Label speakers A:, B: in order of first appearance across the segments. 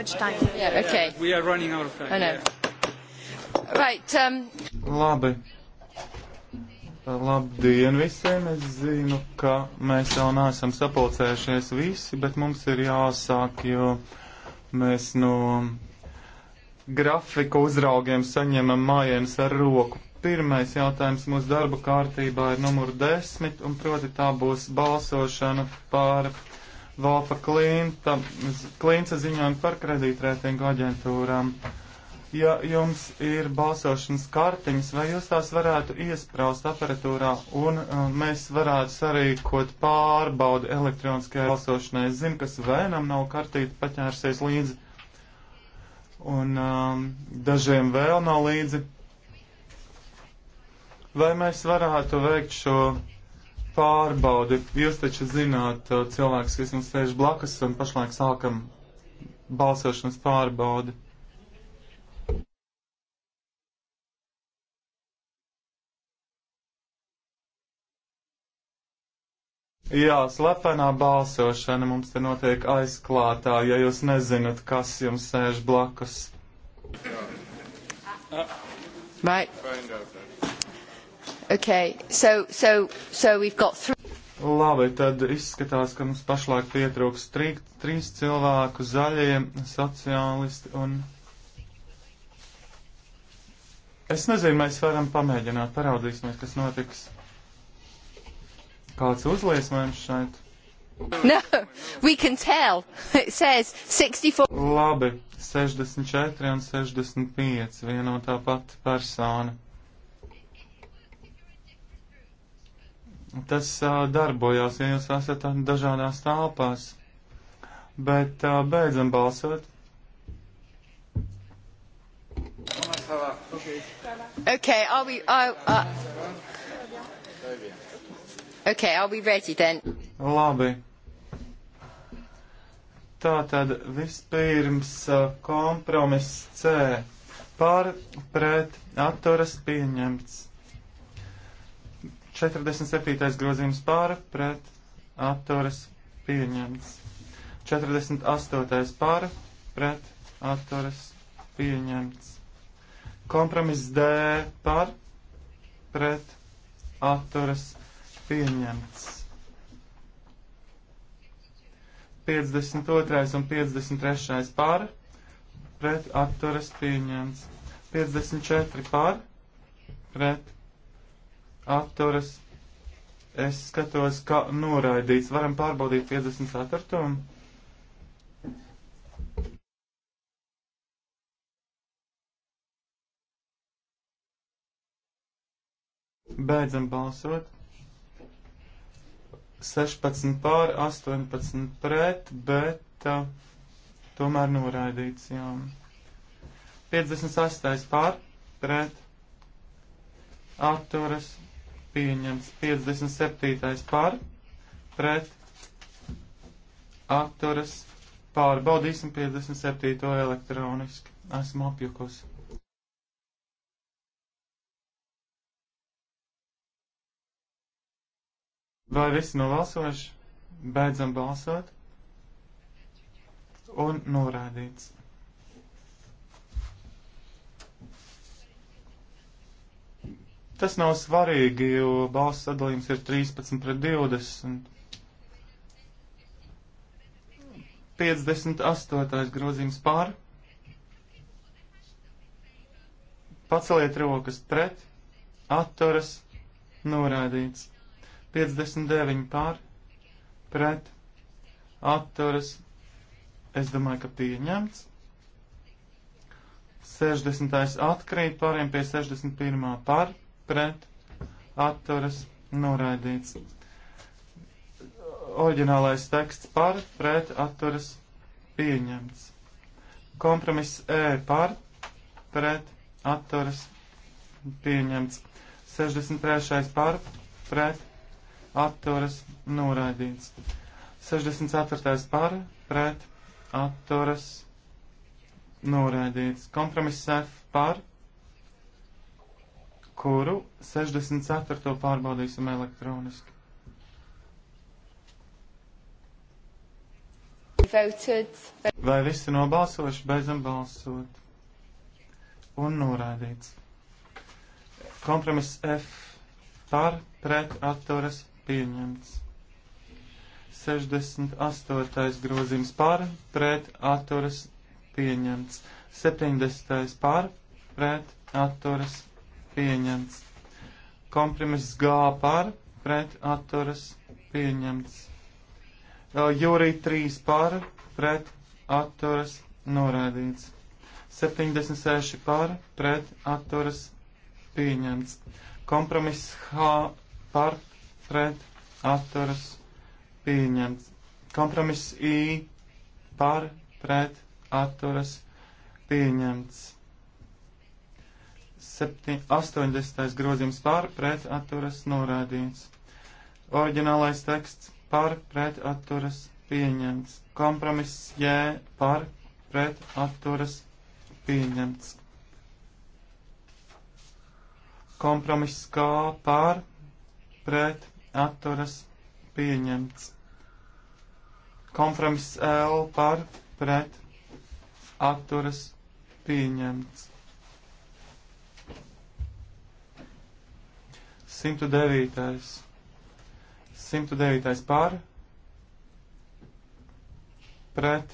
A: much time. Yeah, okay. We
B: are running out of time. I know.
A: Yeah. Right. Um...
C: Labi. Labdien visiem! Es zinu, ka mēs jau neesam sapulcējušies visi, bet mums ir jāsāk, jo mēs no grafika uzraugiem saņemam mājienas ar roku. Pirmais jautājums mūsu darba kārtībā ir numur desmit, un proti tā būs balsošana par Volfa Klinta, Klinta ziņojumu par kredītrētingu aģentūrām. Ja jums ir balsošanas kartiņas, vai jūs tās varētu iespraust aparatūrā un uh, mēs varētu sarīkot pārbaudi elektroniskajai balsošanai? Es zinu, kas vēnam nav kartīti paķērsies līdzi un um, dažiem vēl nav līdzi. Vai mēs varētu veikt šo pārbaudi. Jūs taču zināt, uh, cilvēks, kas mums sēž blakus, un pašlaik sākam balsošanas pārbaudi. Jā, slepenā balsošana mums te notiek aizklātā, ja jūs nezinat, kas jums sēž blakus. Vai?
B: Find out that.
A: Okay, so, so, so we've got three.
C: Labi, tad izskatās, ka mums pašlaik pietrūks trī, trīs cilvēku - zaļie, sociālisti un. Es nezinu, mēs varam pamēģināt, paraudzīsimies, kas notiks. Kāds uzliesmojums šeit?
A: No, we can tell. It says 64.
C: Labi, 64 un 65 vienotā pati persona. tas uh, darbojās, ja jūs esat dažādās tālpās. Bet uh, beidzam balsot. Okay, are we, are, uh,
A: okay, are we ready then?
C: Labi. Tātad vispirms kompromiss C par pret atturas pieņemts. 47. grozījums pār pret atturas pieņemts. 48. pār pret atturas pieņemts. Kompromiss D par pret atturas pieņemts. 52. un 53. pār pret atturas pieņemts. 54 pār pret atturas. Es skatos, ka noraidīts. Varam pārbaudīt 54. Beidzam balsot. 16 pār 18 pret, bet uh, tomēr noraidīts, jā. 58 pār pret atturas pieņemts 57. par, pret, atturas, pārbaudīsim 57. elektroniski. Esmu apjukus. Vai visi novalsojuši? Beidzam balsot. Un norādīts. Tas nav svarīgi, jo balss sadalījums ir 13 pret 20. 58. grozījums pār. Paceliet rokas pret, atturas, norādīts. 59 pār, pret, atturas, es domāju, ka pieņemts. 60. atkrīt, pāriem pie 61. par, pret, atturas, noraidīts. Oriģinālais teksts par, pret, atturas, pieņemts. Kompromiss E par, pret, atturas, pieņemts. 63. par, pret, atturas, noraidīts. 64. par, pret, atturas, noraidīts. Kompromiss F par, kuru 64. pārbaudīsim elektroniski. Vai visi nobalsojuši? Beidzam balsot. Un noraidīts. Kompromiss F par pret atturas pieņemts. 68. grozījums par pret atturas pieņemts. 70. par pret atturas pieņemts pieņemts. Kompromiss G par, pret atturas pieņemts. Jūrī 3 par, pret atturas norādīts. 76 par, pret atturas pieņemts. Kompromiss H par, pret atturas pieņemts. Kompromiss I par, pret atturas pieņemts. 7, 80. grozījums par pret atturas norādīts. Oriģinālais teksts par pret atturas pieņemts. Kompromiss J par pret atturas pieņemts. Kompromiss K par pret atturas pieņemts. Kompromiss L par pret atturas pieņemts 109. 109. pār pret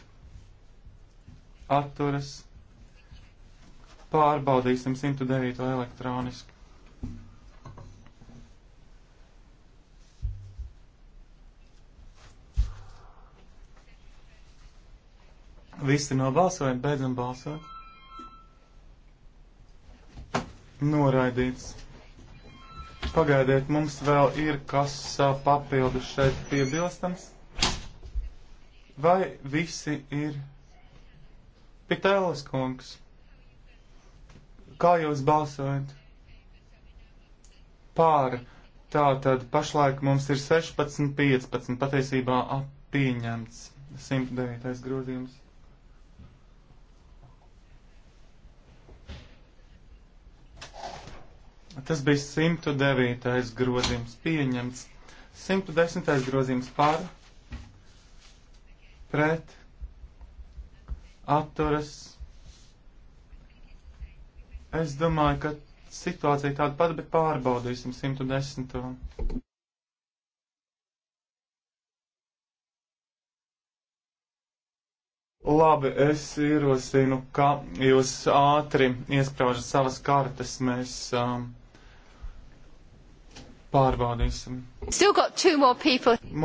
C: atturas pārbaudīsim 109. elektroniski. Visi nobalsoja, beidzam balsot. Noraidīts. Pagaidiet, mums vēl ir kas papildus šeit piebilstams. Vai visi ir Pitēlis kungs? Kā jūs balsojat? Pār. Tā tad pašlaik mums ir 16, 15, patiesībā pieņemts 109. grozījums. Tas bija 109. grozījums pieņemts. 110. grozījums par, pret, atturas. Es domāju, ka situācija tāda pati, bet pārbaudīsim 110. Labi, es ierosinu, ka jūs ātri iesprāžat savas kartes. Mēs um, Pārbaudīsim.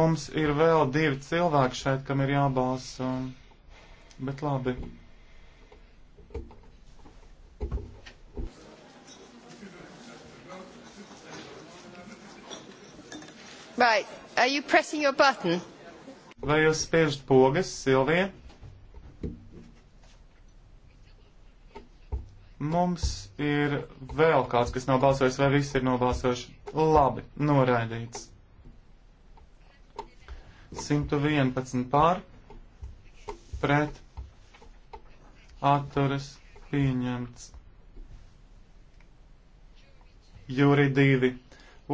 C: Mums ir vēl divi cilvēki šeit, kam ir jābalso. Bet labi.
A: Right. Are you pressing your button?
C: Vai jūs spiežat pogas, Silvija? Mums ir vēl kāds, kas nav balsojis, vai viss ir nobalsojuši. Labi, noraidīts. 111 pār, pret, atturas, pieņemts. Jūri 2,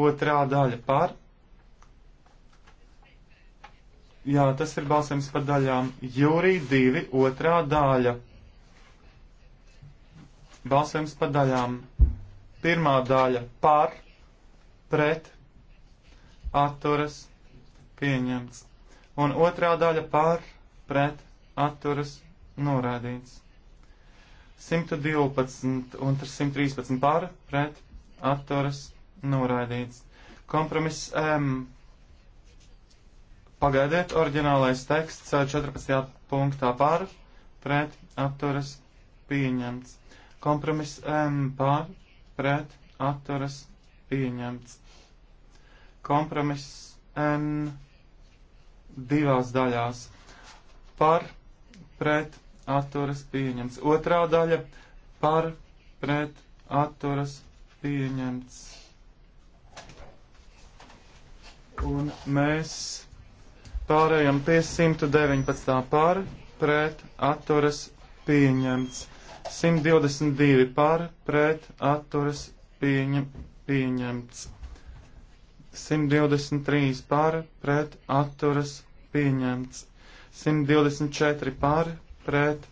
C: otrā daļa pār. Jā, tas ir balsojums par daļām. Jūri 2, otrā daļa. Balsojums pa daļām. Pirmā daļa par, pret, atturas, pieņemts. Un otrā daļa par, pret, atturas, norādīts. 112 un 113 par, pret, atturas, norādīts. Kompromiss M. Pagaidiet, oriģinālais teksts 14. punktā par, pret, atturas, pieņemts. Kompromiss M pār pret atturas pieņemts. Kompromiss N divās daļās par pret atturas pieņemts. Otrā daļa par pret atturas pieņemts. Un mēs pārējām pie 119. par pret atturas pieņemts. 122 par pret atturas pieņem, pieņemts. 123 par pret atturas pieņemts. 124 par pret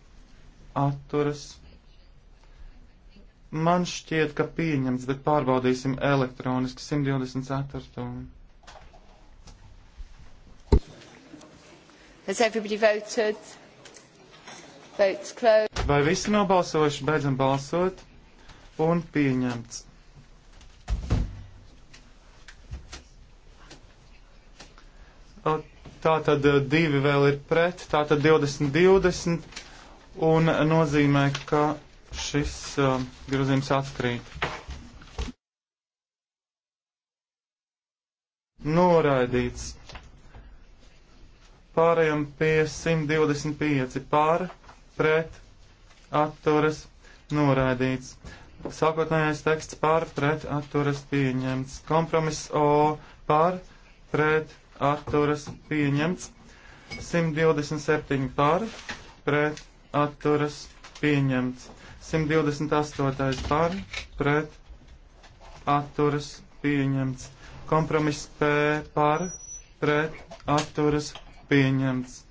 C: atturas. Man šķiet, ka pieņemts, bet pārbaudīsim elektroniski 124.
A: Has everybody voted? Votes closed.
C: Vai visi nobalsojuši? Beidzam balsot. Un pieņemts. Tā tad eh, divi vēl ir pret, tā tad 20, 20 un nozīmē, ka šis uh, grozījums atkrīt. Noraidīts. Pārējām pie 125 pār, pret, atturas noraidīts. Sākotnējais teksts par pret atturas pieņemts. Kompromiss O par pret atturas pieņemts. 127 par pret atturas pieņemts. 128 par pret atturas pieņemts. Kompromiss P par pret atturas pieņemts.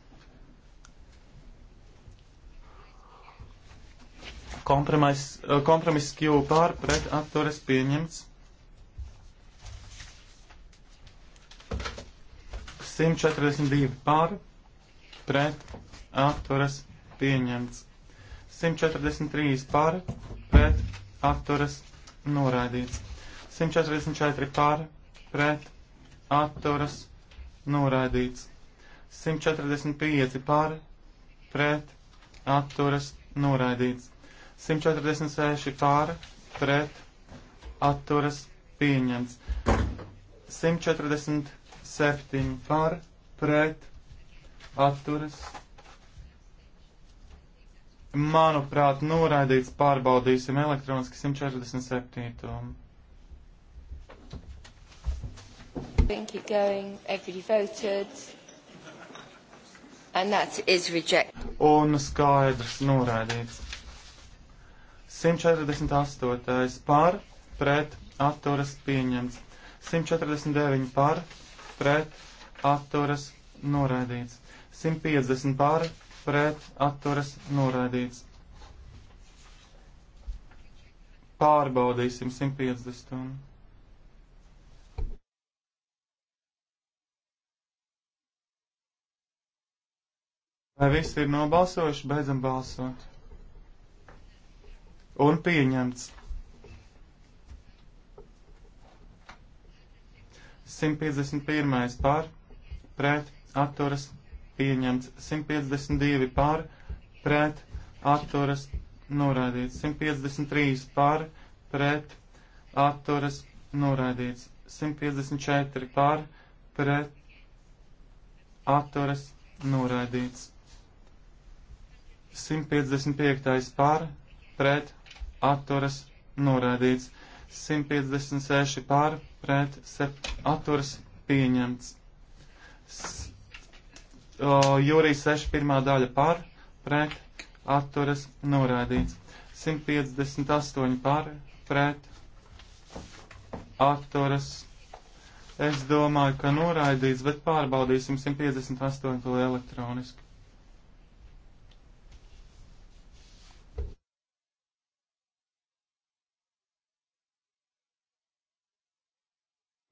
C: Kompromiss kompromis Q eh, pār pret atturas pieņemts. 142 pār pret atturas pieņemts. 143 pār pret atturas noraidīts. 144 pār pret atturas noraidīts. 145 pār pret atturas noraidīts. 146 pār pret atturas pieņemts. 147 pār pret atturas. Manuprāt, noraidīts pārbaudīsim elektroniski 147.
A: Thank you going. Everybody voted. And that is rejected.
C: Un skaidrs noraidīts. 148. par, pret, atturas pieņemts. 149 par, pret, atturas noraidīts. 150 par, pret, atturas noraidīts. Pārbaudīsim 150. Vai visi ir nobalsojuši? Beidzam balsot un pieņemts. 151 pār, pret, atturas, pieņemts. 152 pār, pret, atturas, noraidīts. 153 pār, pret, atturas, noraidīts. 154 pār, pret, atturas, noraidīts. 155 pār, pret, atturas norādīts. 156 pār pret atturas pieņemts. Jūrija 6 pirmā daļa pār pret atturas norādīts. 158 pār pret atturas. Es domāju, ka noraidīts, bet pārbaudīsim 158 elektroniski.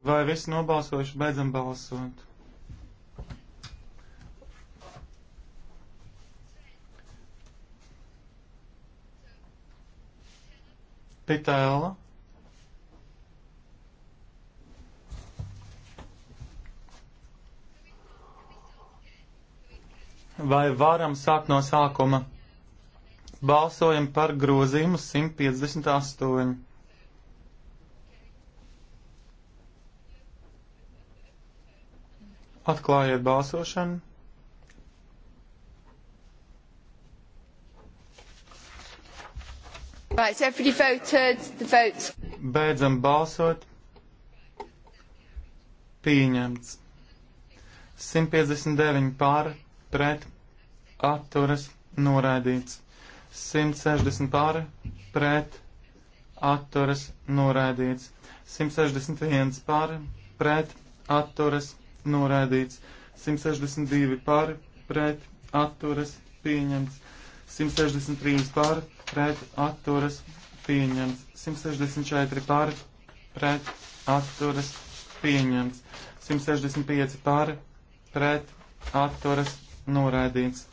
C: Vai viss nobalsojuši? Beidzam balsot. Pitēla. Vai varam sākt no sākuma? Balsojam par grozījumu 158. Atklājiet balsošanu.
A: Right, so everybody voted, the votes.
C: Beidzam balsot. Pieņemts. 159 pār, pret, atturas, noraidīts. 160 pār, pret, atturas, noraidīts. 161 pār, pret, atturas, noraidīts noraidīts, 162 par, pret, atturas, pieņemts, 163 par, pret, atturas, pieņemts, 164 par, pret, atturas, pieņemts, 165 par, pret, atturas, noraidīts.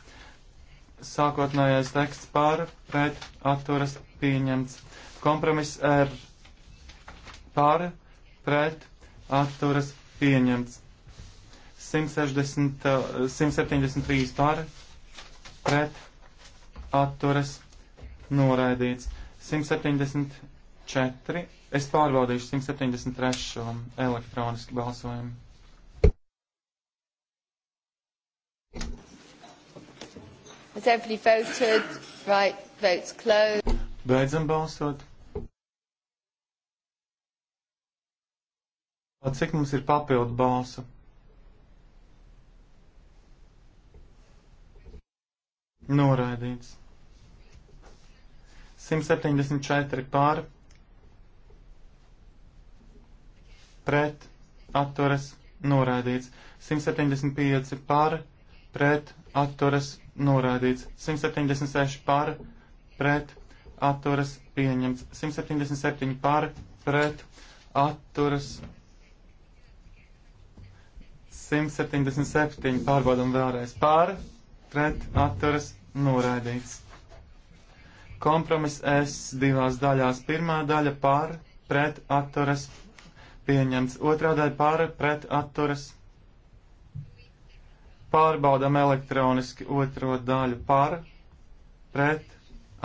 C: Sākotnējais teksts par, pret, atturas, pieņemts. Kompromiss R par, pret, atturas, pieņemts. 160, 173 eh, par pret atturas noraidīts. 174. Es pārbaudīšu 173. elektroniski balsojumu.
A: Has everybody voted? Right, votes closed.
C: Beidzam balsot. Cik mums ir papildu balsu? Noraidīts. 174 pār. Pret. Atturas. Noraidīts. 175 pār. Pret. Atturas. Noraidīts. 176 pār. Pret. Atturas. Pieņemts. 177 pār. Pret. Atturas. 177 pārbaudam vēlreiz pār. Pret. Atturas Noraidīts. Kompromis S divās daļās. Pirmā daļa pār pret atturas pieņemts. Otrā daļa pār pret atturas. Pārbaudam elektroniski otro daļu pār pret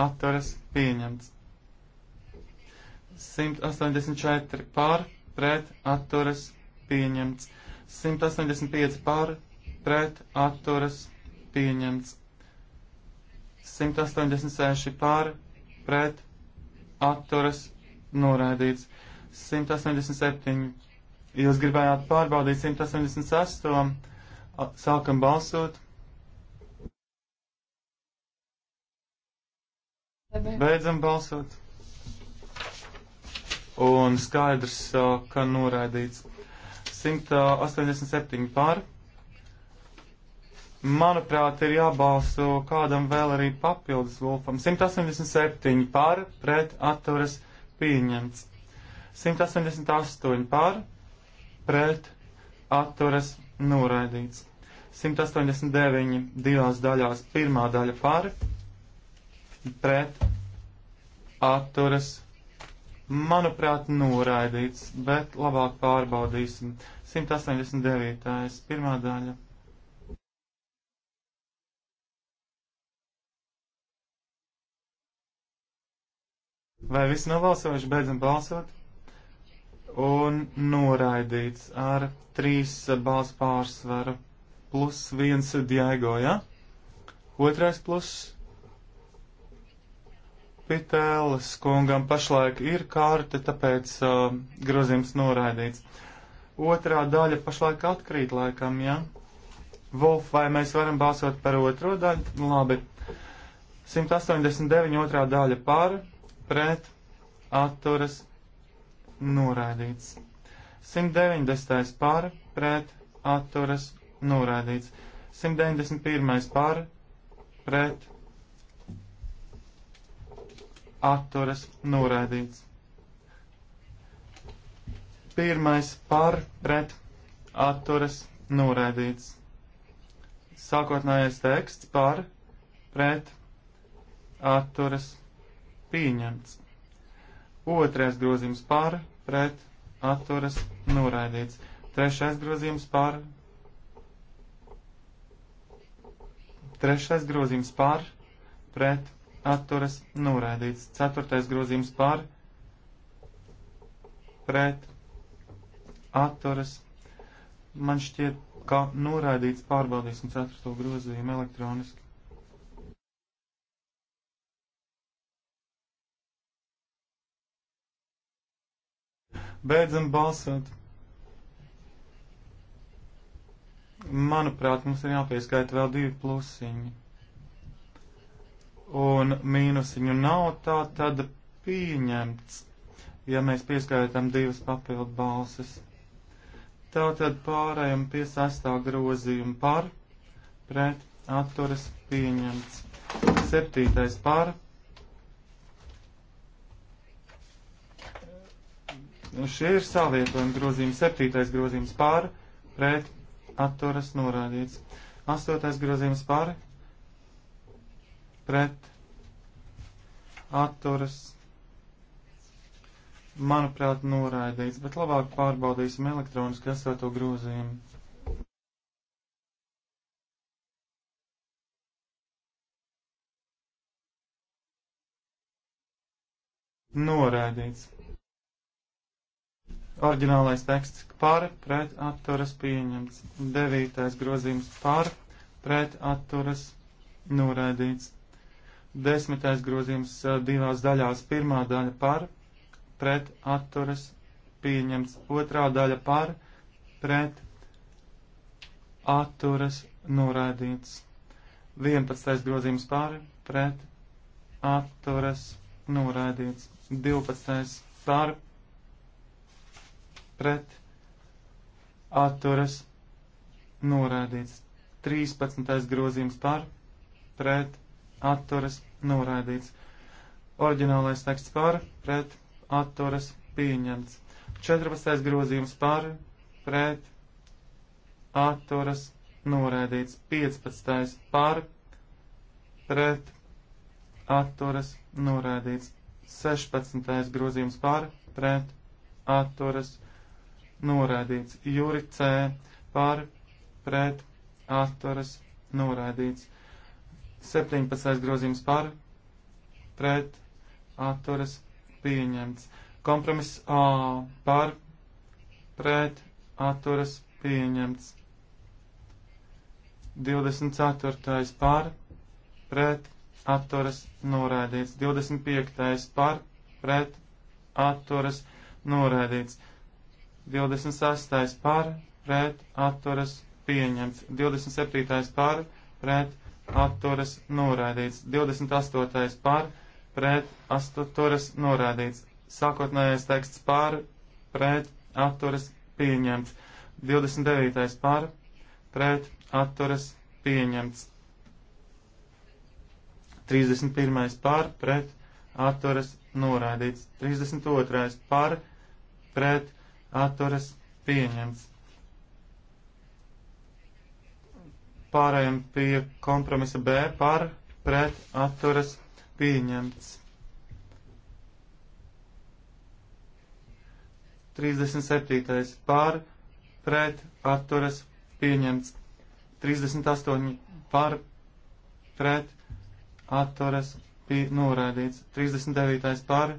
C: atturas pieņemts. 184 pār pret atturas pieņemts. 185 pār pret atturas pieņemts. 186 pār pret atturas noraidīts. 187. Jūs gribējāt pārbaudīt 188. Sākam balsot. Beidzam balsot. Un skaidrs, ka noraidīts. 187 pār pret manuprāt, ir jābalso kādam vēl arī papildus Vulfam. 187 par, pret atturas pieņemts. 188 par, pret atturas noraidīts. 189 divās daļās, pirmā daļa par, pret atturas, manuprāt, noraidīts, bet labāk pārbaudīsim. 189. pirmā daļa Vai visi nobalsojuši? Beidzam balsot. Un noraidīts ar trīs balsu pārsvaru. Plus viens Diego, ja? Otrais plus. Pitēlis kungam pašlaik ir kārta, tāpēc uh, grozījums noraidīts. Otrā daļa pašlaik atkrīt laikam, ja? Wolf, vai mēs varam balsot par otro daļu? Labi. 189 otrā daļa pāri pret atturas norādīts. 190. par pret atturas norādīts. 191. par pret atturas norādīts. Pirmais par pret atturas norādīts. Sākotnējais teksts par pret atturas norādīts pieņemts. Otrais grozījums par, pret, atturas, noraidīts. Trešais grozījums par, trešais grozījums par, pret, atturas, noraidīts. Ceturtais grozījums par, pret, atturas. Man šķiet, ka noraidīts pārbaudīsim ceturto grozījumu elektroniski. Beidzam balsot. Manuprāt, mums ir jāpieskaita vēl divi plusiņi. Un mīnusiņu nav tā tad pieņemts, ja mēs pieskaitām divas papildu balsis. Tātad pārējām pie sastā grozījuma par, pret, atturas pieņemts. Septītais par, Nu, šie ir savietojumi grozījums, septītais grozījums pār, pret, atturas norādīts. Astotais grozījums pār, pret, atturas, manuprāt, noraidīts, bet labāk pārbaudīsim elektroniski esoto grozījumu. Noraidīts. Orģinālais teksts par pret atturas pieņemts. Devītais grozījums par pret atturas noraidīts. Desmitais grozījums divās daļās. Pirmā daļa par pret atturas pieņemts. Otrā daļa par pret atturas noraidīts. 11. grozījums pāri pret atturas noraidīts. 12. pāri pret atturas norādīts. 13. grozījums par pret atturas norādīts. Orģinālais teksts par pret atturas pieņemts. 14. grozījums par pret atturas norādīts. 15. par pret atturas norādīts. 16. grozījums par pret atturas norādīts noraidīts. Jūri C par pret atturas noraidīts. 17. grozījums par pret atturas pieņemts. Kompromiss A par pret atturas pieņemts. 24. par pret atturas noraidīts. 25. par pret atturas noraidīts. 26. par pret atturas pieņemts, 27. par pret atturas norādīts, 28. par pret atturas norādīts, sākotnējais teksts par pret atturas pieņemts, 29. par pret atturas pieņemts, 31. par pret atturas norādīts, 32. par pret atturas pieņemts. Pārējiem pie kompromisa B par pret atturas pieņemts. 37. par pret atturas pieņemts. 38. par pret atturas pie, noraidīts. 39. par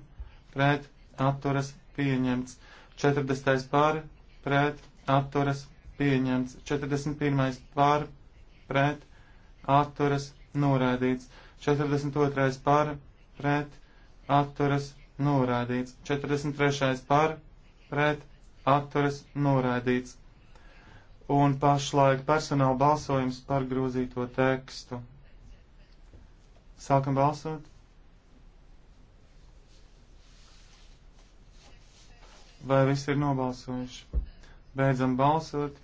C: pret atturas pieņemts. 40. pār pret atturas pieņemts, 41. pār pret atturas norādīts, 42. pār pret atturas norādīts, 43. pār pret atturas norādīts. Un pašlaik personāla balsojums par grozīto tekstu. Sākam balsot! Vai viss ir nobalsojuši? Beidzam balsot.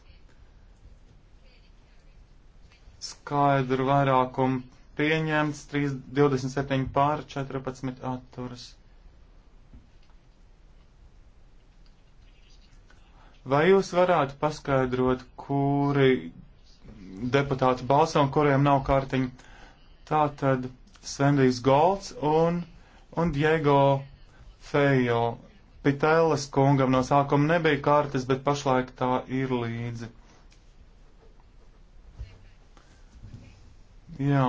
C: Skaidru vairākumu pieņemts, 3, 27 pār 14 atturas. Vai jūs varētu paskaidrot, kuri deputāti balso un kuriem nav kārtiņa? Tā tad Svendijs Golds un, un Diego Fejo Pitēlas kungam no sākuma nebija kartes, bet pašlaik tā ir līdzi. Jā.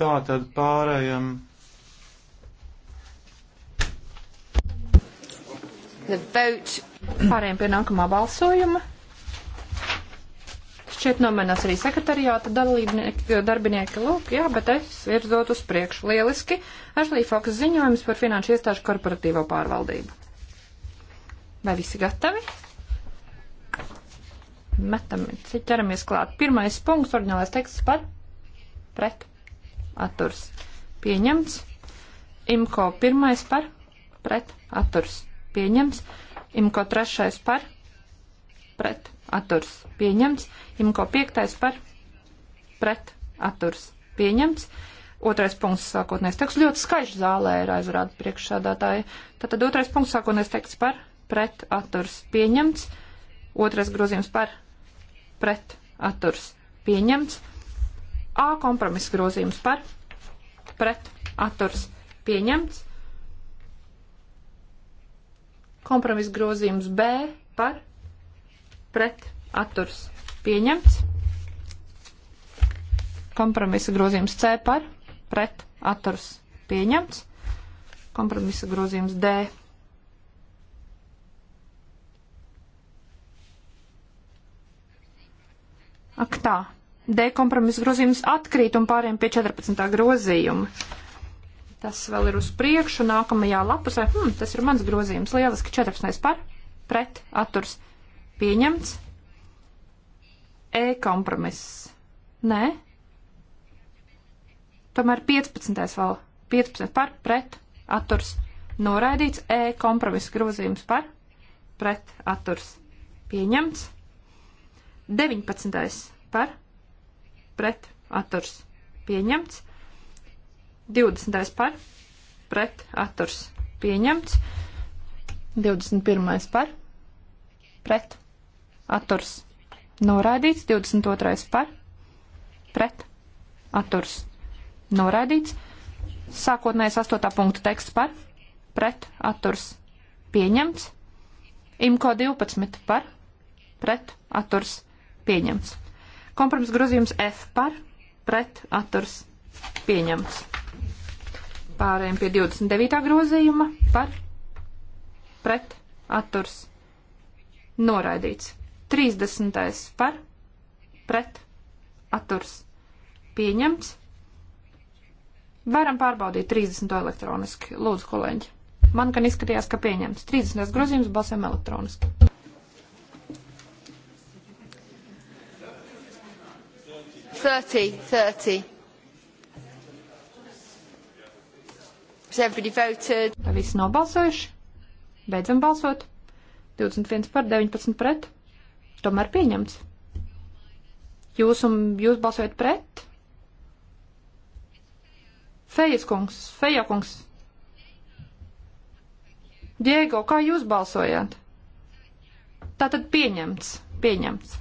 C: Tā tad pārējam.
D: Pārējiem pie nākamā balsojuma. Šķiet nomainās arī sekretariāta darbinieki. Lūk, jā, bet es virzot uz priekšu. Lieliski. Ashley Fox ziņojums par finanšu iestāžu korporatīvo pārvaldību. Vai visi gatavi? Metam, ķeramies klāt. Pirmais punkts, orģinālais teksts par pret atturs. Pieņemts. Imko pirmais par pret atturs. Pieņemts. Imko trešais par pret atturs atturs pieņemts, imko 5 par pret atturs pieņemts. Otrais punkts sākotnēs teksts ļoti skaisti zālē ir aizrāda priekšsādātāja. Tātad otrais punkts sākotnēs teksts par pret atturs pieņemts. Otrais grozījums par pret atturs pieņemts. A kompromiss grozījums par pret atturs pieņemts. Kompromiss grozījums B par pret atturs pieņemts. Kompromisa grozījums C par pret atturs pieņemts. Kompromisa grozījums D. Ak tā, D kompromisa grozījums atkrīt un pāriem pie 14. grozījuma. Tas vēl ir uz priekšu, nākamajā lapusē. Hmm, tas ir mans grozījums. Lieliski 14. par, pret, atturs Pieņemts. E kompromiss. Nē. Tomēr 15. vēl. 15. par, pret, atturs. Noraidīts. E kompromiss grozījums par, pret, atturs. Pieņemts. 19. par, pret, atturs. Pieņemts. 20. par, pret, atturs. Pieņemts. 21. par, pret, atturs atturs noraidīts, 22. par, pret, atturs noraidīts, sākotnējais 8. punktu teksts par, pret, atturs pieņemts, imko 12 par, pret, atturs pieņemts. Kompromis grozījums F par, pret, atturs pieņemts. Pārējiem pie 29. grozījuma par, pret, atturs noraidīts. 30. par pret atturs pieņemts. Varam pārbaudīt 30. elektroniski. Lūdzu, kolēģi. Man gan izskatījās, ka pieņems. 30. grozījums balsēm elektroniski.
A: Thirty, thirty. Has everybody voted? Vai visi
D: nobalsojuši? Beidzam balsot. 21 par 19 pret tomēr pieņemts. Jūs un jūs balsojat pret? Fejas kungs, Feja kungs. Diego, kā jūs balsojāt? Tātad pieņemts, pieņemts.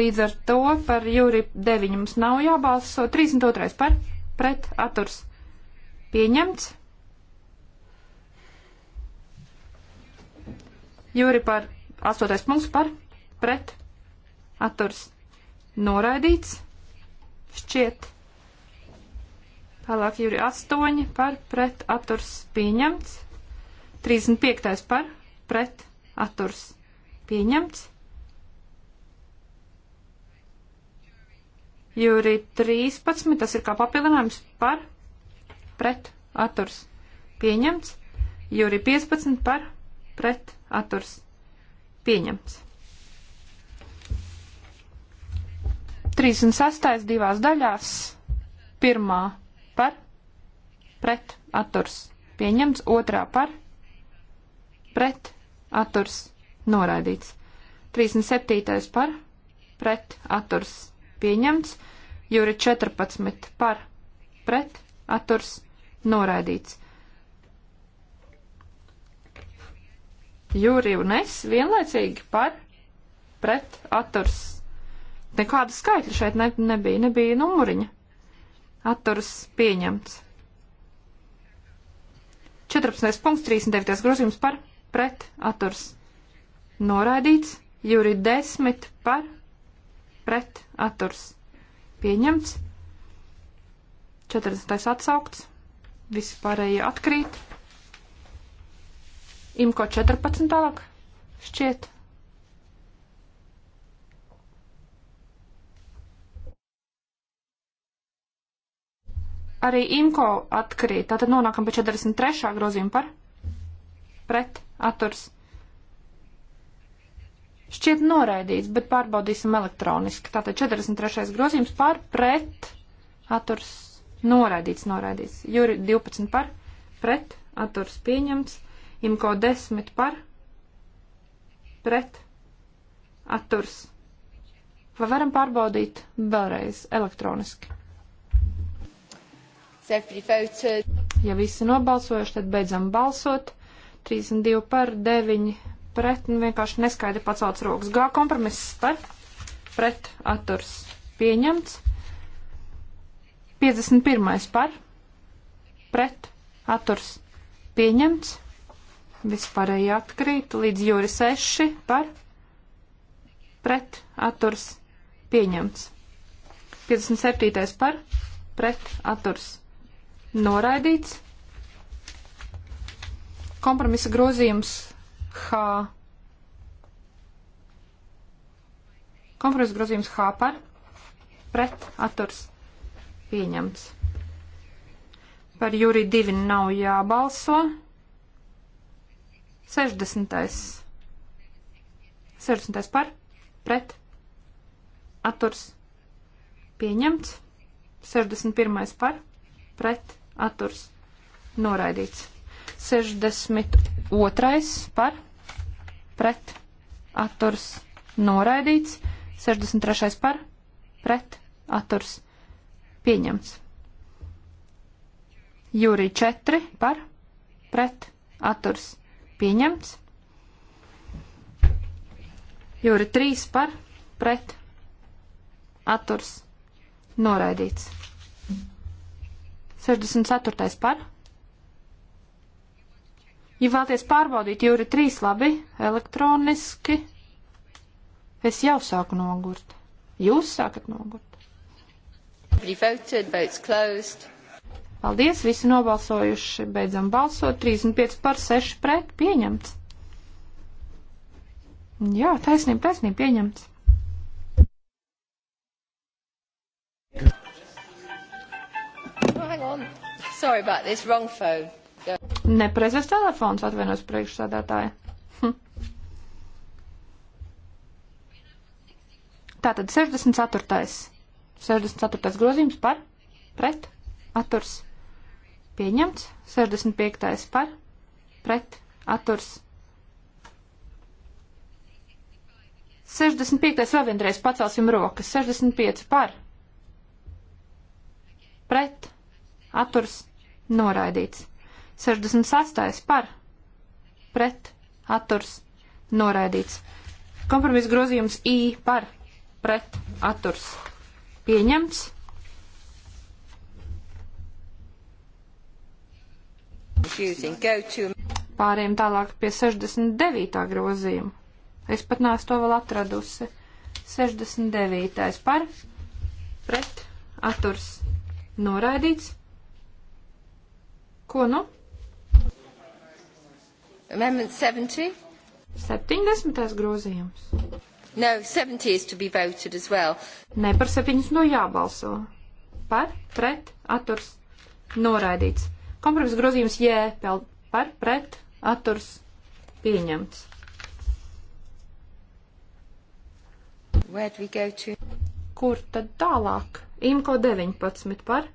D: Līdz ar to par jūri 9 mums nav jābalso. 32. par pret aturs Pieņemts. Jūri par 8. punkts par pret atturs noraidīts. Šķiet. Tālāk jūri 8 par pret atturs pieņemts. 35. par pret atturs pieņemts. Jūri 13, tas ir kā papildinājums par pret atturs pieņemts. Jūri 15 par pret atturs pieņemts. 36. divās daļās. Pirmā par pret atturs pieņemts, otrā par pret atturs noraidīts. 37. par pret atturs pieņemts, jūri 14 par pret atturs Noraidīts. Jūri un es vienlaicīgi par pret atturs. Nekāda skaitļa šeit ne, nebija, nebija numuriņa. Atturs pieņemts. 14. punkts, 39. grozījums par pret atturs. Noraidīts. Jūri 10 par pret atturs. Pieņemts. 40. atsaukts. Visi pārējie atkrīt. Imko 14 tālāk šķiet. Arī Imko atkrīt. Tātad nonākam pie 43. grozījuma par pret atturs. Šķiet noraidīts, bet pārbaudīsim elektroniski. Tātad 43. grozījums par pret atturs. Noraidīts, noraidīts. Juri 12 par, pret, atturs pieņemts. Imko 10 par, pret, atturs. Vai varam pārbaudīt vēlreiz elektroniski? Ja visi nobalsojuši, tad beidzam balsot. 32 par 9 pret, nu vienkārši neskaidri pacelts rokas. Gā kompromiss par, pret, atturs pieņemts. 51. par, pret, atturs, pieņemts. Vispārējie atkrīt līdz jūri 6 par, pret, atturs, pieņemts. 57. par, pret, atturs, noraidīts. Kompromisa grozījums H. Kompromisa grozījums H par, pret, atturs, Pieņemts. Par Juri 2 nav jābalso. 60. 60. par, pret, atturs, pieņemts. 61. par, pret, atturs, noraidīts. 62. par, pret, atturs, noraidīts. 63. par, pret, atturs, noraidīts. Pieņemts. Jūri 4 par pret atturs. Pieņemts. Jūri 3 par pret atturs. Noraidīts. 64. par. Ja vēlaties pārbaudīt jūri 3 labi, elektroniski, es jau sāku nogurt. Jūs sākat nogurt.
A: Everybody voted, votes closed.
D: Paldies, visi nobalsojuši, beidzam balsot, 35 par 6 pret, pieņemts. Jā, taisnība, taisnība, pieņemts.
A: Oh, hang on. Sorry about this, wrong phone. Go.
D: Neprezes telefons, atvainos priekšsādātāji. Hm. Tātad 64. 64. grozījums par, pret, atturs, pieņemts. 65. par, pret, atturs. 65. vēl vienreiz pacelsim rokas. 65 par, pret, atturs, noraidīts. 68. par, pret, atturs, noraidīts. Kompromiss grozījums I par, pret, atturs, Pieņemts. Pārējiem tālāk pie 69. grozījuma. Es pat nāc to vēl atradusi. 69. par pret aturs noraidīts. Ko nu?
A: Amendment 70. 70. grozījums. No, 70 is to be voted as well. Nē, par 70 no
D: jābalso. Par, pret, atturs, noraidīts. Kompromisa grozījums jē, pel, par, pret, atturs, pieņemts. Where do we go to? Kur tad tālāk? Imko 19 par,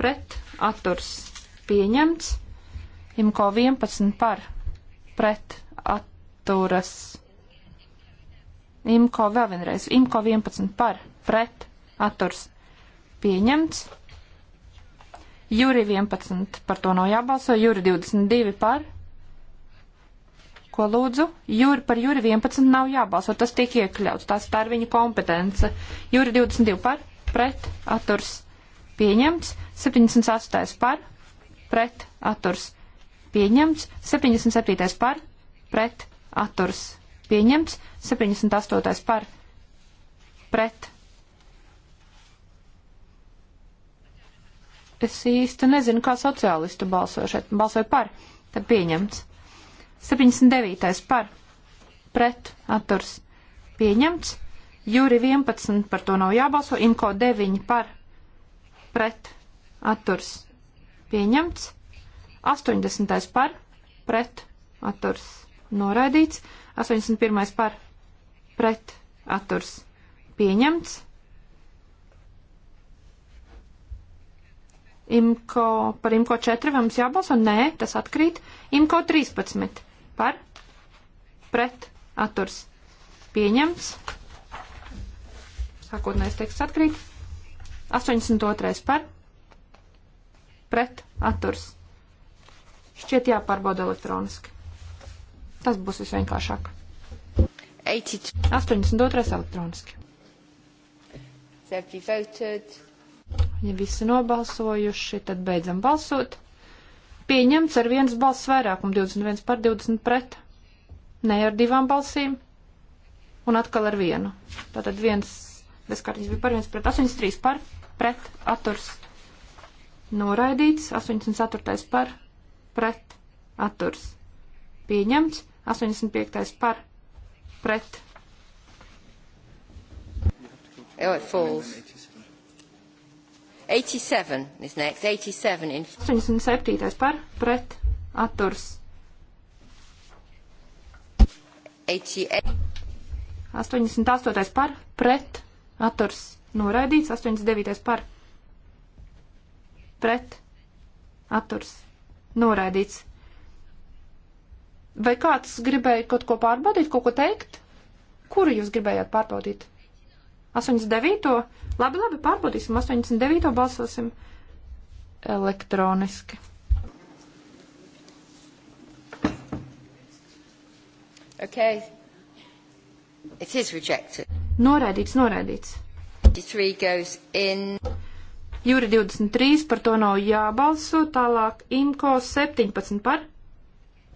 D: pret, atturs, pieņemts. Imko 11 par, pret, atturas, pieņemts Imko vēl vienreiz. Imko 11 par, pret, atturs pieņemts. Juri 11 par to nav jābalso, Juri 22 par. Ko lūdzu? Juri par Juri 11 nav jābalso, tas tiek iekļauts, tās tā ir viņa kompetence. Juri 22 par, pret, atturs pieņemts. 78 par, pret, atturs pieņemts. 77 par, pret, atturs pieņemts pieņemts, 78. par pret. Es īsti nezinu, kā sociālisti balsoja šeit. Balsoja par, tad pieņemts. 79. par pret atturs pieņemts. Jūri 11 par to nav jābalso. Imko 9 par pret atturs pieņemts. 80. par pret atturs noraidīts. 81. par pret atturs pieņemts. Imko, par Imko 4 vai mums jābalso? Nē, tas atkrīt. Imko 13 par pret atturs pieņemts. Sākotnējais teksts atkrīt. 82. par pret atturs. Šķiet jāpārbauda elektroniski. Tas būs visvienkāršāk. 82. elektroniski. Ja visi nobalsojuši, tad beidzam balsot. Pieņemts ar viens balss vairākumu 21 par 20 pret. Ne ar divām balsīm. Un atkal ar vienu. Tātad viens bezkārtīgs bija par viens pret 83 par pret atturs. Noraidīts 84 par pret atturs. Pieņemts 85. par pret. Oh, it falls.
A: 87 is next. 87 in.
D: 87. par pret atturs. 88. 88. par pret atturs noraidīts. 89. par pret atturs noraidīts. Vai kāds gribēja kaut ko pārbaudīt, kaut ko teikt? Kuru jūs gribējāt pārbaudīt? 89. Labi, labi, pārbaudīsim. 89. balsosim elektroniski.
A: Okay. It is rejected.
D: Noraidīts, noraidīts.
A: 23 goes
D: in. Jūri 23 par to nav jābalso, tālāk Imko 17 par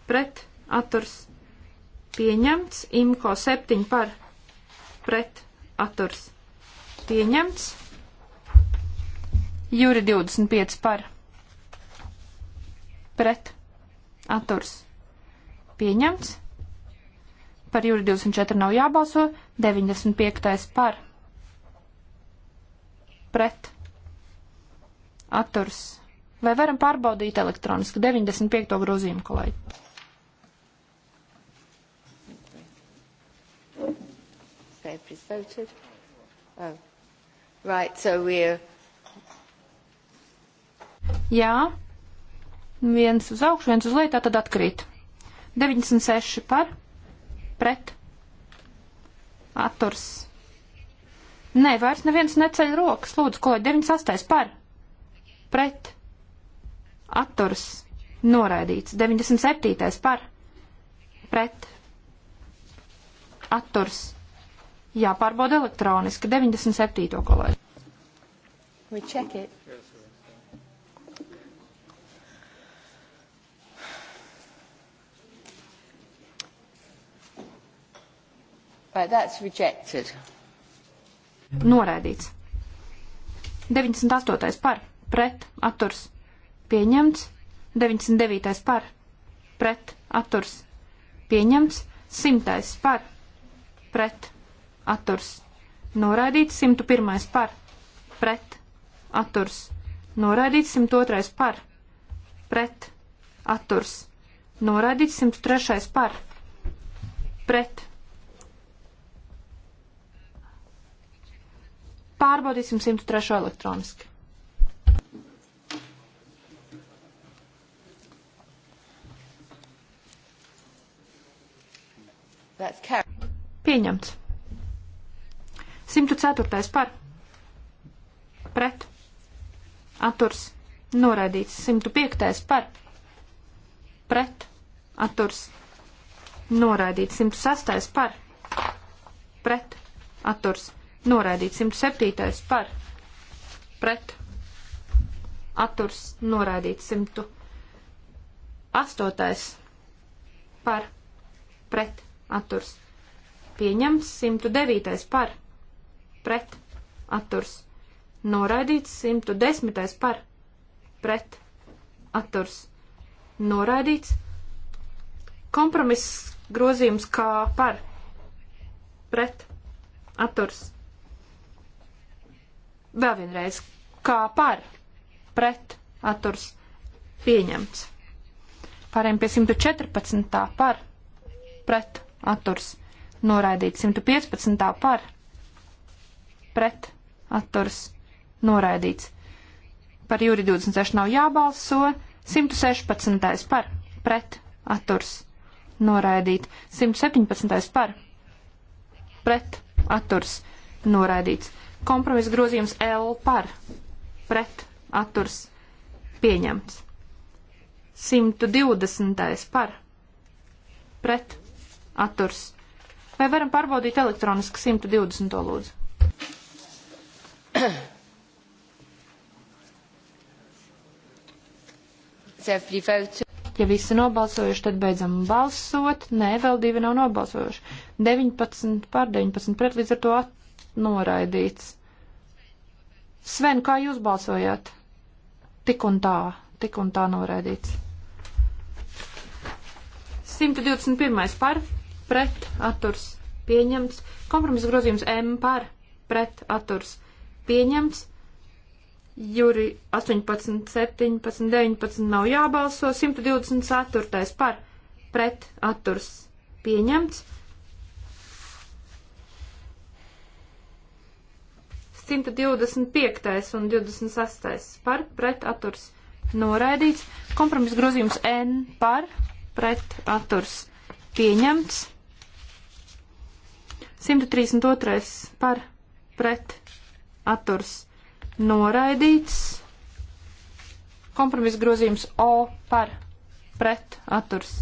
D: pret atturs pieņemts, imko 7 par pret atturs pieņemts, jūri 25 par pret atturs pieņemts, par jūri 24 nav jābalso, 95 par pret atturs. Vai varam pārbaudīt elektroniski 95. grozījumu, kolēģi?
A: everybody's voted. Oh. Right, so we're...
D: Jā, viens uz augšu, viens uz leju, tā tad atkrīt. 96 par, pret, atturs. Nē, vairs neviens neceļ rokas, lūdzu, ko 98 par, pret, atturs, noraidīts. 97 par, pret, atturs, Jāpārbauda elektroniski. 97. kolēģi.
A: We check it. Right, that's rejected.
D: Noraidīts. 98. par, pret, atturs, pieņemts. 99. par, pret, atturs, pieņemts. 100. par, pret, atturs, noraidīts 101. par, pret, atturs, noraidīts 102. par, pret, atturs, noraidīts 103. par, pret. Pārbaudīsim 103. elektroniski. Pieņemts. 104. par pret atturs noraidīts. 105. par pret atturs noraidīts. 106. par pret atturs noraidīts. 107. par pret atturs noraidīts. 108. par pret atturs pieņems. 109. par pret pret, atturs, noraidīts 110. par, pret, atturs, noraidīts. Kompromiss grozījums kā par, pret, atturs. Vēl vienreiz, kā par, pret, atturs, pieņemts. Pārējiem pie 114. par, pret, atturs, noraidīts 115. par, pret pret atturas noraidīts. Par jūri 26 nav jābalso. 116. par pret atturs noraidīt. 117. par pret atturs noraidīts. Kompromiss grozījums L par pret atturs pieņemts. 120. par pret atturs. Vai varam pārbaudīt elektroniski 120. lūdzu? Ja visi nobalsojuši, tad beidzam balsot. Nē, vēl divi nav nobalsojuši. 19 pār 19 pret līdz ar to noraidīts. Sven, kā jūs balsojāt? Tik un tā, tik un tā noraidīts. 121 par, pret, atturs, pieņemts. Kompromisa grozījums M par, pret, atturs, pieņemts pieņemts. Juri 18, 17, 19 nav jābalso. 124. par pret atturs pieņemts. 125. un 26. par pret atturs noraidīts. Kompromis grozījums N par pret atturs pieņemts. 132. par pret atturs noraidīts. Kompromiss grozījums O par pret atturs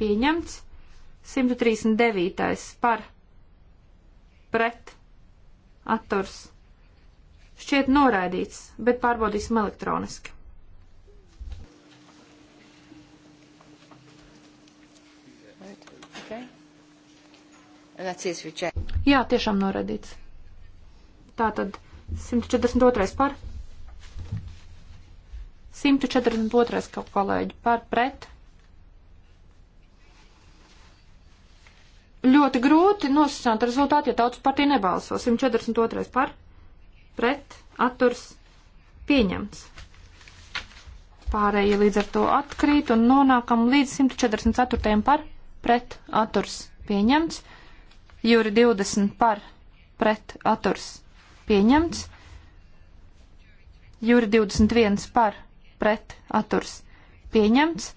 D: pieņemts. 139. par pret atturs šķiet noraidīts, bet pārbaudīsim elektroniski. Jā, tiešām noraidīts. Tātad 142. par. 142. kaut kolēģi par pret. Ļoti grūti nosacīt rezultātu, ja tautas partija nebalso. 142. par. Pret. Atturs. Pieņemts. Pārējie līdz ar to atkrīt un nonākam līdz 144. par. Pret. Atturs. Pieņemts. Jūri 20 par. Pret. Atturs pieņemts. Jūri 21 par pret atturs pieņemts.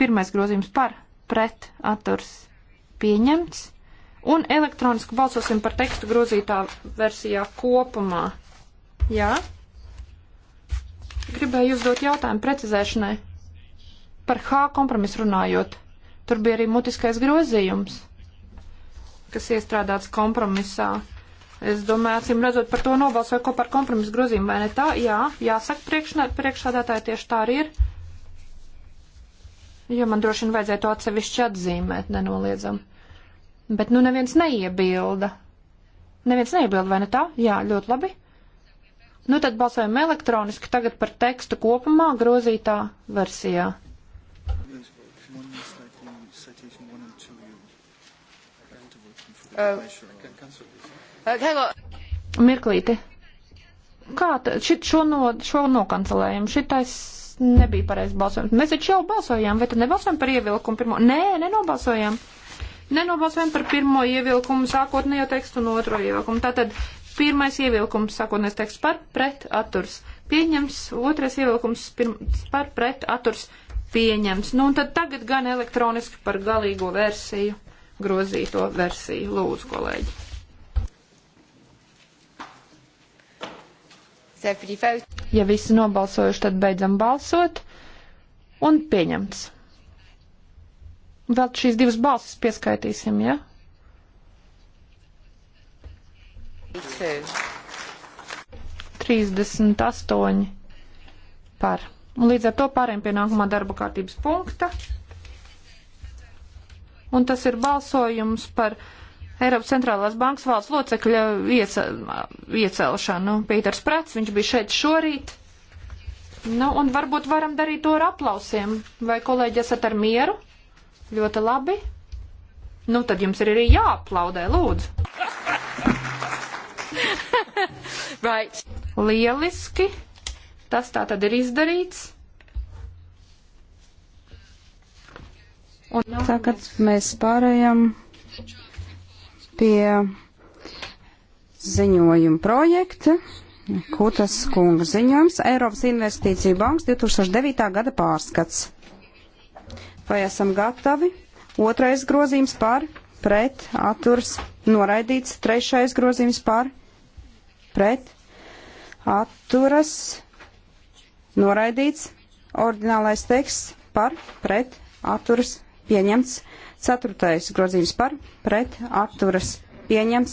D: Pirmais grozījums par pret atturs pieņemts. Un elektroniski balsosim par tekstu grozītā versijā kopumā. Jā? Gribēju uzdot jautājumu precizēšanai. Par H kompromisu runājot. Tur bija arī mutiskais grozījums, kas iestrādāts kompromisā. Es domāju, acīm redzot, par to nobalsoju kopā ar kompromisu grozījumu, vai ne tā? Jā, jāsaka, priekšnā, priekšādātāji tieši tā arī ir. Jo man droši vien vajadzēja to atsevišķi atzīmēt, nenoliedzam. Bet nu neviens neiebilda. Neviens neiebilda, vai ne tā? Jā, ļoti labi. Nu tad balsojam elektroniski tagad par tekstu kopumā grozītā versijā. Uh, Mirklīti. Kā šit šo, no, šo nokancelējumu? Šitais nebija pareizs balsojums. Mēs taču jau balsojām, vai tad nebalsojām par ievilkumu pirmo? Nē, nenobalsojām. Nenobalsojām par pirmo ievilkumu sākotnējo tekstu un otro ievilkumu. Tātad pirmais ievilkums sākotnējais teksts par pret atturs. Pieņems, otrais ievilkums pirms, par pret atturs pieņems. Nu un tad tagad gan elektroniski par galīgo versiju, grozīto versiju. Lūdzu, kolēģi. Ja visi nobalsojuši, tad beidzam balsot un pieņemts. Vēl šīs divas balsis pieskaitīsim, ja? Trīsdesmit astoņi par. Un līdz ar to pārējiem pie nākamā darba kārtības punkta. Un tas ir balsojums par Eiropas centrālās bankas valsts locekļa iece, iecelšanu. Nu, Pīters Prats, viņš bija šeit šorīt. Nu, un varbūt varam darīt to ar aplausiem. Vai kolēģi esat ar mieru? Ļoti labi. Nu, tad jums ir arī jāaplaudē, lūdzu.
A: right.
D: Lieliski. Tas tā tad ir izdarīts.
E: Un tagad mēs pārējām pie ziņojuma projekta. Kutas kunga ziņojums Eiropas Investīcija Banks 2009. gada pārskats. Vai esam gatavi? Otrais grozījums par, pret, atturs, noraidīts. Trešais grozījums par, pret, atturas, noraidīts. Ordinālais teksts par, pret, atturs, pieņemts. Ceturtais grozījums par, pret, atturas pieņemts.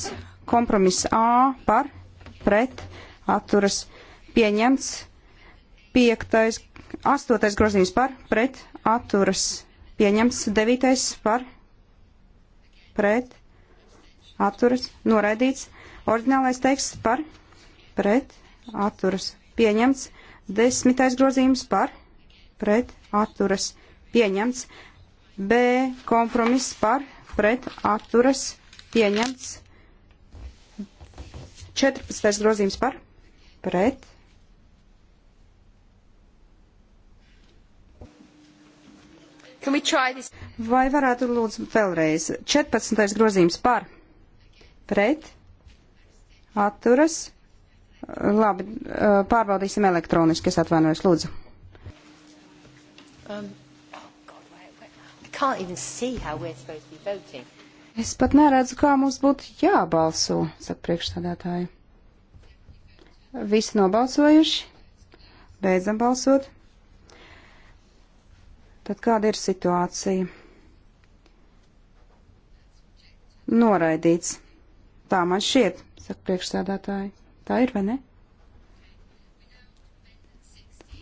E: Kompromiss A par, pret, atturas pieņemts. Piektais, astotais grozījums par, pret, atturas pieņemts. Devītais par, pret, atturas noraidīts. Ordinālais teksts par, pret, atturas pieņemts. Desmitais grozījums par, pret, atturas pieņemts. B kompromiss par pret atturas pieņemts. 14. grozījums par pret. Vai varētu lūdzu vēlreiz? 14. grozījums par pret atturas. Labi, pārbaudīsim elektroniski, es atvainojos, lūdzu. Um. Es pat neredzu, kā mums būtu jābalso, saka priekšstādātāji. Visi nobalsojuši, beidzam balsot. Tad kāda ir situācija? Noraidīts. Tā man šķiet, saka priekšstādātāji. Tā ir vai ne?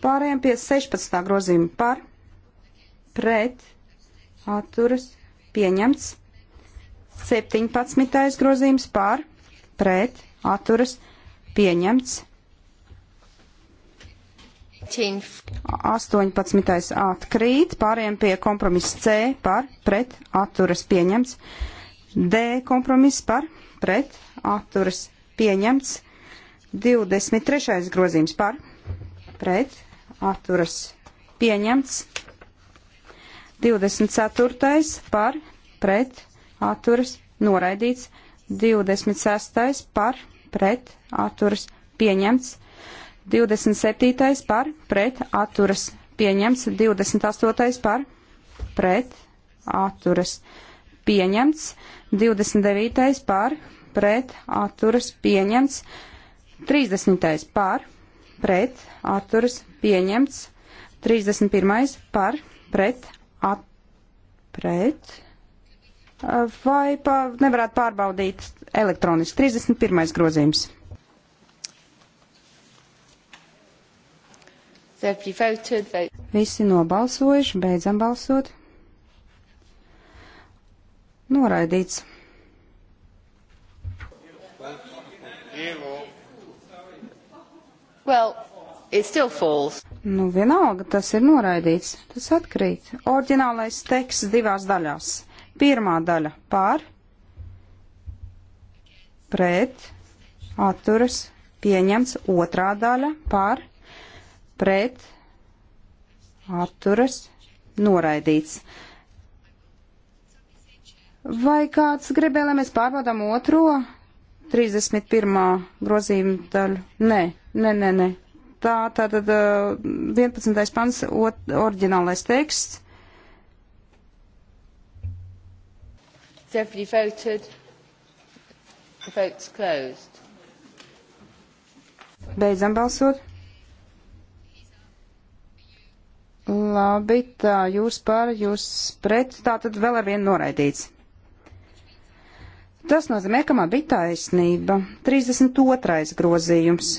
E: Pārējiem pie 16. grozījuma par, pret, atturas pieņemts. 17. grozījums pār pret atturas pieņemts. 18. atkrīt, pāriem pie kompromisa C par pret atturas pieņemts, D kompromiss par pret atturas pieņemts, 23. grozījums par pret atturas pieņemts, 24. par pret atturas noraidīts. 26. par pret atturas pieņemts. 27. par pret atturas pieņemts. 28. par pret atturas pieņemts. 29. par pret atturas pieņemts. 30. par pret atturas pieņemts. 31. par pret pret. Vai pa, nevarētu pārbaudīt elektroniski? 31. grozījums. Visi nobalsojuši, beidzam balsot. Noraidīts. Well, Nu, vienalga, tas ir noraidīts. Tas atkrīt. Orģinālais teksts divās daļās. Pirmā daļa pār, pret, atturas, pieņemts. Otrā daļa pār, pret, atturas, noraidīts. Vai kāds gribēja, lai mēs pārbaudām otro 31. grozījuma daļu? Nē, nē, nē, nē tā tātad 11. Uh, pants, oriģinālais teksts.
A: Deputy voted. The vote's closed.
E: Beidzam balsot. Labi, tā jūs par, jūs pret, tā tad vēl ar vienu noraidīts. Tas nozīmē, ka man bija taisnība. 32. grozījums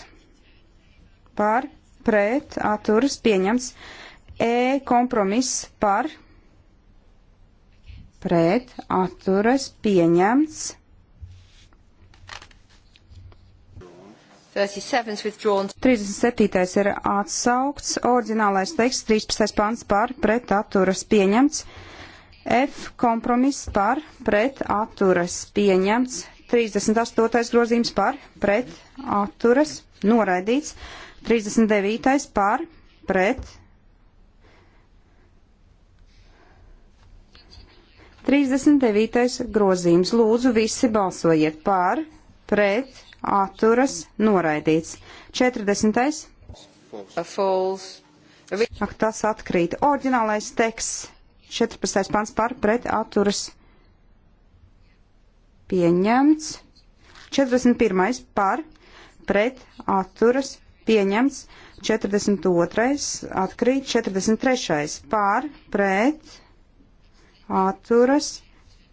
E: par, pret, atturas pieņemts. E kompromiss par, pret, atturas pieņemts. 37. ir atsaukts, oriģinālais teksts 13. pants par, pret, atturas pieņemts. F kompromiss par, pret, atturas pieņemts. 38. grozījums par, pret, atturas noraidīts. 39. par pret. 39. grozījums. Lūdzu, visi balsojiet par, pret, atturas, noraidīts. 40. Ak, tas atkrīt. Orģinālais teksts. 14. pants par, pret, atturas, pieņemts. 41. par, pret, atturas, pieņemts, 42. atkrīt, 43. pār, pret, atturas,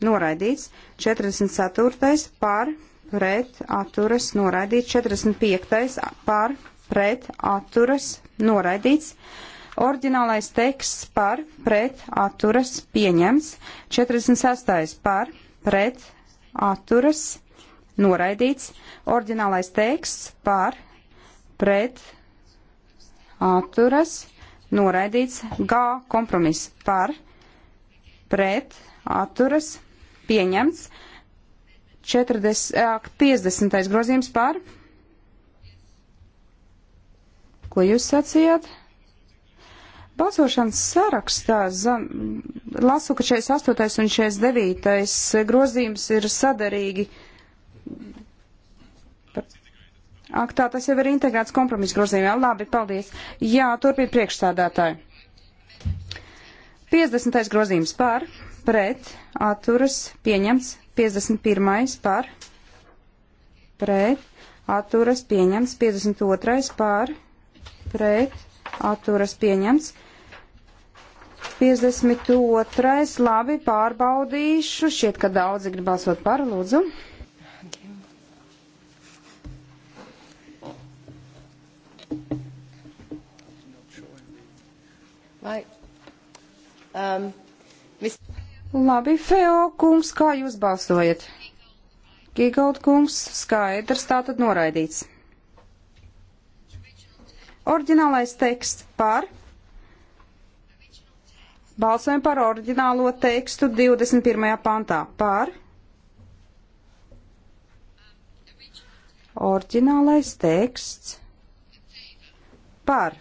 E: noraidīts, 44. pār, pret, atturas, noraidīts, 45. pār, pret, atturas, noraidīts, Orģinālais teksts par, pret, atturas, pieņems, 46. par, pret, atturas, noraidīts, orģinālais teksts par, pret atturas noraidīts G kompromiss par pret atturas pieņemts 40, 50. grozījums par. Ko jūs sacījāt? Balsošanas sarakstā zan, lasu, ka 48. un 49. grozījums ir sadarīgi Ak, tā tas jau ir integrēts kompromiss grozījumā. Labi, paldies. Jā, turpina priekšstādātāji. 50. grozījums par, pret, atturas, pieņemts. 51. par, pret, atturas, pieņemts. 52. par, pret, atturas, pieņemts. 52. labi pārbaudīšu. Šķiet, ka daudzi grib balsot par, lūdzu. Vai. Um, vis... Labi, Feo kungs, kā jūs balsojat? Gigold kungs, skaidrs, tātad noraidīts. Orģinālais teksts par. Balsojam par orģinālo tekstu 21. pantā. Par. Orģinālais teksts. Par.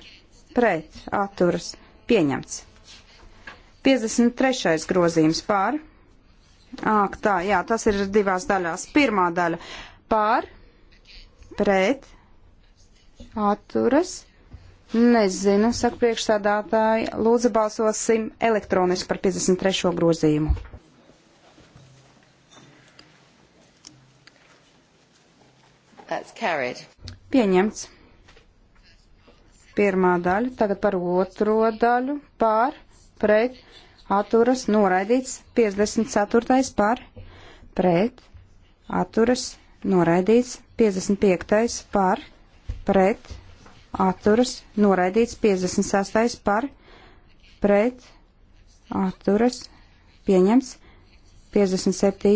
E: Pret. Atturas pieņemts. 53. grozījums pār. Āk, tā, jā, tas ir divās daļās. Pirmā daļa pār, pret, atturas. Nezinu, saka priekšsādātāji. Lūdzu, balsosim elektroniski par 53. grozījumu. Pieņemts. Pirmā daļa, tagad par otro daļu, pār, pret, atturas, noraidīts. 54. par, pret, atturas, noraidīts. 55. par, pret, atturas, noraidīts. 56. par, pret, atturas, pieņems. 57.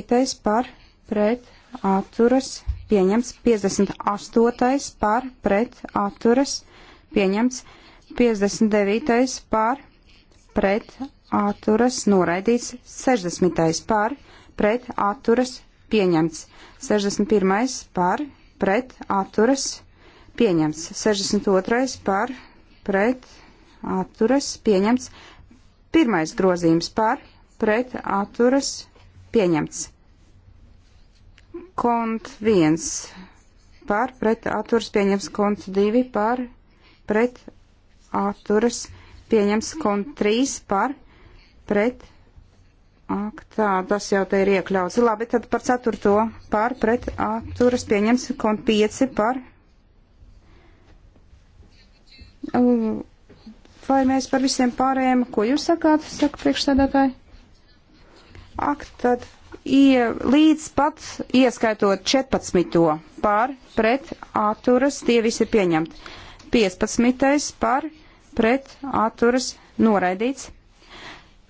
E: par, pret, atturas, pieņems. 58. par, pret, atturas, pieņems pieņemts. 59. pār pret atturas noraidīts. 60. pār pret atturas pieņemts. 61. pār pret atturas pieņemts. 62. pār pret atturas pieņemts. Pirmais grozījums pār pret atturas pieņemts. Kont 1 pār pret atturas pieņemts. Kont 2 pār pret pret atturas pieņems kon 3 par pret. Ak, tā, tas jau te ir iekļauts. Labi, tad par ceturto par pret atturas pieņems kon 5 par. Vai mēs par visiem pārējiem, ko jūs sakāt, saka priekšsēdētāji? Ak, tad ie, līdz pat ieskaitot 14. pār pret atturas tie visi ir pieņemti. 15. par pret atturas noraidīts.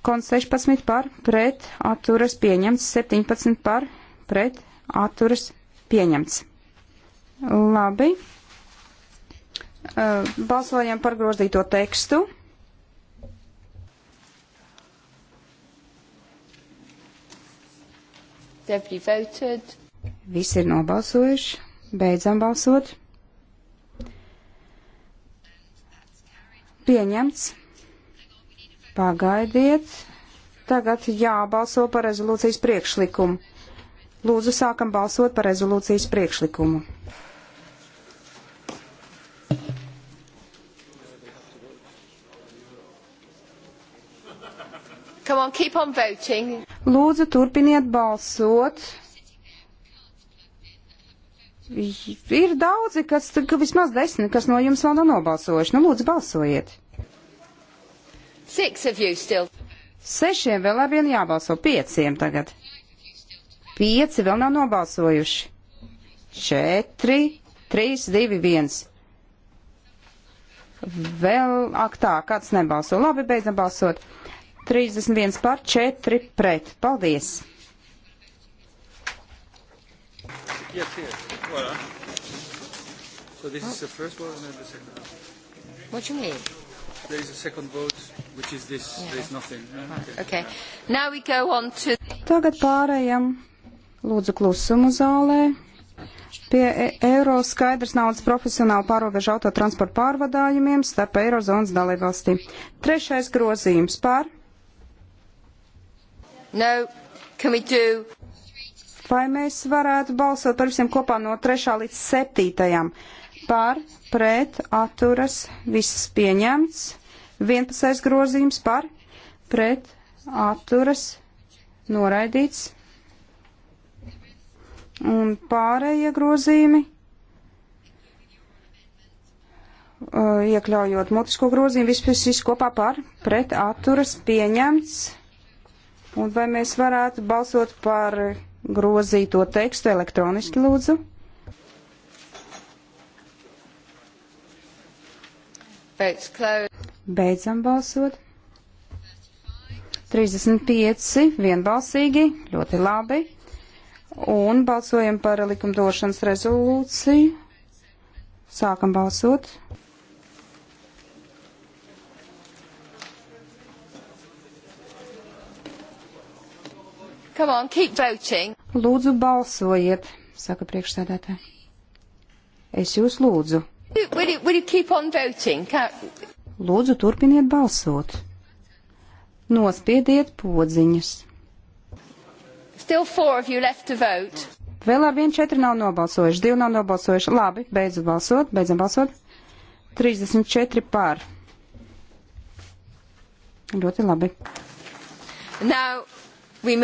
E: Kons 16 par pret atturas pieņemts. 17 par pret atturas pieņemts. Labi. Uh, balsojam par grozīto tekstu. Visi ir nobalsojuši. Beidzam balsot. Pieņemts. Pagaidiet. Tagad jābalso par rezolūcijas priekšlikumu. Lūdzu, sākam balsot par rezolūcijas priekšlikumu.
A: Come on, keep on voting.
E: Lūdzu, turpiniet balsot. Ir daudzi, kas, ka vismaz desmit, kas no jums vēl nav nobalsojuši. Nu, lūdzu, balsojiet. Sešiem vēl ar vienu jābalso, pieciem tagad. Pieci vēl nav nobalsojuši. Četri, trīs, divi, viens. Vēl, ak tā, kāds nebalso. Labi, beidzam balsot. 31 par 4 pret. Paldies!
B: Yes, yes. Voilà. So this oh. is the first one and the second one.
E: What do you mean?
A: There
B: is a second vote, which is this. Yeah. There
A: is nothing. No? Okay. okay.
E: Now we go on to... Tagad pārējam. Lūdzu klusumu zālē. Pie e- eiro skaidrs naudas profesionāla pārobežu autotransporta pārvadājumiem starp eirozonas dalībvalstīm. Trešais grozījums pār. No. Can we do Vai mēs varētu balsot par visiem kopā no 3. līdz 7. par, pret, atturas, viss pieņemts. 11. grozījums par, pret, atturas, noraidīts. Un pārējie grozījumi, uh, iekļaujot mutisko grozījumu, vispār viss kopā par, pret, atturas, pieņemts. Un vai mēs varētu balsot par grozīto tekstu elektroniski lūdzu. Beidzam balsot. 35 vienbalsīgi, ļoti labi. Un balsojam par likumdošanas rezolūciju. Sākam balsot.
A: Come on, keep voting.
E: Lūdzu, balsojiet, saka priekšsēdētāji. Es jūs lūdzu.
A: Will you, will you keep on voting? Can...
E: Lūdzu, turpiniet balsot. Nospiediet podziņas.
A: Still four of you left to vote.
E: Vēl ar vienu četri nav nobalsojuši, divi nav nobalsojuši. Labi, beidzu balsot, beidzam balsot. 34 pār. Ļoti labi.
A: Now, The...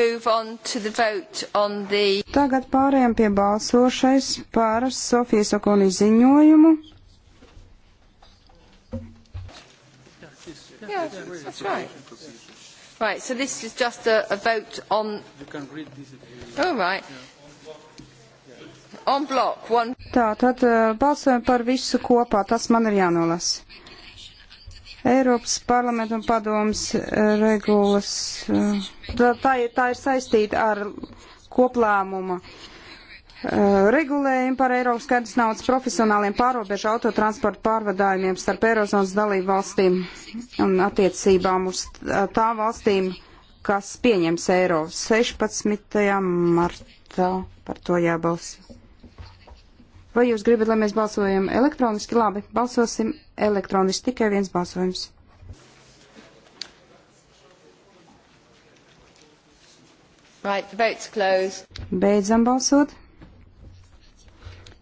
E: Tagad pārējām pie balsošais par Sofijas Okonī ziņojumu.
B: Yeah, that's right.
A: Right, so this is just a, a vote on. You can read this. Oh, right. On block one.
E: Tā, tad uh, balsojam par visu kopā. Tas man ir jānolasa. Eiropas parlamenta un padomas eh, regulas. Eh, tā, tā, ir, tā ir saistīta ar koplēmuma eh, regulējumu par Eiropas skaidrs naudas profesionāliem pārobežu autotransporta pārvadājumiem starp Eirozonas dalību valstīm un attiecībām uz tām valstīm, kas pieņems eiro 16. martā. Par to jābalso. Vai jūs gribat, lai mēs balsojam elektroniski? Labi, balsosim elektroniski, tikai viens balsojums.
A: Right, the vote's closed.
E: Beidzam balsot.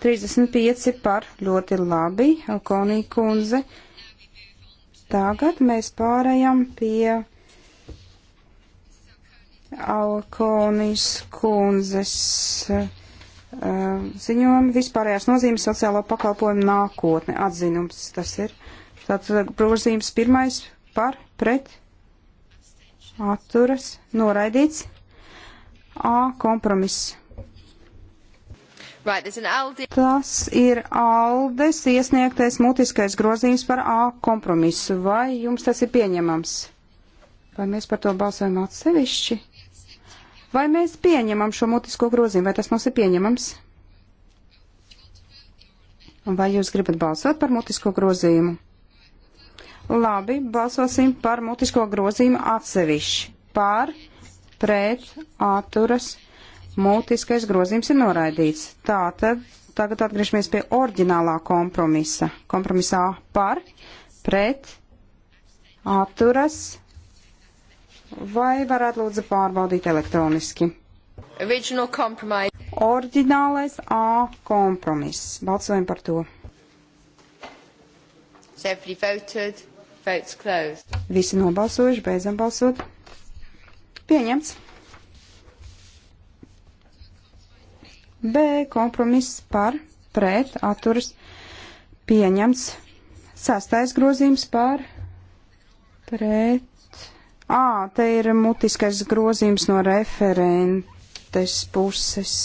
E: 35 par ļoti labi, Alkonija kundze. Tagad mēs pārējām pie Alkonijas kundzes Ehm, ziņojumi vispārējās nozīmes sociālo pakalpojumu nākotne atzinums tas ir. Tātad grozījums pirmais par pret atturas noraidīts A kompromiss.
A: Right,
E: tas ir Aldes iesniegtais mutiskais grozījums par A kompromisu. Vai jums tas ir pieņemams? Vai mēs par to balsojam atsevišķi? Vai mēs pieņemam šo mutisko grozījumu, vai tas mums ir pieņemams? Vai jūs gribat balsot par mutisko grozījumu? Labi, balsosim par mutisko grozījumu atsevišķi. Pār, pret, atturas, mutiskais grozījums ir noraidīts. Tātad tagad atgriežamies pie orģinālā kompromisa. Kompromisā par, pret, atturas, Vai varētu lūdzu pārbaudīt elektroniski? Oriģinālais A kompromiss. Balsojam par to.
A: Voted, votes
E: Visi nobalsojuši, beidzam balsot. Pieņemts. B kompromiss par, pret, atturas. Pieņemts. Sastais grozījums par, pret Ā, te ir mutiskais grozījums no referentes puses.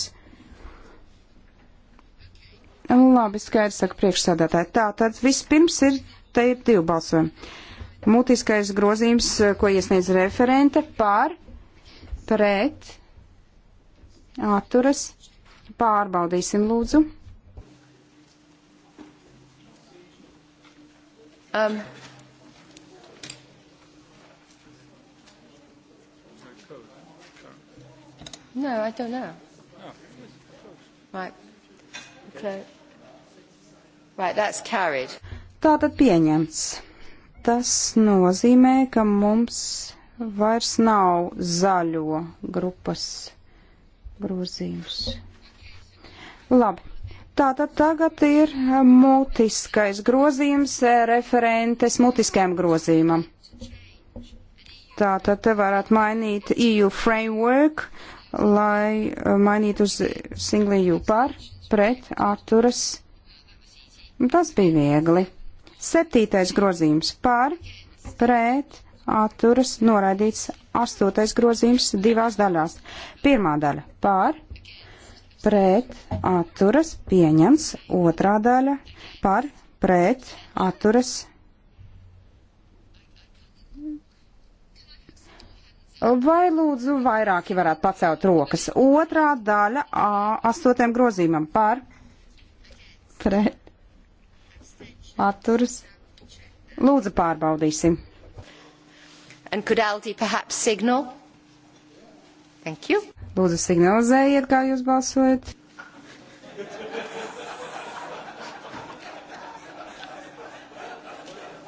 E: Labi, skaidrs, saka priekšsādātāji. Tā, tad vispirms ir, te ir divi balsojumi. Mutiskais grozījums, ko iesniedz referente par, pret, atturas, pārbaudīsim lūdzu. Um.
A: No, I don't know. No. Right. Okay. Right, that's carried.
E: Tātad pieņemts. Tas nozīmē, ka mums vairs nav zaļo grupas grozījums. Labi. Tātad tagad ir mutiskais grozījums eh, referentes mutiskajam grozījumam. Tātad te varat mainīt EU framework lai eh, mainītu uz singliju e par, pret, atturas. Tas bija viegli. Septītais grozījums par, pret, atturas, noraidīts. Astotais grozījums divās daļās. Pirmā daļa par, pret, atturas, pieņems. Otrā daļa par, pret, atturas, Vai lūdzu vairāki varētu pacelt rokas? Otrā daļa A astotajam grozīmam par pret atturas. Lūdzu pārbaudīsim. And could Aldi
A: perhaps signal? Thank you.
E: Lūdzu signalizējiet, kā jūs balsojat.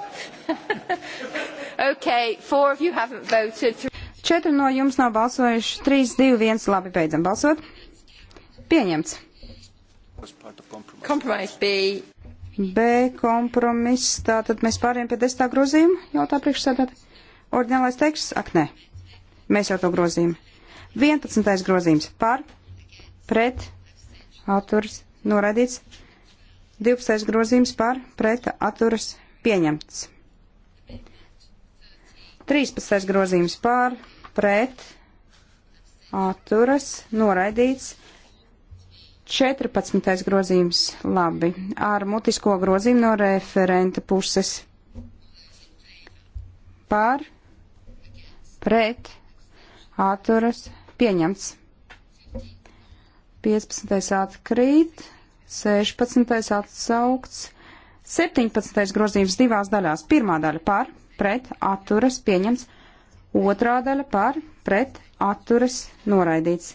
A: okay, four of you haven't voted.
E: Četri no jums nav balsojuši. 3, 2, 1. Labi, beidzam balsot. Pieņemts.
A: Kompromiss B.
E: B kompromiss. Tātad mēs pāriem pie desmitā grozījuma. Jautā priekšsēdāt. Ordinālais teksts? Ak, nē. Mēs jau to grozījām. 11. grozījums. Par, pret, atturs, noraidīts. 12. grozījums par, pret, atturs, pieņemts. 13. grozījums pār, pret, atturas, noraidīts. 14. grozījums labi, ar mutisko grozījumu no referenta puses. Pār, pret, atturas, pieņemts. 15. atkrīt, 16. atsaukts, 17. grozījums divās daļās. Pirmā daļa par, pret, atturas, pieņemts Otrā daļa par, pret, atturas, noraidīts.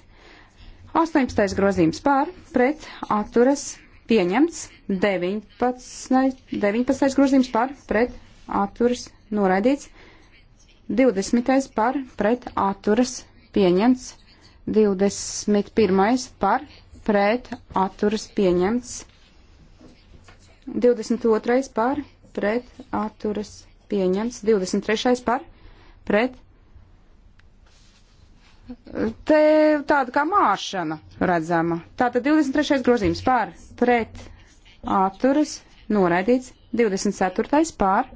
E: 18. grozījums par, pret, atturas, pieņemts. 19. 19. grozījums par, pret, atturas, noraidīts. 20. par, pret, atturas, pieņemts. 21. par, pret, atturas, pieņemts. 22. par, pret, atturas, pieņemts. 23. par, pret, Te tāda kā māšana redzama. Tātad 23. grozījums pār, pret, atturas, noraidīts. 24. pār,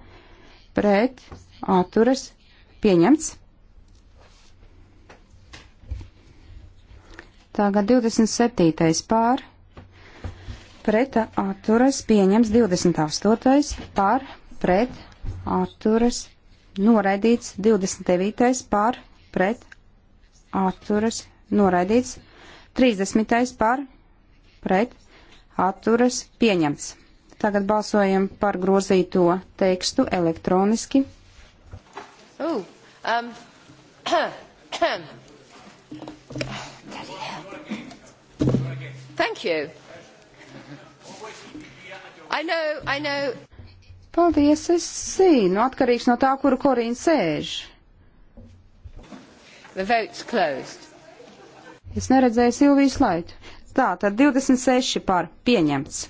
E: pret, atturas, pieņemts. Tagad 27. pār, pret, atturas, pieņems. 28. pār, pret, atturas, noraidīts. 29. pār, pret, atturas, noraidīts. 30. par, pret, atturas, pieņemts. Tagad balsojam par grozīto tekstu elektroniski.
A: Ooh, um, Thank you. I know, I know.
E: Paldies, es zinu, atkarīgs no tā, kuru korīna sēž.
A: The vote's closed.
E: Es neredzēju Silvijas laitu. Tā, tad 26 par pieņemts.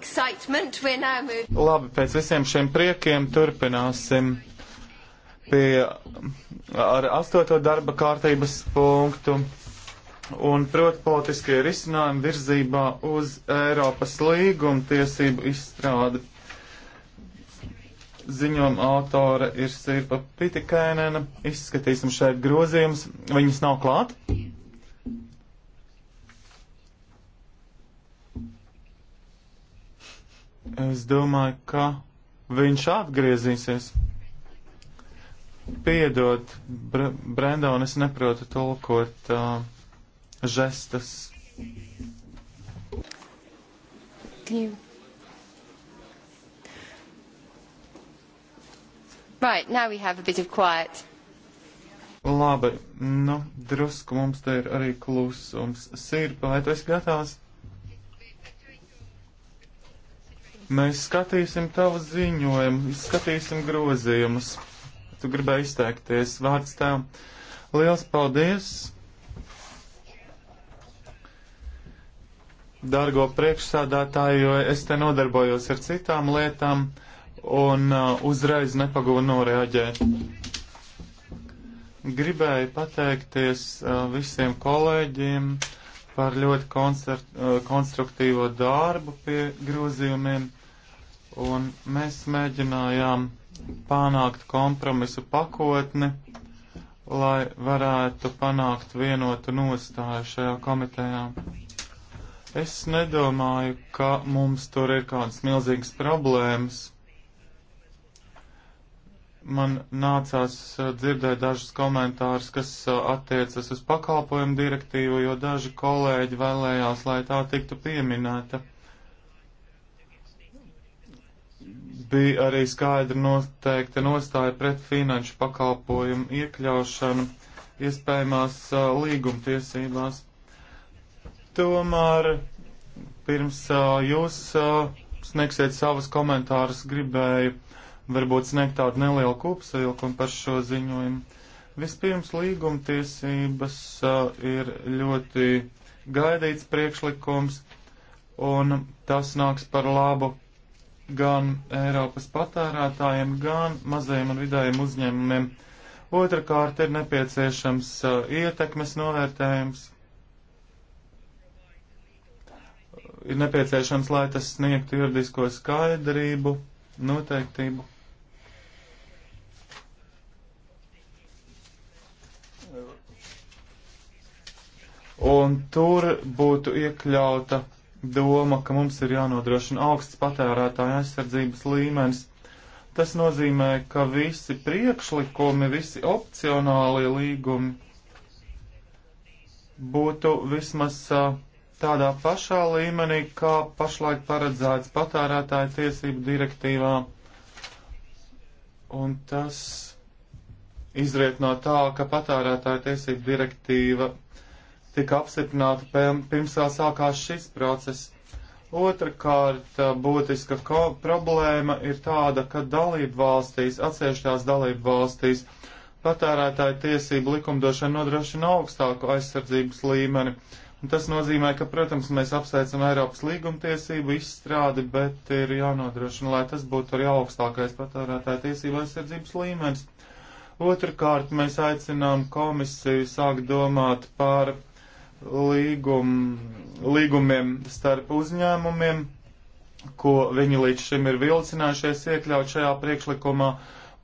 A: Labi,
C: pēc visiem šiem priekiem turpināsim pie ar astoto darba kārtības punktu un proti politiskie risinājumi virzībā uz Eiropas līguma tiesību izstrādi. Ziņojuma autore ir Sirpa Pitikainena. Izskatīsim šeit grozījumus. Viņas nav klāt. Es domāju, ka viņš atgriezīsies. Piedod, Br Brendon, es neprotu tulkot uh, žestas.
A: You... Right, now we have a bit of quiet.
C: Labi, nu, drusku mums te ir arī klusums. Sirpa, vai tu esi gatavs? Mēs skatīsim tavu ziņojumu, skatīsim grozījumus. Tu gribēji izteikties. Vārds tev. Liels paldies! Dargo priekšsādātāju, jo es te nodarbojos ar citām lietām un uh, uzreiz nepagūnu noreaģēt. Gribēju pateikties uh, visiem kolēģiem par ļoti koncert, uh, konstruktīvo darbu pie grozījumiem un mēs mēģinājām panākt kompromisu pakotni, lai varētu panākt vienotu nostāju šajā komitejā. Es nedomāju, ka mums tur ir kādas milzīgas problēmas. Man nācās uh, dzirdēt dažus komentārus, kas uh, attiecas uz pakalpojumu direktīvu, jo daži kolēģi vēlējās, lai tā tiktu pieminēta. bija arī skaidri noteikta nostāja pret finanšu pakalpojumu iekļaušanu iespējamās uh, līgumtiesībās. Tomēr pirms uh, jūs uh, sniegsiet savus komentārus, gribēju varbūt sniegt tādu nelielu kopsavilkumu par šo ziņojumu. Vispirms līgumtiesības uh, ir ļoti gaidīts priekšlikums, un tas nāks par labu gan Eiropas patērētājiem, gan mazajiem un vidējiem uzņēmumiem. Otrakārt ir nepieciešams uh, ietekmes novērtējums. Ir nepieciešams, lai tas sniegtu juridisko skaidrību, noteiktību. Un tur būtu iekļauta doma, ka mums ir jānodrošina augsts patērētāja aizsardzības līmenis. Tas nozīmē, ka visi priekšlikumi, visi opcionālie līgumi būtu vismaz tādā pašā līmenī, kā pašlaik paredzēts patērētāja tiesību direktīvā. Un tas izriet no tā, ka patērētāja tiesību direktīva tika apstiprināta pirms vēl sākās šis process. Otrakārt, būtiska problēma ir tāda, ka dalību valstīs, atsevišķās dalību valstīs, patērētāju tiesību likumdošana nodrošina augstāku aizsardzības līmeni. Un tas nozīmē, ka, protams, mēs apsveicam Eiropas līgumtiesību izstrādi, bet ir jānodrošina, lai tas būtu arī augstākais patērētāju tiesību aizsardzības līmenis. Otrakārt, mēs aicinām komisiju sākt domāt par līgum, līgumiem starp uzņēmumiem, ko viņi līdz šim ir vilcinājušies iekļaut šajā priekšlikumā,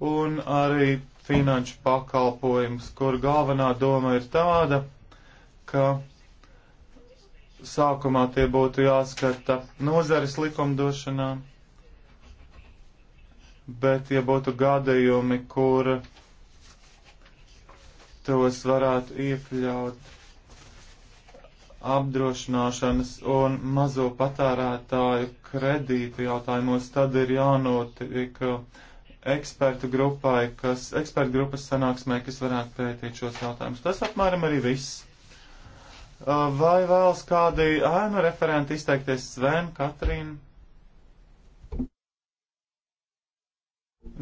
C: un arī finanšu pakalpojums, kur galvenā doma ir tāda, ka sākumā tie būtu jāskata nozares likumdošanā, bet ja būtu gadījumi, kur tos varētu iekļaut apdrošināšanas un mazo patērētāju kredītu jautājumos, tad ir jānotiek uh, ekspertu grupai, kas, ekspertu grupas sanāksmē, kas varētu pētīt šos jautājumus. Tas apmēram arī viss. Uh, vai vēlas kādi ēnu referenti izteikties Sven, Katrīna?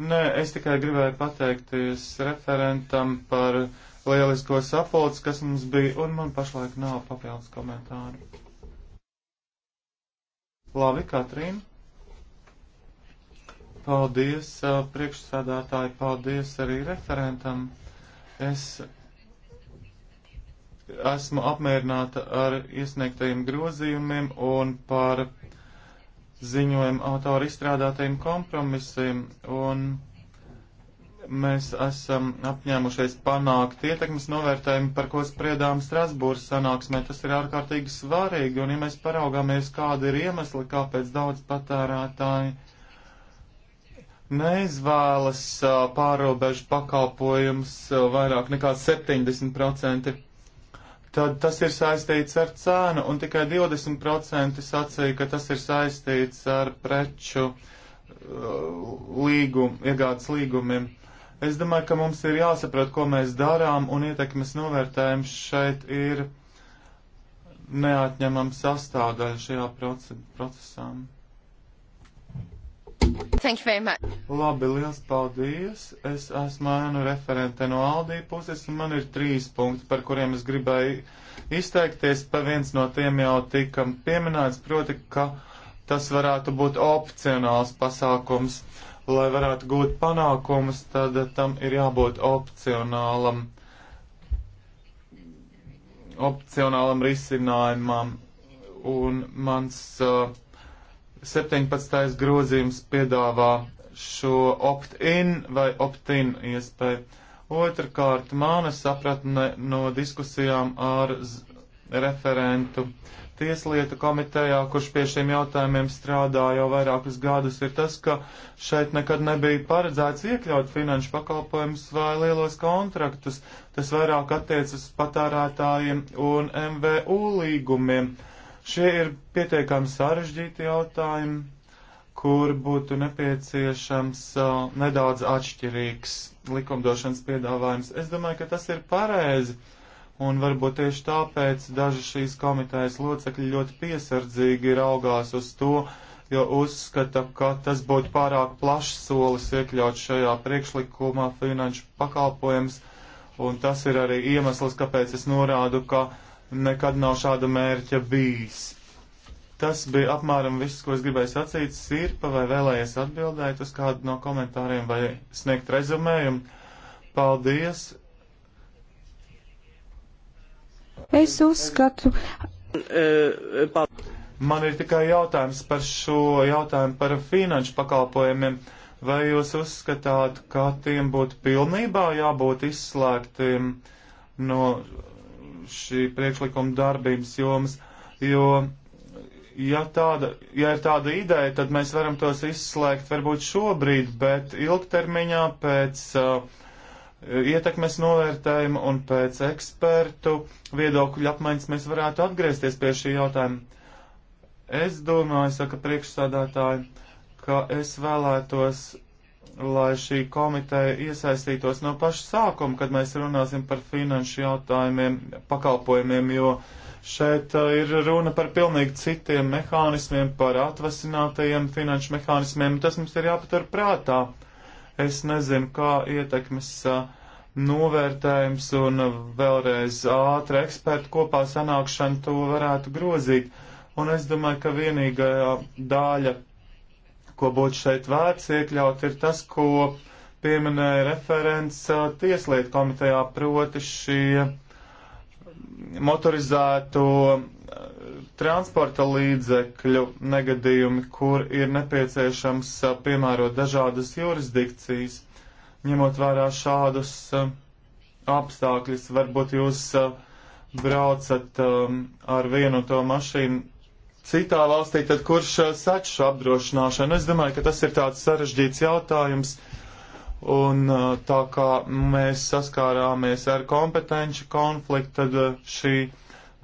C: Nē, es tikai gribēju pateikties referentam par uh, lieliskos aplauds, kas mums bija, un man pašlaik nav papildus komentāru. Labi, Katrīna. Paldies, uh, priekšsādātāji, paldies arī referentam. Es esmu apmierināta ar iesniegtajiem grozījumiem un par ziņojumu autoru izstrādātajiem kompromisiem. Un mēs esam apņēmušies panākt ietekmes novērtējumu, par ko spriedām Strasbūras sanāksmē. Tas ir ārkārtīgi svarīgi, un ja mēs paraugāmies, kāda ir iemesli, kāpēc daudz patērētāji neizvēlas pārobežu pakalpojumus vairāk nekā 70%, tad tas ir saistīts ar cēnu, un tikai 20% sacīja, ka tas ir saistīts ar preču līgumu, iegādes līgumiem. Es domāju, ka mums ir jāsaprot, ko mēs darām, un ietekmes novērtējums šeit ir neatņemama sastāvdaļa šajā procesā.
A: Labi,
C: liels paldies. Es esmu ēnu referente no Aldī puses, un man ir trīs punkti, par kuriem es gribēju izteikties. Pa viens no tiem jau tika pieminēts, proti, ka tas varētu būt opcionāls pasākums. Uh, lai varētu gūt panākumus, tad tam ir jābūt opcionālam, opcionālam risinājumam. Un mans uh, 17. grozījums piedāvā šo opt-in vai opt-in iespēju. Otrakārt, mana sapratne no diskusijām ar referentu uh, Tieslietu komitejā, kurš pie šiem jautājumiem strādā jau vairākus gadus, ir tas, ka šeit nekad nebija paredzēts iekļaut finanšu pakalpojumus vai lielos kontraktus. Tas vairāk attiecas patērētājiem un MVU līgumiem. Šie ir pietiekami sarežģīti jautājumi, kur būtu nepieciešams uh, nedaudz atšķirīgs likumdošanas piedāvājums. Es domāju, ka tas ir pareizi. Uh, Un varbūt tieši tāpēc daži šīs komitejas locekļi ļoti piesardzīgi raugās uz to, jo uzskata, ka tas būtu pārāk plašs solis iekļaut šajā priekšlikumā finanšu pakalpojums. Un tas ir arī iemesls, kāpēc es norādu, ka nekad nav šāda mērķa bijis. Tas bija apmēram viss, ko es gribēju sacīt. Sirpa vai vēlējies atbildēt uz kādu no komentāriem vai sniegt rezumējumu? Paldies!
E: Es uzskatu.
C: Man ir tikai jautājums par šo jautājumu par finanšu pakalpojumiem. Vai jūs uzskatāt, ka tiem būtu pilnībā jābūt izslēgtiem no šī priekšlikuma darbības jomas? Jo, ja, tāda, ja ir tāda ideja, tad mēs varam tos izslēgt varbūt šobrīd, bet ilgtermiņā pēc uh, ietekmes novērtējumu un pēc ekspertu viedokļu apmaiņas mēs varētu atgriezties pie šī jautājuma. Es domāju, saka priekšsādātāji, ka es vēlētos, lai šī komiteja iesaistītos no paša sākuma, kad mēs runāsim par finanšu jautājumiem, pakalpojumiem, jo šeit uh, ir runa par pilnīgi citiem mehānismiem, par atvasinātajiem finanšu mehānismiem, tas mums ir jāpatur prātā. Uh, Es nezinu, kā ietekmes novērtējums un vēlreiz ātra eksperta kopā sanākšana to varētu grozīt. Un es domāju, ka vienīgā dāļa, ko būtu šeit vērts iekļaut, ir tas, ko pieminēja referents Tieslietu komitejā, proti šie motorizēto transporta līdzekļu negadījumi, kur ir nepieciešams piemērot dažādas jurisdikcijas. Ņemot vērā šādus apstākļus, varbūt jūs braucat ar vienu to mašīnu citā valstī, tad kurš sec šo apdrošināšanu? Es domāju, ka tas ir tāds sarežģīts jautājums. Un tā kā mēs saskārāmies ar kompetenci konfliktu, tad šī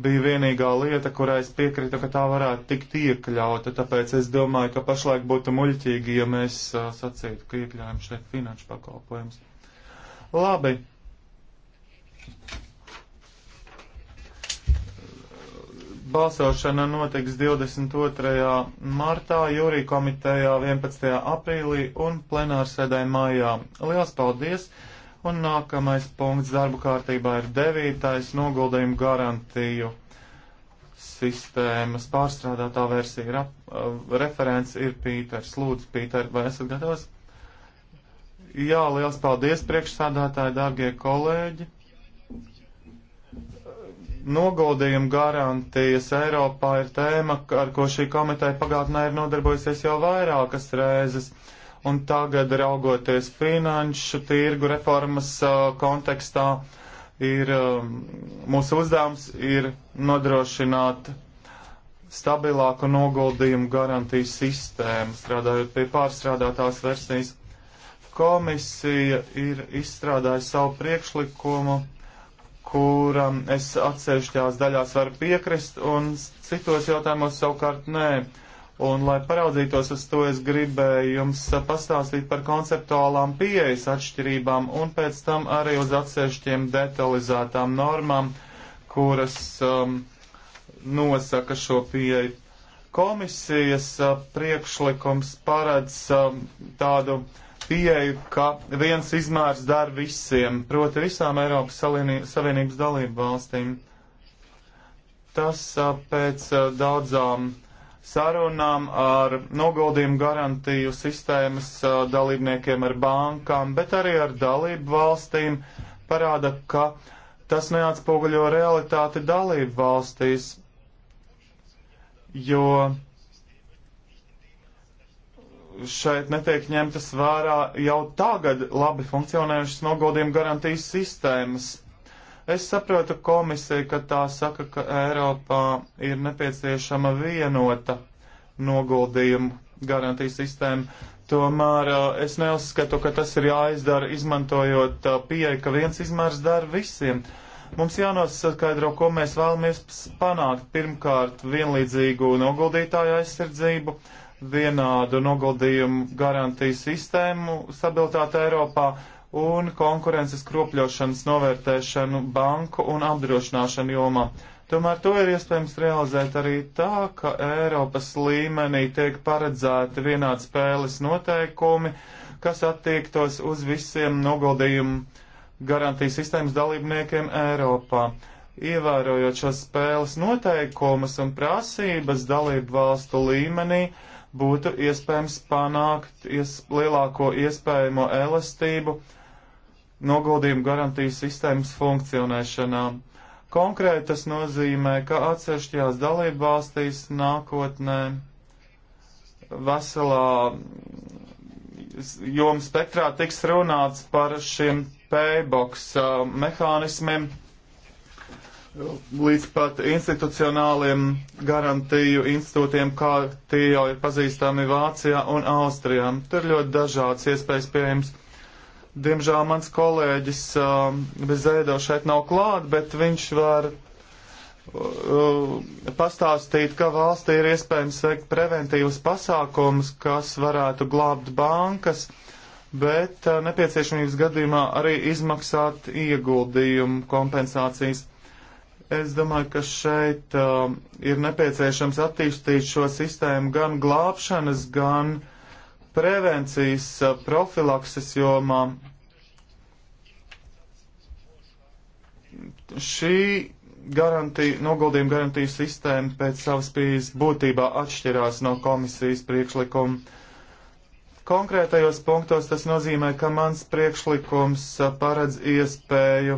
C: bija vienīgā lieta, kurai es piekrītu, ka tā varētu tikt iekļauta. Tāpēc es domāju, ka pašlaik būtu muļķīgi, ja mēs uh, sacītu, ka iekļājam šeit finanšu pakalpojumus. Labi. Balsošana notiks 22. martā, jūrī komitejā 11. aprīlī un plenārsēdē maijā. Lielas paldies! Un nākamais punkts darbu kārtībā ir devītais noguldījumu garantiju sistēmas pārstrādātā versija. Ra, uh, referents ir Pīters. Lūdzu, Pīter, vai esat gatavs? Jā, liels paldies priekšsādātāji, dārgie kolēģi. Noguldījumu garantijas Eiropā ir tēma, ar ko šī komiteja pagātnē ir nodarbojusies jau vairākas reizes. Uh, un tagad raugoties finanšu tirgu reformas uh, kontekstā, ir, uh, mūsu uzdevums ir nodrošināt stabilāku noguldījumu garantiju sistēmu, strādājot pie pārstrādātās versijas. Komisija ir izstrādājusi savu priekšlikumu, kuram es atsevišķās daļās varu piekrist, un citos jautājumos savukārt nē. Uh, Un, lai paraudzītos uz to, es gribēju jums eh, pastāstīt par konceptuālām pieejas atšķirībām un pēc tam arī uz atsevišķiem detalizētām normām, kuras um, nosaka šo pieeju. Komisijas uh, priekšlikums paredz um, tādu pieeju, ka viens izmērs dar visiem, proti visām Eiropas Savienības dalību valstīm. Tas uh, pēc uh, daudzām uh, sarunām ar noguldījumu garantiju sistēmas dalībniekiem, ar bankām, bet arī ar dalību valstīm parāda, ka tas neatspoguļo realitāti dalību valstīs, jo šeit netiek ņemtas vērā jau tagad labi funkcionējušas noguldījumu garantijas sistēmas Es saprotu komisiju, ka tā saka, ka Eiropā ir nepieciešama vienota noguldījumu garantijas sistēma. Tomēr uh, es neuzskatu, ka tas ir jāizdara izmantojot uh, pieeja, ka viens izmērs dara visiem. Mums jānoskaidro, ko mēs vēlamies panākt. Pirmkārt, vienlīdzīgu noguldītāju aizsardzību, vienādu noguldījumu garantiju sistēmu, stabilitāti Eiropā, un konkurences kropļošanas novērtēšanu banku un apdrošināšanu jomā. Tomēr to ir iespējams realizēt arī tā, ka Eiropas līmenī tiek paredzēti vienādi spēles noteikumi, kas attiektos uz visiem noguldījumu garantijas sistēmas dalībniekiem Eiropā. Ievērojot šos spēles noteikumus un prasības dalību valstu līmenī, būtu iespējams panākt ies lielāko iespējamo elastību noguldījumu garantijas sistēmas funkcionēšanā. Konkrēti tas nozīmē, ka atsevišķajās dalību valstīs nākotnē veselā joma spektrā tiks runāts par šiem paybox uh, mehānismiem līdz pat institucionāliem garantiju institūtiem, kā tie jau ir pazīstami Vācijā un Austrijā. Tur ļoti dažādas iespējas pieejams. Uh, Diemžēl mans kolēģis uh, um, Bezēdo šeit nav klāt, bet viņš var uh, pastāstīt, ka valstī ir iespējams veikt preventīvas pasākumus, kas varētu glābt bankas, bet uh, nepieciešamības gadījumā arī izmaksāt ieguldījumu kompensācijas. Es domāju, ka šeit uh, ir nepieciešams attīstīt šo sistēmu gan glābšanas, gan prevencijas uh, profilakses jomā Šī garantija, noguldījuma garantija sistēma pēc savas pieejas būtībā atšķirās no komisijas priekšlikuma. Konkrētajos punktos tas nozīmē, ka mans priekšlikums paredz iespēju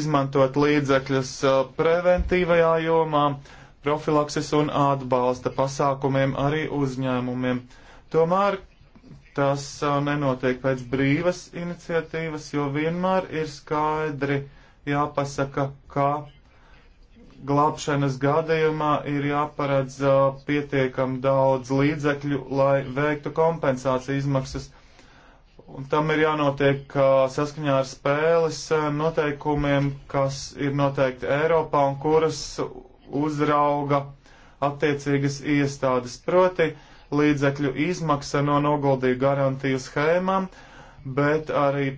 C: izmantot līdzekļus preventīvajā jomā, profilakses un atbalsta pasākumiem arī uzņēmumiem. Tomēr tas nenotiek pēc brīvas iniciatīvas, jo vienmēr ir skaidri jāpasaka, ka glābšanas gadījumā ir jāparedz uh, pietiekam daudz līdzekļu, lai veiktu kompensāciju izmaksas. Un tam ir jānotiek uh, saskaņā ar spēles uh, noteikumiem, kas ir noteikti Eiropā un kuras uzrauga attiecīgas iestādes. Proti līdzekļu izmaksa no noguldīju garantiju schēmām, bet arī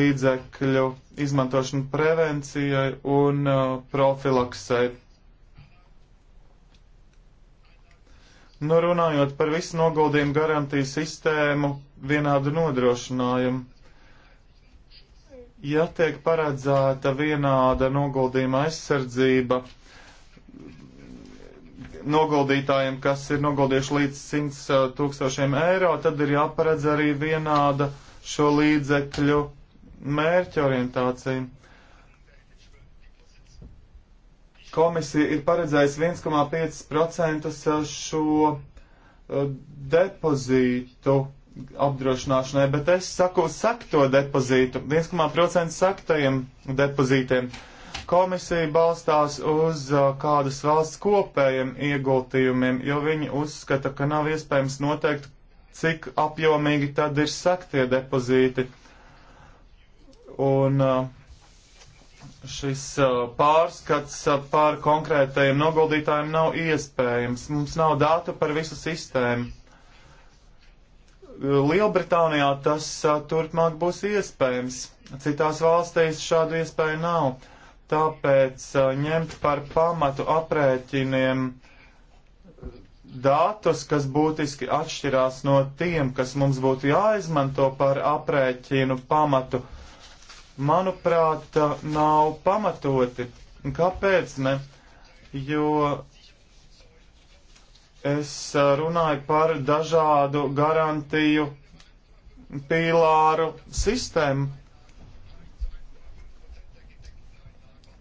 C: līdzekļu izmantošanu prevencijai un uh, profilaksei. Nu, runājot par visu noguldījumu garantiju sistēmu, vienādu nodrošinājumu. Ja tiek paredzēta vienāda noguldījuma aizsardzība noguldītājiem, kas ir noguldījuši līdz 100 uh, tūkstošiem eiro, tad ir jāparedz arī vienāda šo līdzekļu mērķa orientācija. Komisija ir paredzējusi 1,5% šo eh, depozītu apdrošināšanai, bet es saku sakto depozītu, 1,5% saktajiem depozītiem. Komisija balstās uz eh, kādas valsts kopējiem ieguldījumiem, jo viņi uzskata, ka nav iespējams noteikt, cik apjomīgi tad ir saktie depozīti. Uh, Un uh, šis uh, pārskats uh, pār konkrētajiem noguldītājiem nav iespējams. Mums nav datu par visu sistēmu. Lielbritānijā tas turpmāk būs iespējams. Citās valstīs šādu iespēju nav. Tāpēc ņemt par pamatu aprēķiniem datus, kas būtiski atšķirās no tiem, kas mums būtu jāizmanto par aprēķinu pamatu, manuprāt, nav pamatoti. Kāpēc ne? Jo es runāju par dažādu garantiju pīlāru sistēmu.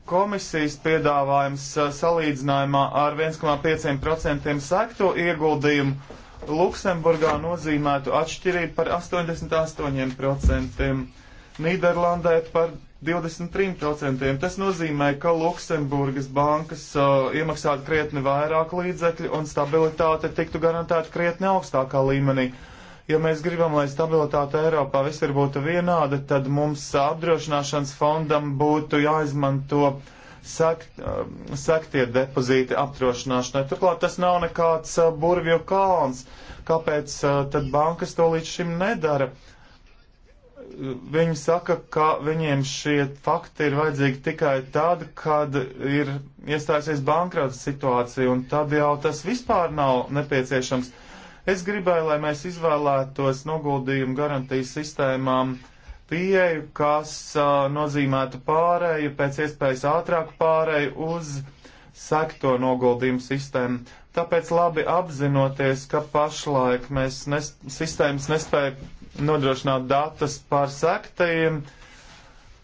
C: Komisijas piedāvājums salīdzinājumā ar 1,5% sekto ieguldījumu Luksemburgā nozīmētu atšķirību par 88%. Nīderlandē par 23%. Tas nozīmē, ka Luksemburgas bankas uh, iemaksātu krietni vairāk līdzekļu un stabilitāte tiktu garantēta krietni augstākā līmenī. Ja mēs gribam, lai stabilitāte Eiropā visur būtu vienāda, tad mums apdrošināšanas fondam būtu jāizmanto sekt, uh, sektie depozīti apdrošināšanai. Turklāt tas nav nekāds uh, burvju kalns. Kāpēc uh, tad bankas to līdz šim nedara? Uh, viņi saka, ka viņiem šie fakti ir vajadzīgi tikai tad, kad ir iestājusies bankrota situācija, un tad jau tas vispār nav nepieciešams. Es gribēju, lai mēs izvēlētos noguldījumu garantijas sistēmām pieeju, kas uh, nozīmētu pārēju, pēc iespējas ātrāku pārēju uz sekto noguldījumu sistēmu. Tāpēc labi apzinoties, ka pašlaik mēs nes sistēmas nespēja nodrošināt datus par sektajiem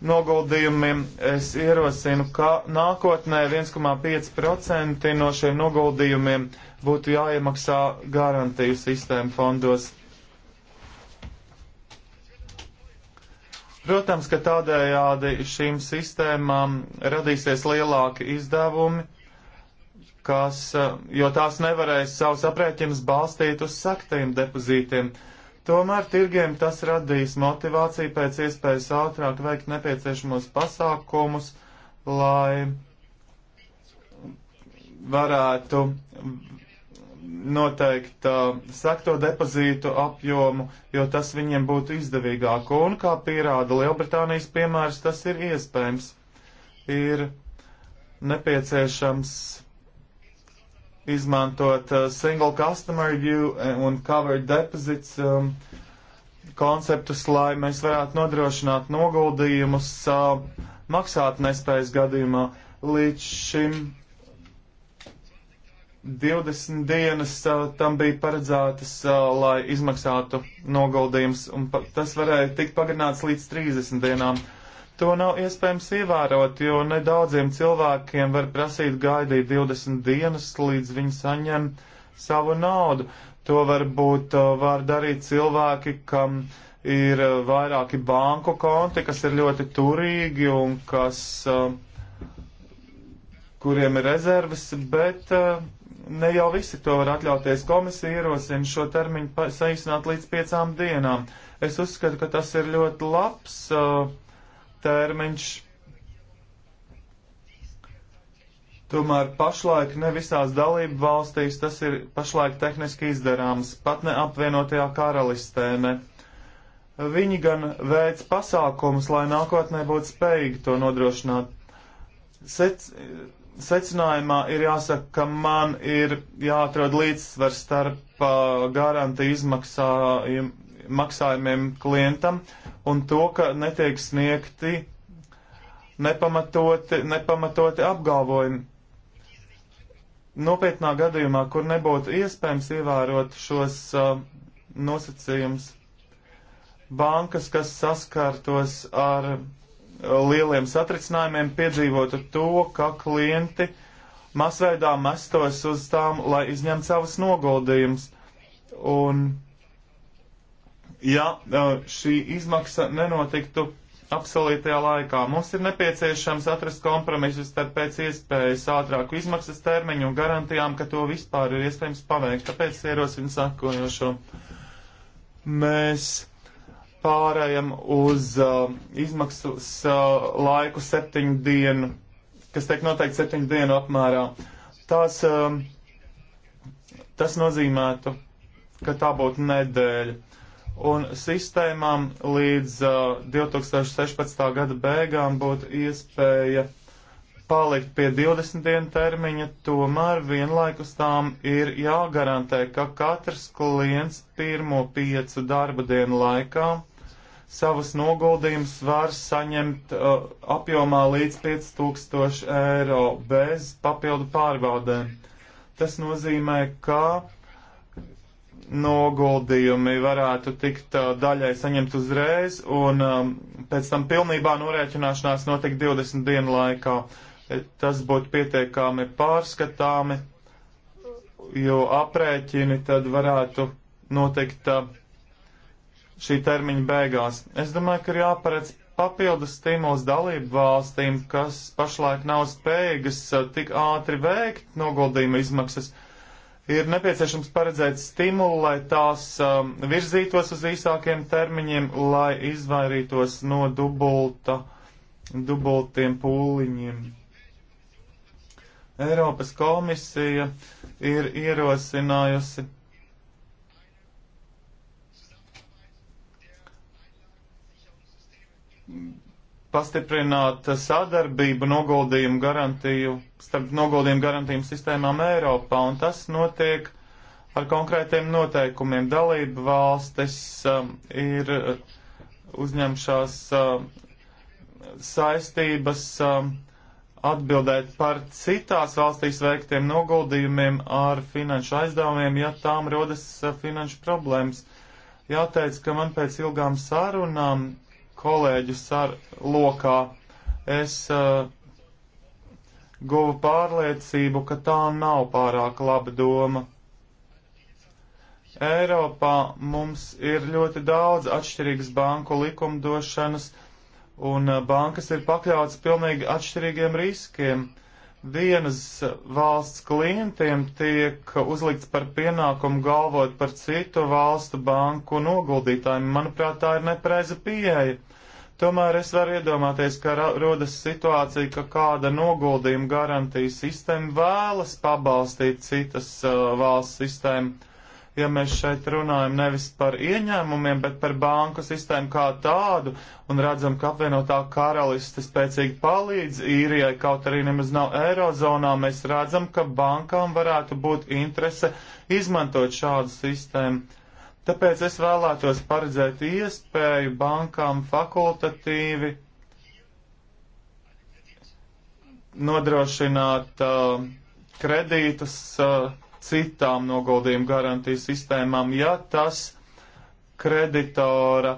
C: noguldījumiem, es ierosinu, ka nākotnē 1,5% no šiem noguldījumiem būtu jāiemaksā garantiju sistēmu fondos. Protams, ka tādējādi šīm sistēmām radīsies lielāki izdevumi, kas, jo tās nevarēs savus aprēķinus balstīt uz saktajiem depozītiem. Uh, Tomēr tirgiem tas radīs motivāciju pēc iespējas ātrāk veikt nepieciešamos pasākumus, lai varētu noteikt uh, sekto depozītu apjomu, jo tas viņiem būtu izdevīgāk. Un, kā pierāda Lielbritānijas piemērs, tas ir iespējams. Ir nepieciešams izmantot uh, single customer view e, un cover deposits um, konceptus, lai mēs varētu nodrošināt noguldījumus uh, maksāt nespējas gadījumā. Līdz šim 20 dienas uh, tam bija paredzētas, uh, lai izmaksātu noguldījums, un pa tas varēja tikt pagarināts līdz 30 dienām. Uh, To nav iespējams ievērot, jo nedaudziem cilvēkiem var prasīt gaidīt 20 dienas, līdz viņi saņem savu naudu. To varbūt uh, var darīt cilvēki, kam ir uh, vairāki banku konti, kas ir ļoti turīgi un kas, uh, kuriem ir rezerves, bet ne jau visi to var atļauties. Komisija ierosina šo termiņu saīsināt līdz piecām dienām. Es uzskatu, ka tas ir ļoti labs uh, termiņš Tomēr pašlaik ne visās dalību valstīs tas ir pašlaik tehniski izdarāms, pat ne apvienotajā karalistē. Ne. Viņi gan veic pasākumus, lai nākotnē būtu spējīgi to nodrošināt. Sec, secinājumā ir jāsaka, ka man ir jāatrod līdzsvars starp garantiju izmaksājumu maksājumiem klientam un to, ka netiek sniegti nepamatoti, nepamatoti apgalvojumi. Nopietnā gadījumā, kur nebūtu iespējams ievērot šos uh, nosacījumus, bankas, kas saskārtos ar uh, lieliem satricinājumiem, piedzīvotu to, ka klienti masveidā mestos uz tām, lai izņemtu savus noguldījumus. Un ja šī izmaksa nenotiktu apsolītajā laikā. Mums ir nepieciešams atrast kompromisus starp pēc iespējas ātrāku izmaksas termiņu un garantijām, ka to vispār ir iespējams paveikt. Tāpēc ierosinu sakojošo. Mēs pārējam uz uh, izmaksas uh, laiku septiņu dienu, kas tiek noteikti septiņu dienu apmērā. Tās, uh, tas nozīmētu, ka tā būtu nedēļa un sistēmām līdz uh, 2016. gada beigām būtu iespēja palikt pie 20 dienu termiņa, tomēr vienlaikus tām ir jāgarantē, ka katrs klients pirmo piecu darba dienu laikā savas noguldījumus var saņemt uh, apjomā līdz 5000 eiro bez papildu pārbaudēm. Tas nozīmē, ka noguldījumi varētu tikt daļai saņemt uzreiz, un um, pēc tam pilnībā norēķināšanās notiek 20 dienu laikā. E, tas būtu pietiekami pārskatāmi, jo aprēķini tad varētu notikt uh, šī termiņa beigās. Es domāju, ka ir jāparedz papildus stimuls dalību valstīm, kas pašlaik nav spējīgas uh, tik ātri veikt noguldījuma izmaksas ir nepieciešams paredzēt stimulu, lai tās um, virzītos uz īsākiem termiņiem, lai izvairītos no dubulta, dubultiem pūliņiem. Eiropas komisija ir ierosinājusi pastiprināt sadarbību noguldījumu garantiju, starp noguldījumu garantījumu sistēmām Eiropā, un tas notiek ar konkrētiem noteikumiem. Dalība valstis um, ir uh, uzņemšās um, saistības um, atbildēt par citās valstīs veiktiem noguldījumiem ar finanšu aizdevumiem, ja tām rodas uh, finanšu problēmas. Jāteic, ka man pēc ilgām sarunām kolēģus ar lokā. Es uh, guvu pārliecību, ka tā nav pārāk laba doma. Eiropā mums ir ļoti daudz atšķirīgas banku likumdošanas, un uh, bankas ir pakļautas pilnīgi atšķirīgiem riskiem. Vienas valsts klientiem tiek uzlikts par pienākumu galvot par citu valstu banku noguldītājiem. Manuprāt, tā ir nepareiza pieeja Tomēr es varu iedomāties, ka rodas situācija, ka kāda noguldījuma garantijas sistēma vēlas pabalstīt citas uh, valsts sistēmu. Ja mēs šeit runājam nevis par ieņēmumiem, bet par banku sistēmu kā tādu un redzam, ka apvienotā karaliste spēcīgi palīdz īrijai, kaut arī nemaz nav eirozonā, mēs redzam, ka bankām varētu būt interese izmantot šādu sistēmu Tāpēc es vēlētos paredzēt iespēju bankām fakultatīvi nodrošināt uh, kredītus uh, citām noguldījumu garantiju sistēmām, ja tas kreditora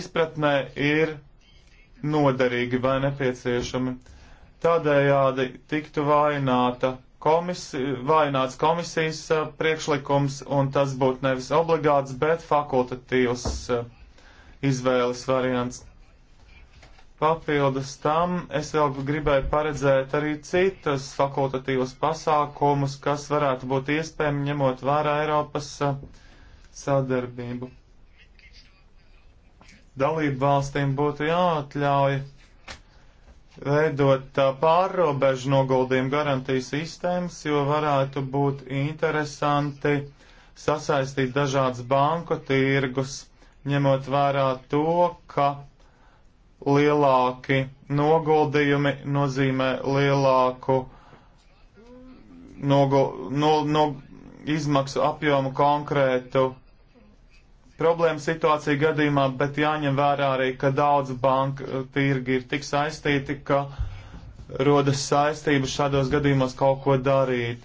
C: izpratnē ir noderīgi vai nepieciešami. Tādējādi tiktu vaināta komisi, vājināts komisijas priekšlikums, un tas būtu nevis obligāts, bet fakultatīvs izvēles variants. Papildus tam es vēl gribēju paredzēt arī citas fakultatīvas pasākumus, kas varētu būt iespējami ņemot vērā Eiropas sadarbību. Dalību valstīm būtu jāatļauj veidot pārrobežu noguldījumu garantiju sistēmas, jo varētu būt interesanti sasaistīt dažādas banku tirgus, ņemot vērā to, ka lielāki noguldījumi nozīmē lielāku nogu, no, no izmaksu apjomu konkrētu problēma situācija gadījumā, bet jāņem vērā arī, ka daudz banka eh, tirgi ir tik saistīti, ka rodas saistība šādos gadījumos kaut ko darīt.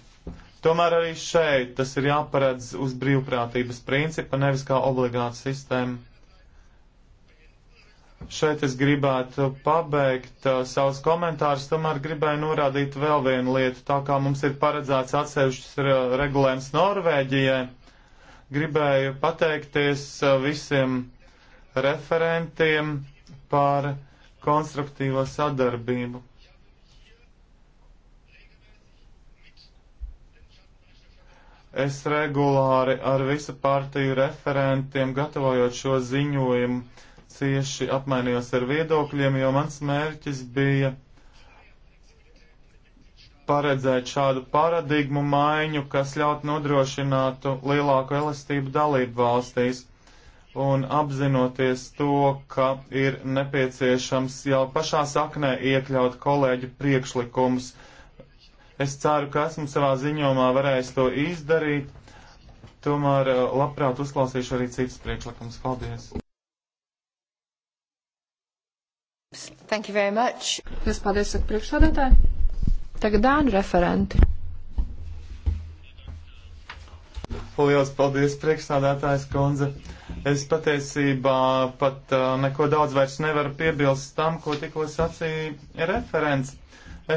C: Tomēr arī šeit tas ir jāparedz uz brīvprātības principa, nevis kā obligāta sistēma. Šeit es gribētu pabeigt uh, savus komentārus, tomēr gribēju norādīt vēl vienu lietu, tā kā mums ir paredzēts atsevišķs eh, regulējums Norvēģijai gribēju pateikties uh, visiem referentiem par konstruktīvo sadarbību. Es regulāri ar visu partiju referentiem gatavojot šo ziņojumu cieši apmainījos ar viedokļiem, jo mans mērķis bija paredzēt šādu paradigmu maiņu, kas ļaut nodrošinātu lielāku elastību dalību valstīs. Un apzinoties to, ka ir nepieciešams jau pašā saknē iekļaut kolēģu priekšlikumus, es ceru, ka esmu savā ziņomā varējis to izdarīt. Tomēr eh, labprāt uzklausīšu arī citas priekšlikumus. Paldies!
D: Thank you very much. Es paldies, saka priekšsādātāji. Tagad Dānu referenti.
C: Lielas paldies, priekšsādātājs kundze. Es patiesībā pat uh, neko daudz vairs nevaru piebilst tam, ko tikko sacīja referents.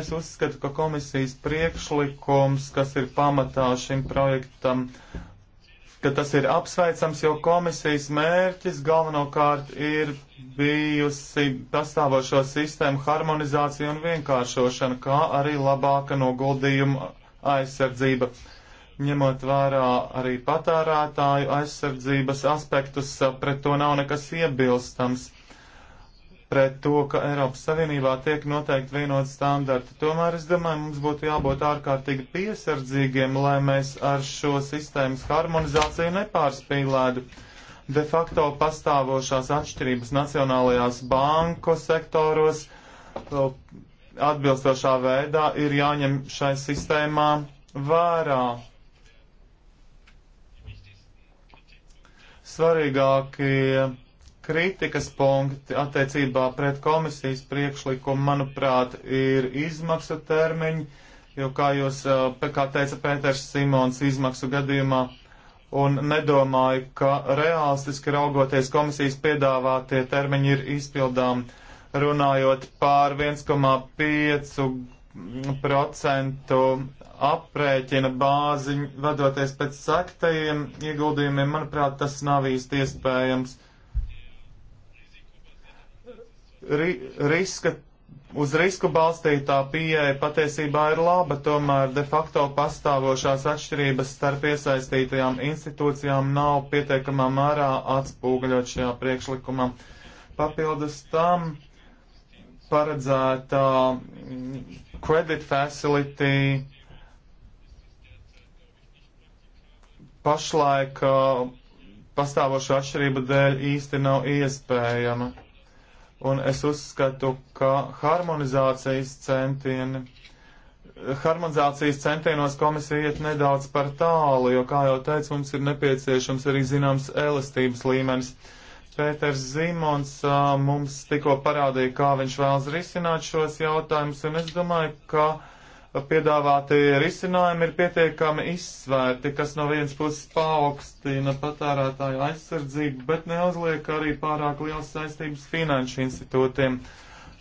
C: Es uzskatu, ka komisijas priekšlikums, kas ir pamatā šim projektam, uh, ka tas ir apsveicams, jo komisijas mērķis galvenokārt ir bijusi pastāvošo sistēmu harmonizācija un vienkāršošana, kā arī labāka noguldījuma aizsardzība, ņemot vērā arī patērētāju aizsardzības aspektus, pret to nav nekas iebilstams pret to, ka Eiropas Savienībā tiek noteikti vienot standarti. Tomēr es domāju, mums būtu jābūt ārkārtīgi piesardzīgiem, lai mēs ar šo sistēmas harmonizāciju nepārspīlētu. De facto pastāvošās atšķirības nacionālajās banku sektoros atbilstošā veidā ir jāņem šai sistēmā vērā. Svarīgākie kritikas punkti attiecībā pret komisijas priekšlikumu, manuprāt, ir izmaksu termiņi, jo, kā jūs, kā teica Pēters Simons, izmaksu gadījumā, un nedomāju, ka realistiski raugoties komisijas piedāvātie termiņi ir izpildām, runājot pār 1,5% aprēķina bāziņu, vadoties pēc saktajiem ieguldījumiem, manuprāt, tas nav īsti iespējams ri, riska, uz risku balstītā pieeja patiesībā ir laba, tomēr de facto pastāvošās atšķirības starp iesaistītajām institūcijām nav pietiekamā mērā atspūgļot šajā priekšlikumā. Papildus tam paredzētā credit facility pašlaik uh, pastāvošu atšķirību dēļ īsti nav iespējama un es uzskatu, ka harmonizācijas centieni. Harmonizācijas centienos komisija iet nedaudz par tālu, jo, kā jau teicu, mums ir nepieciešams arī zināms elastības līmenis. Pēters Zīmons mums tikko parādīja, kā viņš vēlas risināt šos jautājumus, un es domāju, ka uh, piedāvātie risinājumi ir pietiekami izsvērti, kas no vienas puses paaugstina patērētāju aizsardzību, bet neuzliek arī pārāk liels saistības finanšu institūtiem.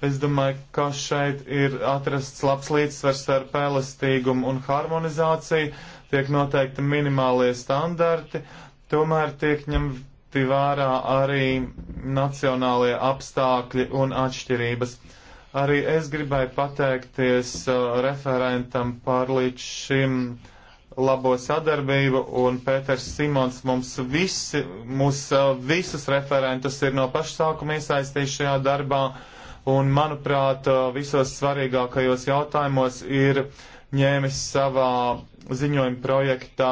C: Es domāju, ka šeit ir atrasts labs līdzsvars ar pēlastīgumu un harmonizāciju, tiek noteikti minimālie standarti, tomēr tiek ņemti vērā arī nacionālie apstākļi un atšķirības. Arī es gribēju pateikties uh, referentam par līdz šim labo sadarbību, un Pēters Simons mums visi, mūs uh, visus referentus ir no paša sākuma iesaistījis šajā darbā, un manuprāt, uh, visos svarīgākajos jautājumos ir ņēmis savā ziņojuma projektā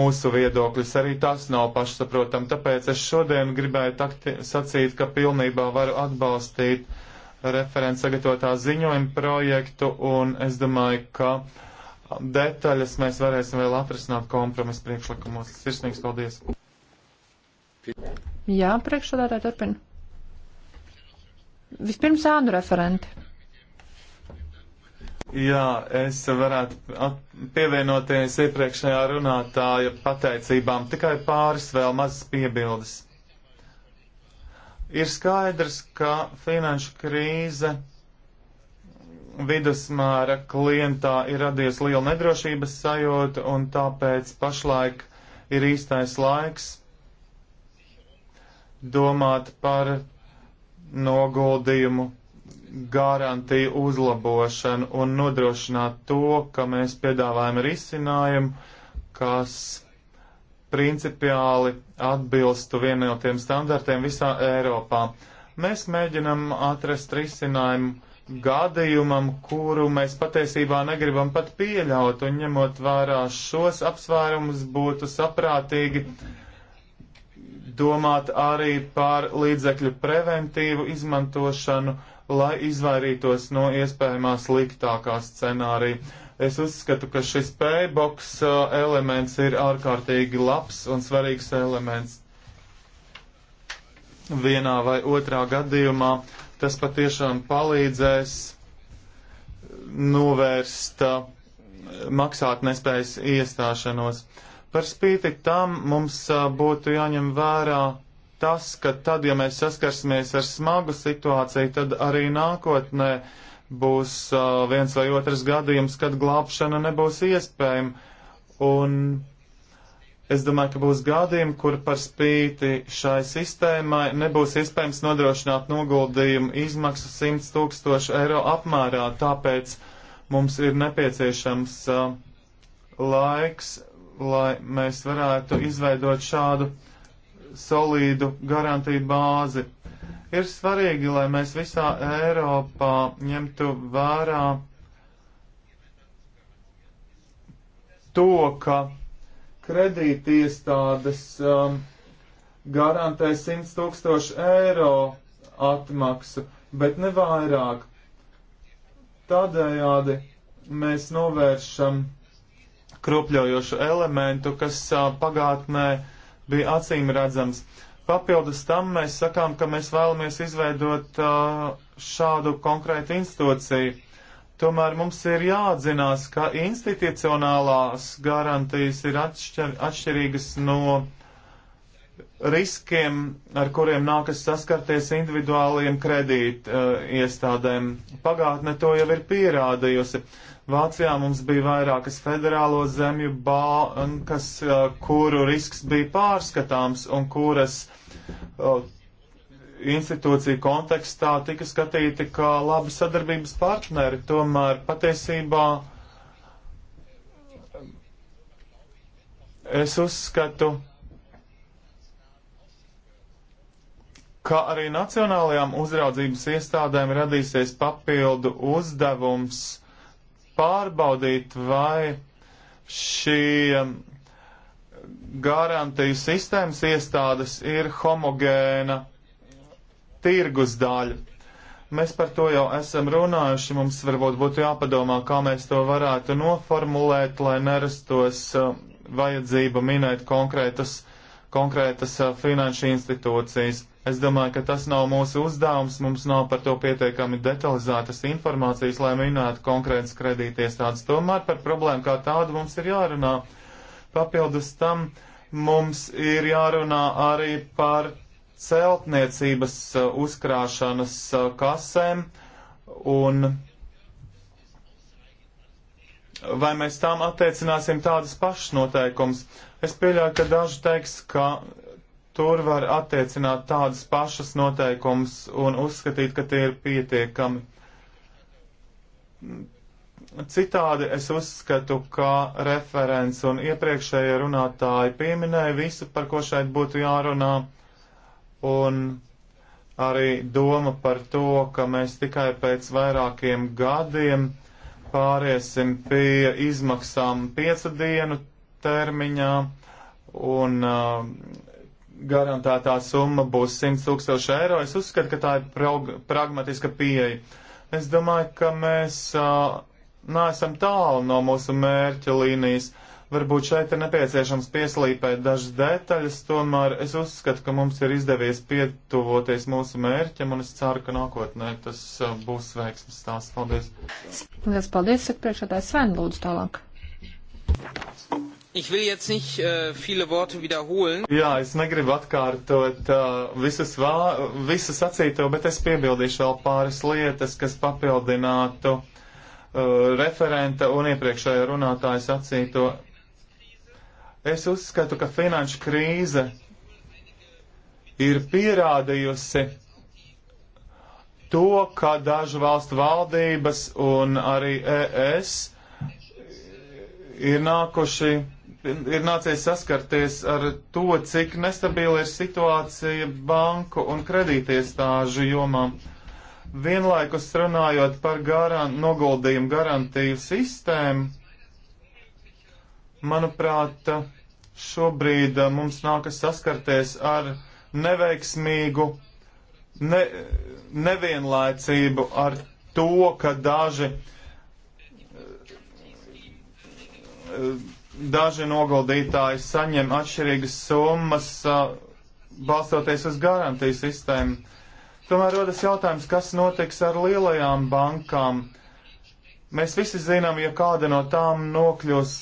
C: mūsu viedoklis. Arī tas nav pašsaprotam, tāpēc es šodien gribēju takti, sacīt, ka pilnībā varu atbalstīt uh, referents sagatavotā ziņojuma projektu, un es domāju, ka detaļas mēs varēsim vēl atrisināt kompromisu priekšlikumos. Sirsnīgs paldies!
D: Jā, priekšsādātāji turpina. Vispirms ānu referenti.
C: Jā, es varētu pievienoties iepriekšējā runātāja pateicībām. Tikai pāris vēl mazas piebildes. Ir skaidrs, ka finanšu krīze vidusmāra klientā ir radies liela nedrošības sajūta, un tāpēc pašlaik ir īstais laiks domāt par noguldījumu garantiju uzlabošanu un nodrošināt to, ka mēs piedāvājam risinājumu, kas principiāli atbilstu vienotiem standartiem visā Eiropā. Mēs mēģinam atrast risinājumu gadījumam, kuru mēs patiesībā negribam pat pieļaut, un ņemot vērā šos apsvērumus, būtu saprātīgi domāt arī par līdzekļu preventīvu izmantošanu, lai izvairītos no iespējamā sliktākā scenārija Es uzskatu, ka šis paybox uh, elements ir ārkārtīgi labs un svarīgs elements. Vienā vai otrā gadījumā tas patiešām palīdzēs novērst uh, maksāt nespējas iestāšanos. Par spīti tam mums uh, būtu jāņem vērā tas, ka tad, ja mēs saskarsimies ar smagu situāciju, tad arī nākotnē uh, būs uh, viens vai otrs gadījums, kad glābšana nebūs iespējama. Un es domāju, ka būs gadījumi, kur par spīti šai sistēmai nebūs iespējams nodrošināt noguldījumu izmaksu 100 tūkstošu eiro apmērā. Tāpēc mums ir nepieciešams uh, laiks, lai mēs varētu izveidot šādu solīdu garantiju bāzi Ir svarīgi, lai mēs visā Eiropā ņemtu vērā to, ka kredīti iestādes um, garantē 100 tūkstošu eiro atmaksu, bet ne vairāk. Tādējādi mēs novēršam kropļojošu elementu, kas uh, pagātnē bija acīm redzams. Uh, Papildus tam mēs sakām, ka mēs vēlamies izveidot šādu konkrētu institūciju. Tomēr mums ir jāatzinās, ka institucionālās garantijas ir atšķir, atšķirīgas no riskiem, ar kuriem nākas saskarties individuāliem kredīt uh, iestādēm. Pagātne to jau ir pierādījusi. Uh, Vācijā mums bija vairākas federālo zemju bankas, eh, kuru risks bija pārskatāms un kuras eh, institūciju kontekstā tika skatīti kā labi sadarbības partneri. Tomēr patiesībā es uzskatu, ka arī nacionālajām uzraudzības iestādēm radīsies papildu uzdevums pārbaudīt, vai šī um, garantiju sistēmas iestādes ir homogēna tirgus daļa. Mēs par to jau esam runājuši, mums varbūt būtu jāpadomā, kā mēs to varētu noformulēt, lai nerastos um, vajadzība minēt konkrētas, konkrētas uh, finanšu institūcijas. Es domāju, ka tas nav mūsu uzdevums, mums nav par to pietiekami detalizētas informācijas, lai minētu konkrētas kredītiestādes. Tomēr par problēmu kā tādu mums ir jārunā. Papildus tam mums ir jārunā arī par celtniecības uh, uzkrāšanas uh, kasēm un vai mēs tām attiecināsim tādas pašas noteikums. Es pieļauju, ka daži teiks, ka tur var attiecināt tādas pašas noteikumus un uzskatīt, ka tie ir pietiekami. Citādi es uzskatu, ka referents un iepriekšējie runātāji pieminēja visu, par ko šeit būtu jārunā, un arī doma par to, ka mēs tikai pēc vairākiem gadiem pāriesim pie izmaksām piecu dienu termiņā, un uh, garantētā summa būs 100 tūkstoši eiro. Es uzskatu, ka tā ir pragmatiska pieeja. Es domāju, ka mēs uh, neesam tālu no mūsu mērķa līnijas. Varbūt šeit ir nepieciešams pieslīpēt dažas detaļas, tomēr es uzskatu, ka mums ir izdevies pietuvoties mūsu mērķam, un es ceru, ka nākotnē tas uh, būs veiksmes stāsts. Paldies!
D: Lielas paldies, saka priekšādājs Sven, lūdzu tālāk.
B: Thank you. Nicht, uh, wiederholen.
C: Jā, es negribu atkārtot uh, visas, vā, visas sacīto, bet es piebildīšu vēl pāris lietas, kas papildinātu uh, referenta un iepriekšējā runātāja sacīto. Es uzskatu, ka finanšu krīze ir pierādījusi to, ka dažu valstu valdības un arī ES ir nākuši ir nācies saskarties ar to, cik nestabila ir situācija banku un kredītiestāžu jomā. Vienlaikus runājot par garan, noguldījumu garantiju sistēmu, manuprāt, šobrīd mums nākas saskarties ar neveiksmīgu ne, nevienlaicību, ar to, ka daži uh, Daži noguldītāji saņem atšķirīgas summas, balstoties uz garantiju sistēmu. Tomēr rodas jautājums, kas notiks ar lielajām bankām. Mēs visi zinām, ja kāda no tām nokļūs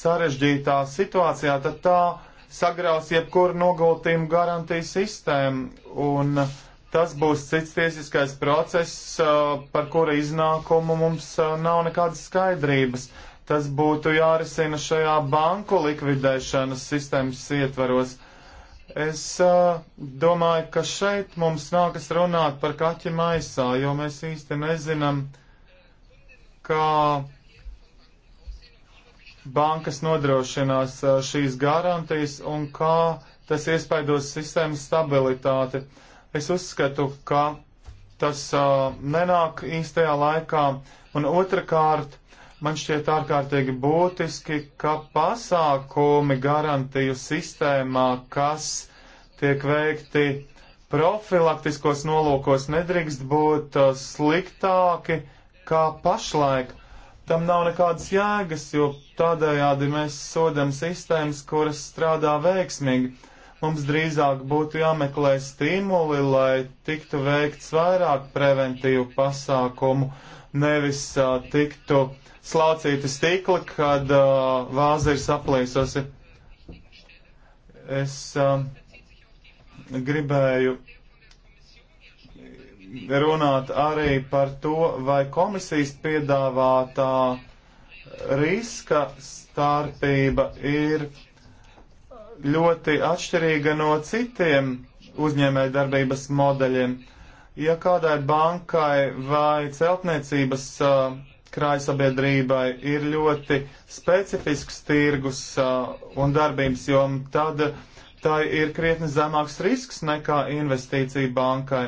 C: sarežģītā situācijā, tad tā sagraus jebkuru noguldījumu garantiju sistēmu. Un tas būs cits tiesiskais process, par kura iznākumu mums nav nekādas skaidrības. Tas būtu jārisina šajā banku likvidēšanas sistēmas ietvaros. Es uh, domāju, ka šeit mums nākas runāt par kaķi maisā, jo mēs īsti nezinām, kā bankas nodrošinās šīs garantijas un kā tas iespaidos sistēmas stabilitāti. Es uzskatu, ka tas uh, nenāk īstajā laikā. Un otrkārt, Man šķiet ārkārtīgi būtiski, ka pasākumi garantiju sistēmā, kas tiek veikti profilaktiskos nolūkos, nedrīkst būt uh, sliktāki kā pašlaik. Tam nav nekādas jēgas, jo tādējādi mēs sodam sistēmas, kuras strādā veiksmīgi. Mums drīzāk būtu jāmeklē stimuli, lai tiktu veikts vairāk preventīvu pasākumu, nevis uh, tiktu uh, slaucīti stikli, kad uh, vāze ir saplīsusi. Es uh, gribēju runāt arī par to, vai komisijas piedāvātā riska starpība ir ļoti atšķirīga no citiem uzņēmēju darbības modeļiem. Ja kādai bankai vai celtniecības uh, krājsabiedrībai ir ļoti specifisks tirgus uh, un darbības joma, tad tā ir krietni zemāks risks nekā investīcija bankai.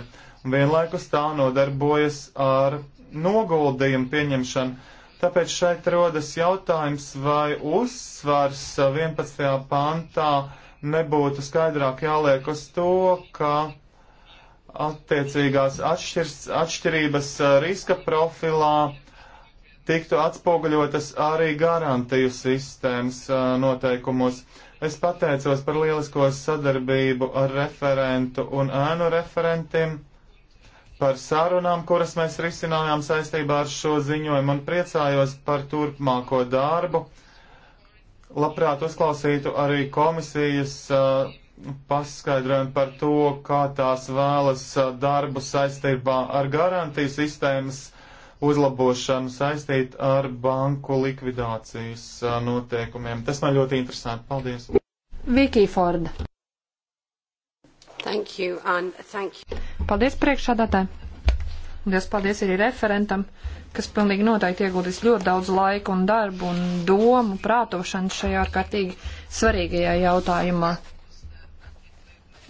C: Vienlaikus tā nodarbojas ar noguldījumu pieņemšanu. Tāpēc šeit rodas jautājums, vai uzsvars 11. pantā nebūtu skaidrāk jāliek uz to, ka attiecīgās atšķirs, atšķirības uh, riska profilā tiktu atspoguļotas arī garantiju sistēmas noteikumos. Es pateicos par lielisko sadarbību ar referentu un ēnu referentiem, par sarunām, kuras mēs risinājām saistībā ar šo ziņojumu un priecājos par turpmāko darbu. Labprāt uzklausītu arī komisijas uh, paskaidrojumu par to, kā tās vēlas darbu saistībā ar garantiju sistēmas uzlabošanu saistīt ar banku likvidācijas noteikumiem. Tas man ļoti interesanti. Paldies!
D: Viki Forda.
A: Thank you and thank you.
D: Paldies priekšādātājai. Liels paldies arī referentam, kas pilnīgi noteikti ieguldīs ļoti daudz laika un darbu un domu prātošanu šajā ārkārtīgi svarīgajā jautājumā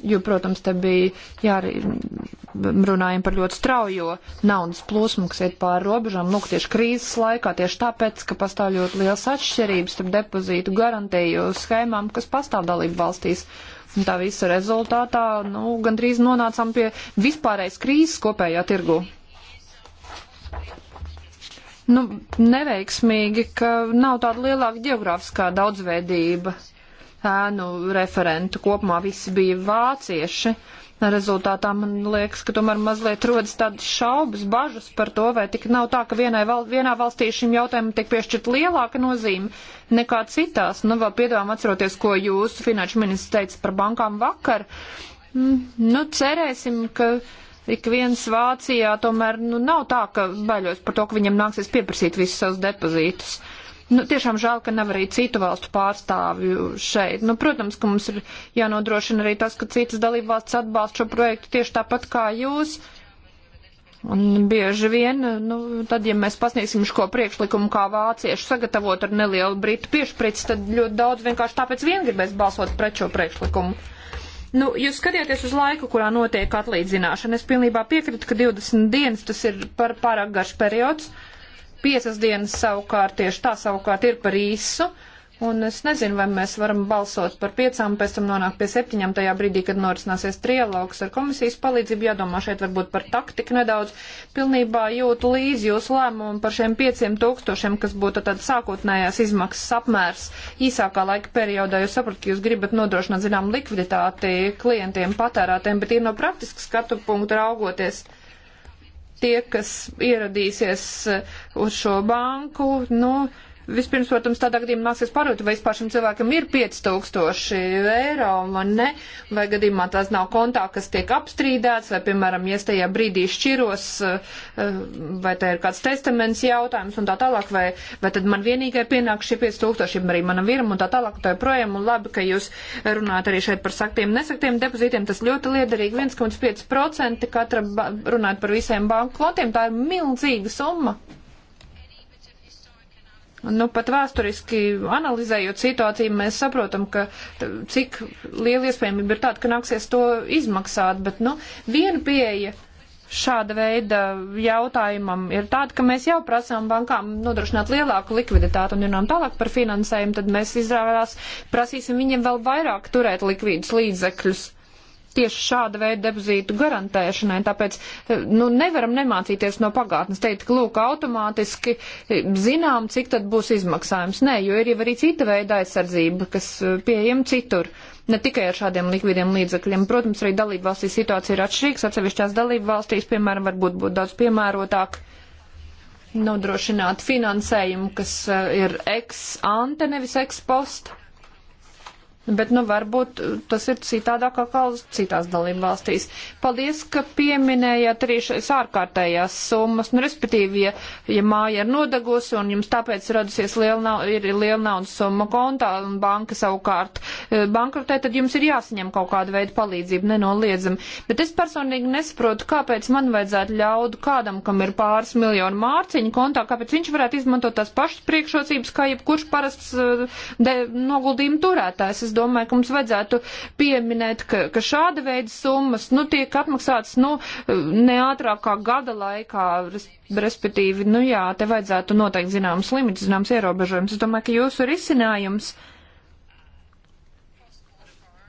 D: jo, protams, te bija jārunājam par ļoti straujo naudas plūsmu, kas iet pāri robežām, lūk, tieši krīzes laikā, tieši tāpēc, ka pastāv ļoti liels atšķirības starp depozītu garantēju schēmām, kas pastāv dalību valstīs. Un tā visa rezultātā, nu, gandrīz nonācām pie vispārējais krīzes kopējā tirgu. Nu, neveiksmīgi, ka nav tāda lielāka geogrāfiskā daudzveidība ēnu referentu kopumā visi bija vācieši. Rezultātā man liekas, ka tomēr mazliet rodas tādas šaubas, bažas par to, vai tik nav tā, ka vienai, val vienā valstī šim jautājumam tiek piešķirta lielāka nozīme nekā citās. Nu, vēl piedāvām atceroties, ko jūsu finanšu ministrs teica par bankām vakar. Mm, nu, cerēsim, ka ik viens Vācijā tomēr nu, nav tā, ka baļos par to, ka viņam nāksies pieprasīt visus savus depozītus. Uh, Nu, tiešām žēl, ka nav arī citu valstu pārstāvju šeit. Nu, protams, ka mums ir jānodrošina arī tas, ka citas dalībvalsts atbalsta šo projektu tieši tāpat kā jūs. Un bieži vien, nu, tad, ja mēs pasniegsim šo priekšlikumu kā vācieši sagatavot ar nelielu britu piešprici, tad ļoti daudz vienkārši tāpēc vien gribēs balsot pret šo priekšlikumu. Nu, jūs skatieties uz laiku, kurā notiek atlīdzināšana. Es pilnībā piekrītu, ka 20 dienas tas ir par pārāk garš periods. Uh, Piecas dienas savukārt tieši tā savukārt ir par īsu. Un es nezinu, vai mēs varam balsot par piecām, pēc tam nonākt pie septiņām tajā brīdī, kad norisināsies trialogs ar komisijas palīdzību. Jādomā šeit varbūt par taktiku nedaudz. Pilnībā jūtu līdzi jūsu lēmumu par šiem pieciem tūkstošiem, kas būtu tad sākotnējās izmaksas apmērs īsākā laika periodā. Jūs saprotat, ka jūs gribat nodrošināt, zinām, likviditāti klientiem, patērētiem, bet ir no praktiska skatu punktu raugoties. Uh, tie, kas ieradīsies eh, uz šo banku, nu, Vispirms, protams, tādā gadījumā nāksies parūt, vai vispār šim cilvēkam ir 5000 eiro vai ne, vai gadījumā tās nav kontā, kas tiek apstrīdēts, vai, piemēram, ja es tajā brīdī šķiros, eh, vai tā ir kāds testaments jautājums un tā tālāk, vai, vai tad man vienīgai pienāk šie 5000, arī manam vīram un tā tālāk, un tā joprojām, un labi, ka jūs runājat arī šeit par saktiem, nesaktiem depozītiem, tas ļoti liederīgi, 1,5% katra runājot par visiem banku kontiem, tā ir milzīga summa. Nu, pat vēsturiski analizējot situāciju, mēs saprotam, ka cik liela iespējamība ir tāda, ka nāksies to izmaksāt, bet, nu, viena pieeja šāda veida jautājumam ir tāda, ka mēs jau prasām bankām nodrošināt lielāku likviditāti un runām tālāk par finansējumu, tad mēs izrādās prasīsim viņiem vēl vairāk turēt likvīdus līdzekļus. Uh, tieši šāda veida depozītu garantēšanai. Tāpēc eh, nu, nevaram nemācīties no pagātnes, teikt, ka lūk, automātiski eh, zinām, cik tad būs izmaksājums. Nē, jo ir jau arī cita veida aizsardzība, kas eh, pieejama citur. Ne tikai ar šādiem likvidiem līdzekļiem. Protams, arī dalību valstīs situācija ir atšķirīga. Atsevišķās dalību valstīs, piemēram, varbūt būtu daudz piemērotāk nodrošināt finansējumu, kas ir ex ante, nevis ex post. Bet, nu, varbūt tas ir citādāk kā citās dalībvalstīs. Paldies, ka pieminējāt arī šīs ārkārtējās summas. Nu, respektīvi, ja, ja māja ir nodegusi un jums tāpēc radusies liela, nav, ir liela naudas summa kontā un banka savukārt eh, bankrotē, tad jums ir jāsaņem kaut kāda veida palīdzība, nenoliedzami. Bet es personīgi nesaprotu, kāpēc man vajadzētu ļaut kādam, kam ir pāris miljonu mārciņu kontā, kāpēc viņš varētu izmantot tās pašas priekšrocības, kā jebkurš parasts eh, de, noguldījuma turētājs. Es es domāju, ka mums vajadzētu pieminēt, ka, ka šāda veida summas, nu, tiek apmaksātas, nu, neātrākā gada laikā, respektīvi, nu jā, te vajadzētu noteikti zināms limits, zināms ierobežojums. Es domāju, ka jūsu risinājums. Thank you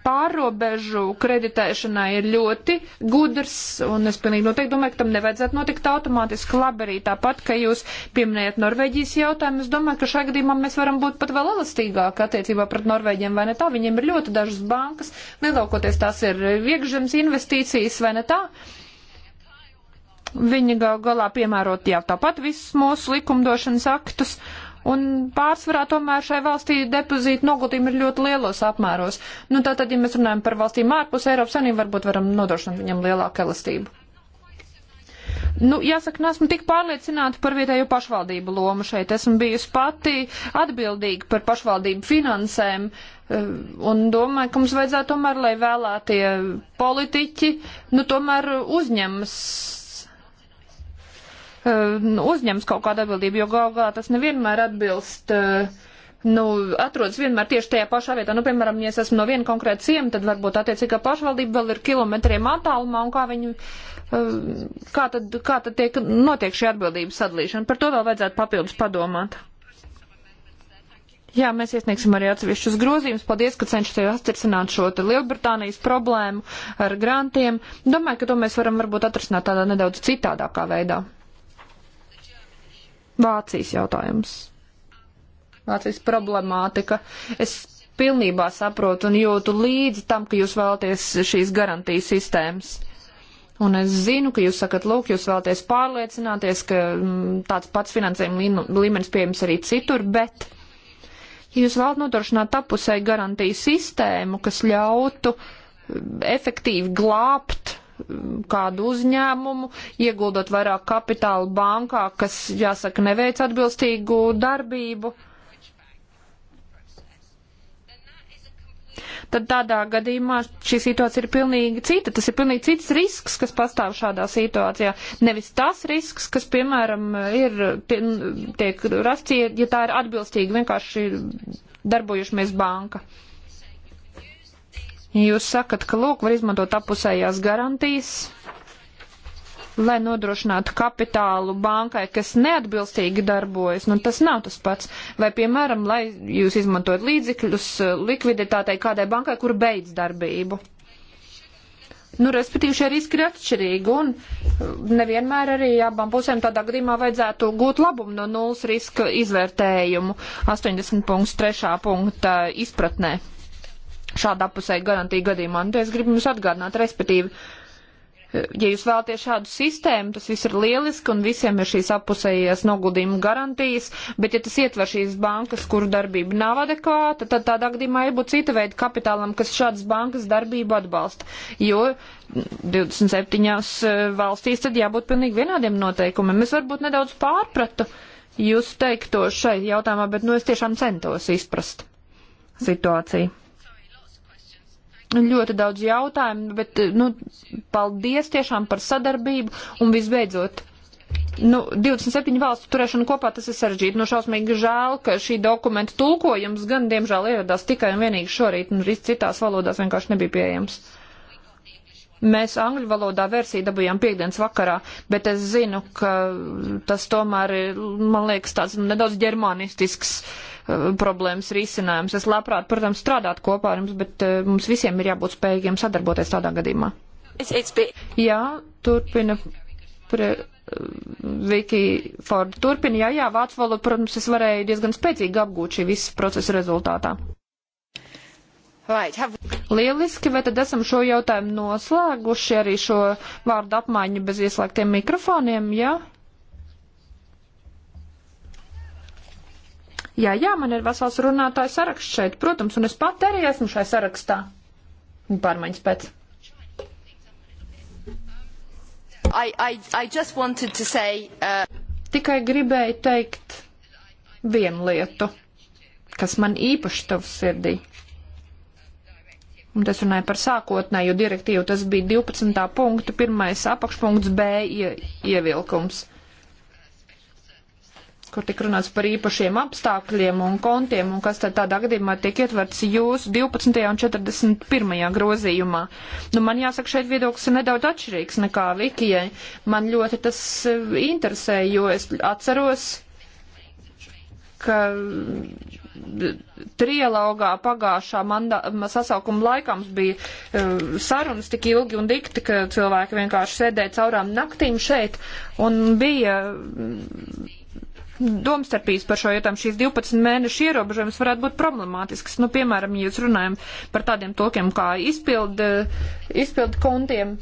D: pārobežu kreditēšanai ir ļoti gudrs, un es pilnīgi noteikti domāju, ka tam nevajadzētu notikt automātiski labi arī tāpat, ka jūs pieminējat Norvēģijas jautājumu. Es domāju, ka šajā gadījumā mēs varam būt pat vēl elastīgāk attiecībā pret Norvēģiem, vai ne tā? Viņiem ir ļoti dažas bankas, lielākoties tās ir iekšzemes investīcijas, vai ne tā? Viņi gal galā piemērot jau tāpat visus mūsu likumdošanas aktus. Uh, Un pārsvarā tomēr šai valstī depozītu noguldījumi ir ļoti lielos apmēros. Nu, tātad, ja mēs runājam par valstīm ārpus Eiropas Savienības, varbūt varam nodrošināt viņam lielāku elastību. Nu, jāsaka, nesmu tik pārliecināta par vietējo pašvaldību lomu šeit. Esmu bijusi pati atbildīga par pašvaldību finansēm eh, un domāju, ka mums vajadzētu tomēr, lai vēlētie politiķi, nu, tomēr uzņemas Eh, uzņems kaut kādu atbildību, jo gal galā tas nevienmēr atbilst. Eh, nu, atrodas vienmēr tieši tajā pašā vietā. Nu, piemēram, ja es esmu no viena konkrēta ciema, tad varbūt attiecīgā pašvaldība vēl ir kilometriem attālumā, un kā viņi, eh, kā tad, kā tad tiek, notiek šī atbildības sadalīšana. Par to vēl vajadzētu papildus padomāt. Jā, mēs iesniegsim arī atsevišķus grozījumus. Paldies, ka cenšaties atrisināt šo Lielbritānijas problēmu ar grantiem. Domāju, ka to mēs varam varbūt atrisināt tādā nedaudz citādākā veidā. Vācijas jautājums. Vācijas problemātika. Es pilnībā saprotu un jūtu līdzi tam, ka jūs vēlaties šīs garantijas sistēmas. Un es zinu, ka jūs sakat, lūk, jūs vēlaties pārliecināties, ka m, mm, tāds pats finansējuma līmenis pieejams arī citur, bet ja jūs vēlat nodrošināt tapusēju garantiju sistēmu, kas ļautu mm, efektīvi glābt kādu uzņēmumu, ieguldot vairāk kapitālu bankā, kas, jāsaka, neveic atbilstīgu darbību. Tad tādā gadījumā šī situācija ir pilnīgi cita. Tas ir pilnīgi cits risks, kas pastāv šādā situācijā. Nevis tas risks, kas, piemēram, ir, tie, tiek rasts, ja tā ir atbilstīga vienkārši darbojušamies banka. Uh, Jūs sakat, ka lūk, var izmantot apusējās garantijas, lai nodrošinātu kapitālu bankai, kas neatbilstīgi darbojas, nu tas nav tas pats. Vai, piemēram, lai jūs izmantojat līdzekļus eh, likviditātei kādai bankai, kur beidz darbību. Nu, respektīvi, šie riski ir atšķirīgi, un eh, nevienmēr arī abām pusēm tādā gadījumā vajadzētu gūt labumu no nulles riska izvērtējumu 80.3. punkta izpratnē šāda apusēja garantija gadījumā. Nu, es gribu jums atgādināt, respektīvi, ja jūs vēlaties šādu sistēmu, tas viss ir lieliski un visiem ir šīs apusējās noguldījuma garantijas, bet ja tas ietver šīs bankas, kuru darbība nav adekvāta, tad tādā gadījumā ir būtu cita veida kapitālam, kas šādas bankas darbību atbalsta. Jo 27 eh, valstīs tad jābūt pilnīgi vienādiem noteikumiem. Es varbūt nedaudz pārpratu jūsu teikto šai jautājumā, bet nu es tiešām centos izprast situāciju ļoti daudz jautājumu, bet, nu, paldies tiešām par sadarbību un visbeidzot. Nu, 27 valstu turēšana kopā tas ir sarežģīti. Nu, šausmīgi žēl, ka šī dokumenta tulkojums gan, diemžēl, ieradās tikai un vienīgi šorīt, un arī citās valodās vienkārši nebija pieejams. Mēs angļu valodā versiju dabūjām piekdienas vakarā, bet es zinu, ka tas tomēr ir, man liekas, tāds nedaudz ģermanistisks uh, Eh, problēmas risinājums. Es labprāt, protams, strādāt kopā ar jums, bet eh, mums visiem ir jābūt spējīgiem sadarboties tādā gadījumā. Jā, turpina. Pre... Viki Ford turpina, jā, jā, vācu valodu, protams, es varēju diezgan spēcīgi apgūt šī visa procesa rezultātā. Right, have... Lieliski, vai tad esam šo jautājumu noslēguši arī šo vārdu apmaiņu bez ieslēgtiem mikrofoniem, jā? Ja? Jā, jā, man ir vesels runātājs saraksts šeit, protams, un es pat arī esmu šai sarakstā. Pārmaiņas pēc. I, I, I just wanted to say. Uh... Tikai gribēju teikt vienu lietu, kas man īpaši tavs sirdī. Un tas runāja par sākotnējo direktīvu, tas bija 12. punktu, pirmais apakšpunkts B ie, ievilkums kur tik runāts par īpašiem apstākļiem un kontiem, un kas tad tādā gadījumā tiek ietverts jūsu 12. un 41. grozījumā. Nu, man jāsaka, šeit viedoklis ir nedaudz atšķirīgs nekā Vikijai. Man ļoti tas eh, interesē, jo es atceros, ka eh, trialogā pagājušā mandā, sasaukuma laikā mums bija uh, sarunas tik ilgi un dikti, ka cilvēki vienkārši sēdēja caurām naktīm šeit un bija.
B: Uh,
D: domstarpības par šo jautājumu. Šīs 12 mēnešu ierobežojums varētu būt problemātisks. Nu, piemēram, ja jūs runājam par tādiem tokiem kā izpildu eh, izpild kontiem.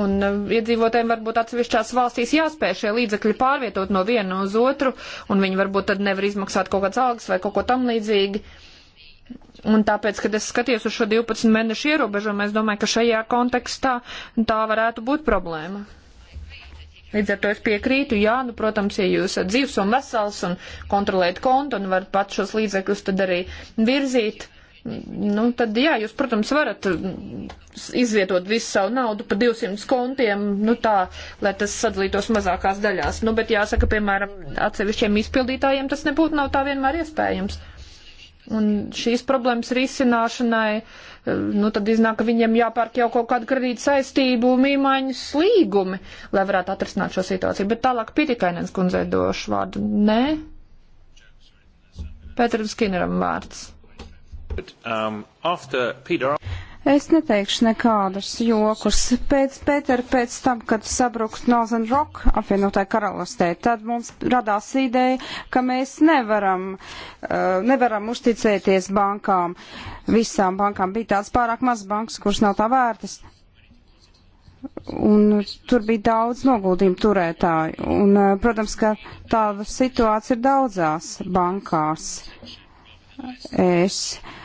D: Un eh, iedzīvotājiem varbūt atsevišķās valstīs jāspēj šie līdzekļi pārvietot no viena uz otru, un viņi varbūt tad nevar izmaksāt kaut kādas algas vai kaut ko tam līdzīgi. Un tāpēc, kad es skatījos uz šo 12 mēnešu ierobežojumu, es domāju, ka šajā kontekstā tā varētu būt problēma. Līdz ar to es piekrītu, jā, nu, protams, ja jūs esat dzīvs un vesels un kontrolējat kontu un varat pat šos līdzekļus tad arī virzīt, nu, tad jā, jūs, protams, varat mm, izvietot visu savu naudu pa 200 kontiem, nu tā, lai tas sadalītos mazākās daļās. Nu, bet jāsaka, piemēram, atsevišķiem izpildītājiem tas nebūtu nav tā vienmēr iespējams. Un šīs problēmas risināšanai, eh, nu tad iznāk, ka viņiem jāpērk jau kaut kādu kredītu saistību mīmaiņas līgumi, lai varētu atrisināt šo situāciju. Bet tālāk Pitikainens kundzei došu vārdu. Nē?
E: Pēteram Skinneram vārds.
C: But, um,
B: Peter...
E: Es neteikšu nekādus jokus. Pēc Pētera, pēc tam, kad sabruks Northern Rock apvienotāja karalistē, tad mums radās ideja, ka mēs nevaram, uh, nevaram uzticēties bankām. Visām bankām bija tāds pārāk maz bankas, kuras nav tā vērtas. Un tur bija daudz noguldījumu turētāju. Un, uh, protams, ka tāda situācija ir daudzās bankās. Es. Uh,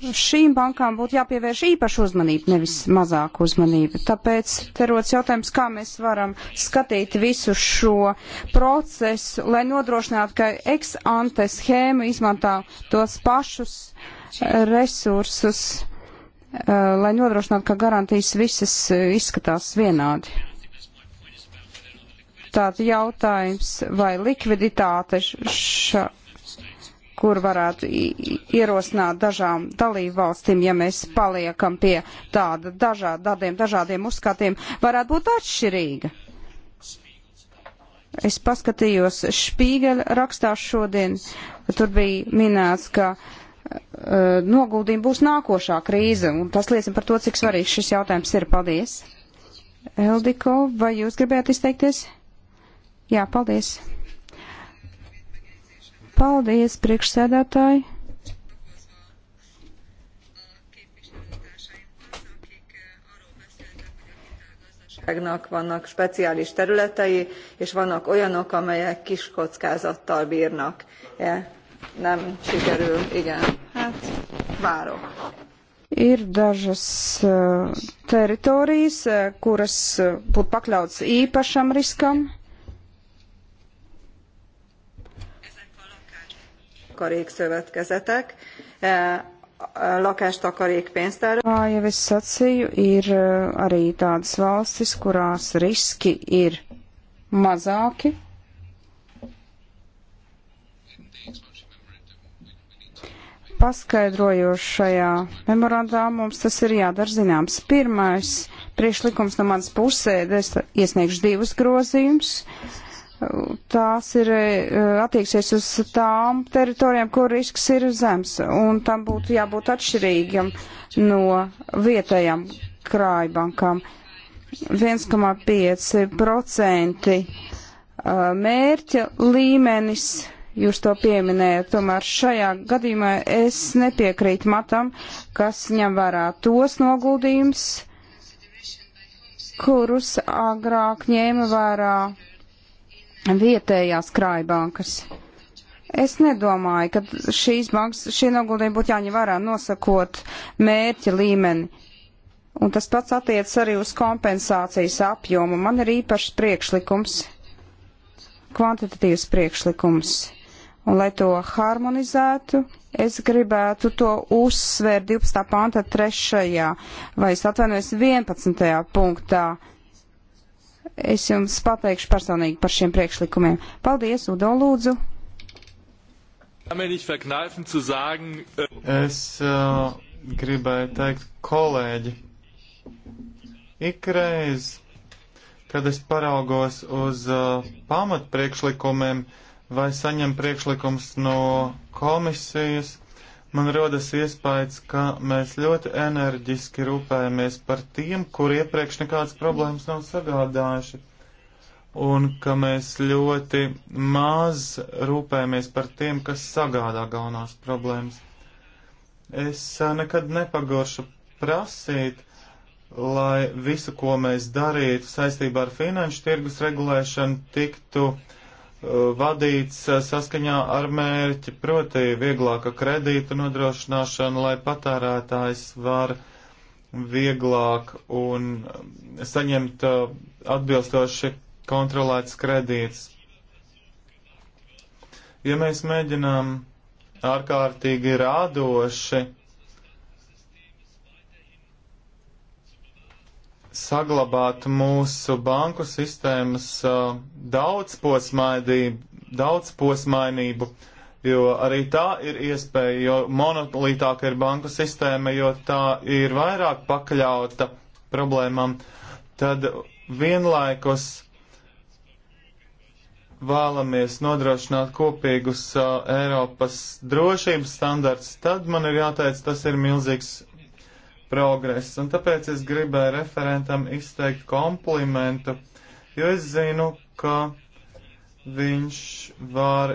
E: šīm bankām būtu jāpievērš īpaša uzmanība, nevis mazāka uzmanība. Tāpēc te rodas jautājums, kā mēs varam skatīt visu šo procesu, lai nodrošinātu, ka ex ante schēma izmantā tos pašus eh, resursus, eh, lai nodrošinātu, ka garantijas visas eh, izskatās vienādi. Tātad jautājums, vai likviditāte ša, kur varētu ierosināt dažām dalību valstīm, ja mēs paliekam pie tāda dažād, tādiem dažādiem uzskatiem, varētu būt atšķirīga. Es paskatījos Špīgeļa rakstā šodien, tur bija minēts, ka uh, noguldījumi būs nākošā krīze, un tas liecina par to, cik svarīgs šis jautājums ir. Paldies! Eldiko, vai jūs gribētu izteikties? Jā, paldies! Paldies, priekšsēdētāji! bizottságnak vannak speciális területei, és vannak olyanok, amelyek kis kockázattal bírnak. E, nem sikerül, igen. Hát, várok. Ir dažas eh, teritorijas, eh, kuras eh, būtu pakļautas īpašam riskam, takarékszövetkezetek e, lakástakarék pénztára. Kā jau es sacīju, ir e, arī tādas valstis, kurās riski ir mazāki. Paskaidrojošajā memorandā mums tas ir jādara zināms. Pirmais priekšlikums no manas pusē, es iesniegšu divus grozījumus. Uh, tās ir e, attieksies uz tām teritorijām, kur risks ir zems, un tam būtu jābūt atšķirīgam no vietējām krājbankām. 1,5% e, mērķa līmenis, jūs to pieminējat, tomēr šajā gadījumā es nepiekrītu matam, kas ņem vērā tos noguldījums, kurus agrāk ņēma vērā vietējās krājbankas. Es nedomāju, ka šīs bankas, šie noguldījumi būtu jāņem vērā nosakot mērķa līmeni. Un tas pats attiec arī uz kompensācijas apjomu. Man ir īpašs priekšlikums, kvantitatīvs priekšlikums. Un, lai to harmonizētu, es gribētu to uzsvērt 12. panta 3. vai es atvainojos 11. punktā Es jums pateikšu personīgi par šiem priekšlikumiem. Paldies, Udo Lūdzu!
C: Äh, es uh, gribēju teikt, kolēģi, ikreiz, kad es paraugos uz uh, pamatpriekšlikumiem vai saņem priekšlikums no komisijas, uh, man rodas iespējas, ka mēs ļoti enerģiski rūpējamies par tiem, kur iepriekš nekādas problēmas nav sagādājuši, un ka mēs ļoti maz rūpējamies par tiem, kas sagādā galvenās problēmas. Es nekad nepagoršu prasīt, lai visu, ko mēs darītu saistībā ar finanšu tirgus regulēšanu, tiktu uh, vadīts eh, saskaņā ar mērķi, proti vieglāka kredīta nodrošināšana, lai patērētājs var vieglāk un eh, saņemt eh, atbilstoši kontrolēts kredīts. Ja mēs mēģinām ārkārtīgi rādoši saglabāt mūsu banku sistēmas uh, daudzposmaidību, daudzposmainību, jo arī tā ir iespēja, jo monolītāka ir banku sistēma, jo tā ir vairāk pakļauta problēmām, tad vienlaikus vēlamies nodrošināt kopīgus uh, Eiropas drošības standarts, tad man ir jāteic, tas ir milzīgs progress. Un tāpēc es gribēju referentam izteikt komplimentu, jo es zinu, ka viņš var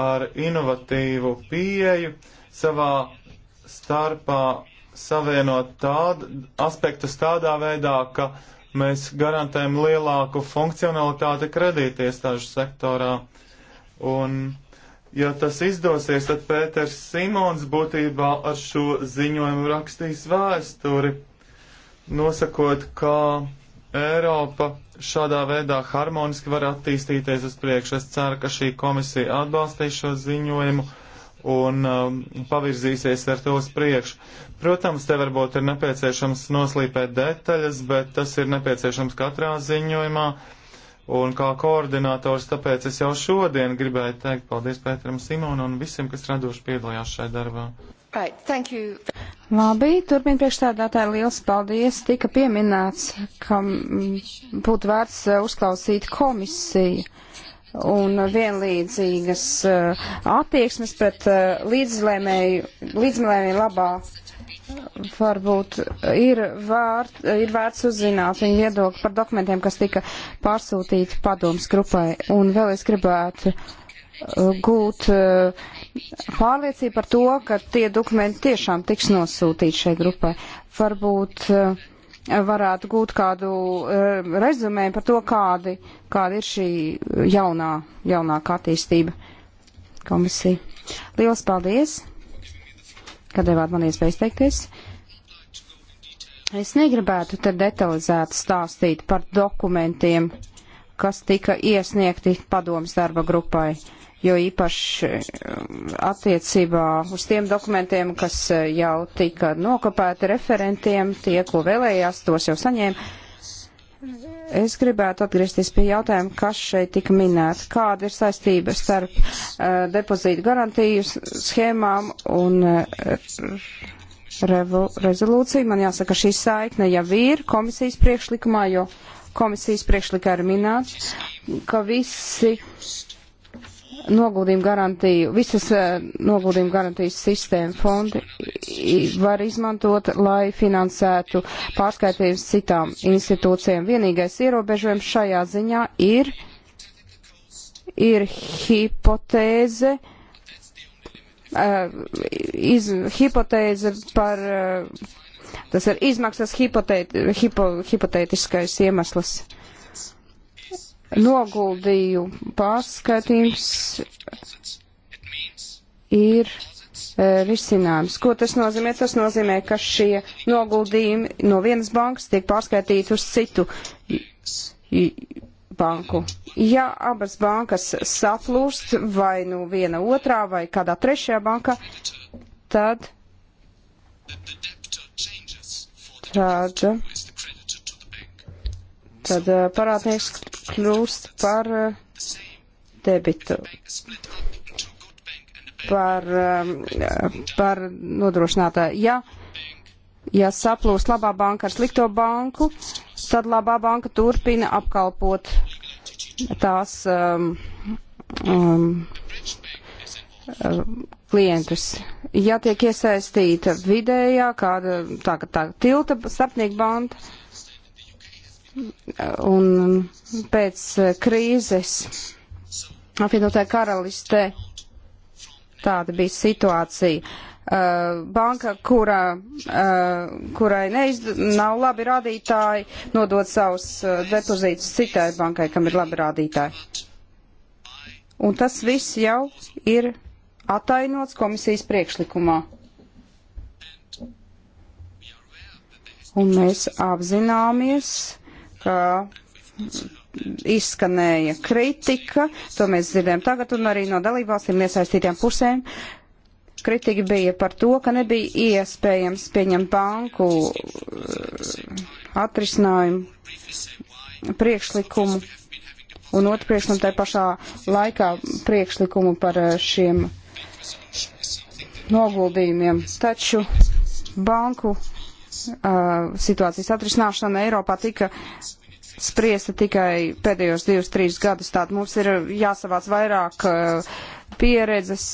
C: ar inovatīvu pieeju savā starpā savienot tādu aspektus tādā veidā, ka mēs garantējam lielāku funkcionalitāti kredītiestāžu sektorā. Un Ja tas izdosies, tad Pēters Simons būtībā ar šo ziņojumu rakstīs vēsturi, nosakot, kā Eiropa šādā veidā harmoniski var attīstīties uz priekšu. Es ceru, ka šī komisija atbalstīs šo ziņojumu un um, pavirzīsies ar to uz priekšu. Protams, te varbūt ir nepieciešams noslīpēt detaļas, bet tas ir nepieciešams katrā ziņojumā. Uh, Un kā koordinators, tāpēc es jau šodien gribēju teikt paldies Pēteram Simonam un visiem, kas radoši piedalījās šai darbā.
E: Right, thank you. Labi, turpin priekšstādātāji, liels paldies. Tika pieminēts, ka būtu vērts eh, uzklausīt komisiju un vienlīdzīgas eh, attieksmes pret eh, līdzlēmēju labā varbūt ir, vērt, ir vērts uzzināt viņa viedokli par dokumentiem, kas tika pārsūtīti padoms grupai. Un vēl es gribētu uh, gūt uh, pārliecību par to, ka tie dokumenti tiešām tiks nosūtīti šai grupai. Varbūt uh, varētu gūt kādu rezumē par to, kādi, kāda ir šī jaunā, jaunākā attīstība komisija. Lielas paldies! ka devāt man iespēju izteikties. Es negribētu te detalizēti stāstīt par dokumentiem, kas tika iesniegti padomas darba grupai, jo īpaši um, attiecībā uz tiem dokumentiem, kas uh, jau tika nokopēti referentiem, tie, ko vēlējās, tos jau saņēma. Es gribētu atgriezties pie jautājuma, kas šeit tika minēts. Kāda ir saistība starp uh, eh, depozītu garantiju schēmām un uh, revo, rezolūciju? Man jāsaka, šī saikne jau ir komisijas priekšlikumā, jo komisijas priekšlikā ir minēts, ka visi noguldījumu garantiju, visas eh, noguldījumu garantijas sistēma fondi var izmantot, lai finansētu pārskaitījums citām institūcijām. Vienīgais ierobežojums šajā ziņā ir, ir hipotēze, eh, iz, hipotēze par, eh, tas ir izmaksas hipotēt, hipo, hipotētiskais iemesls noguldīju pārskaitījums ir e, risinājums. Ko tas nozīmē? Tas nozīmē, ka šie noguldījumi no vienas bankas tiek pārskaitīti uz citu banku. Ja abas bankas saplūst vai nu viena otrā vai kādā trešajā bankā, tad, tad Tad eh, parādnieks kļūst par eh, debitu par, eh, par nodrošinātāju. Ja, ja saplūst labā banka ar slikto banku, tad labā banka turpina apkalpot tās um, um, klientus. Ja tiek iesaistīta vidējā, kāda tā, tā tilta starpnieku banda, un pēc krīzes apvienotā karalistē tāda bija situācija. Uh, banka, kura, uh, kurai neizd nav labi rādītāji, nodod savus uh, depozītus citai bankai, kam ir labi rādītāji. Un tas viss jau ir atainots komisijas priekšlikumā. Un mēs apzināmies, ka izskanēja kritika, to mēs dzirdējam tagad un arī no dalībvalstīm iesaistītām pusēm. Kritika bija par to, ka nebija iespējams pieņemt banku uh, atrisinājumu priekšlikumu un otru priekšlikumu tajā pašā laikā priekšlikumu par uh, šiem noguldījumiem. Taču banku Uh, situācijas atrisināšana Eiropā tika spriesta tikai pēdējos divus, trīs gadus. Tātad mums ir jāsavāc vairāk uh, pieredzes,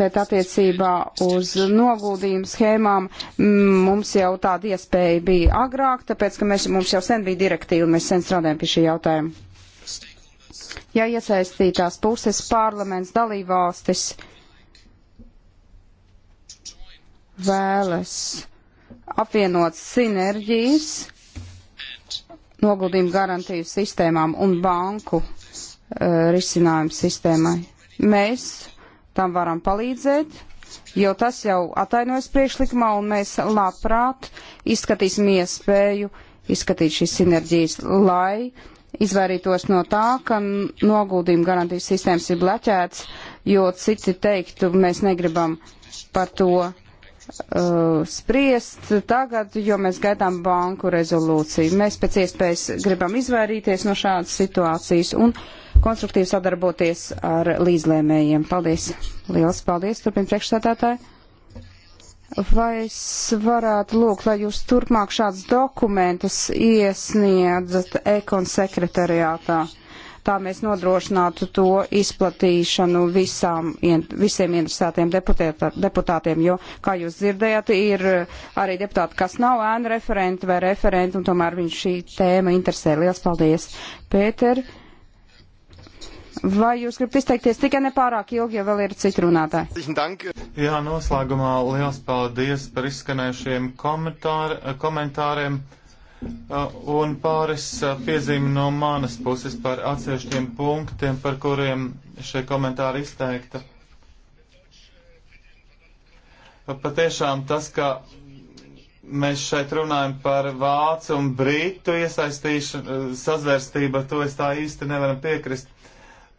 E: bet attiecībā uz noguldījumu schēmām mm, mums jau tāda iespēja bija agrāk, tāpēc, ka mēs, mums jau sen bija direktīva, mēs sen strādājam pie šī jautājuma. Ja iesaistītās puses parlaments dalībvalstis vēlas apvienot sinerģijas noguldījumu garantiju sistēmām un banku uh, risinājumu sistēmai. Mēs tam varam palīdzēt, jo tas jau atainojas priekšlikumā, un mēs labprāt izskatīsim iespēju izskatīt šīs sinerģijas, lai izvairītos no tā, ka noguldījuma garantijas sistēmas ir blaķēts, jo citi teiktu, mēs negribam par to uh, spriest tagad, jo mēs gaidām banku rezolūciju. Mēs pēc iespējas gribam izvairīties no šādas situācijas un konstruktīvi sadarboties ar līdzlēmējiem. Paldies! Lielas paldies! Turpin priekšstādātāji! Vai es varētu lūgt, lai jūs turpmāk šāds dokumentus iesniedzat ekon sekretariātā? Tā mēs nodrošinātu to izplatīšanu visām, visiem interesētiem deputātiem, jo, kā jūs dzirdējat, ir arī deputāti, kas nav ēnu referenti vai referenti, un tomēr viņš šī tēma interesē. Lielas paldies, Pēter! Vai jūs gribat izteikties tikai nepārāk ilgi, jo vēl ir citi runātāji?
C: Jā, noslēgumā liels paldies par izskanējušiem komentāriem un pāris piezīmi no manas puses par atsevišķiem punktiem, par kuriem šie komentāri izteikta. Patiešām tas, ka mēs šeit runājam par vācu un brītu iesaistīšanu, sazvērstību, to es tā īsti nevaram piekrist.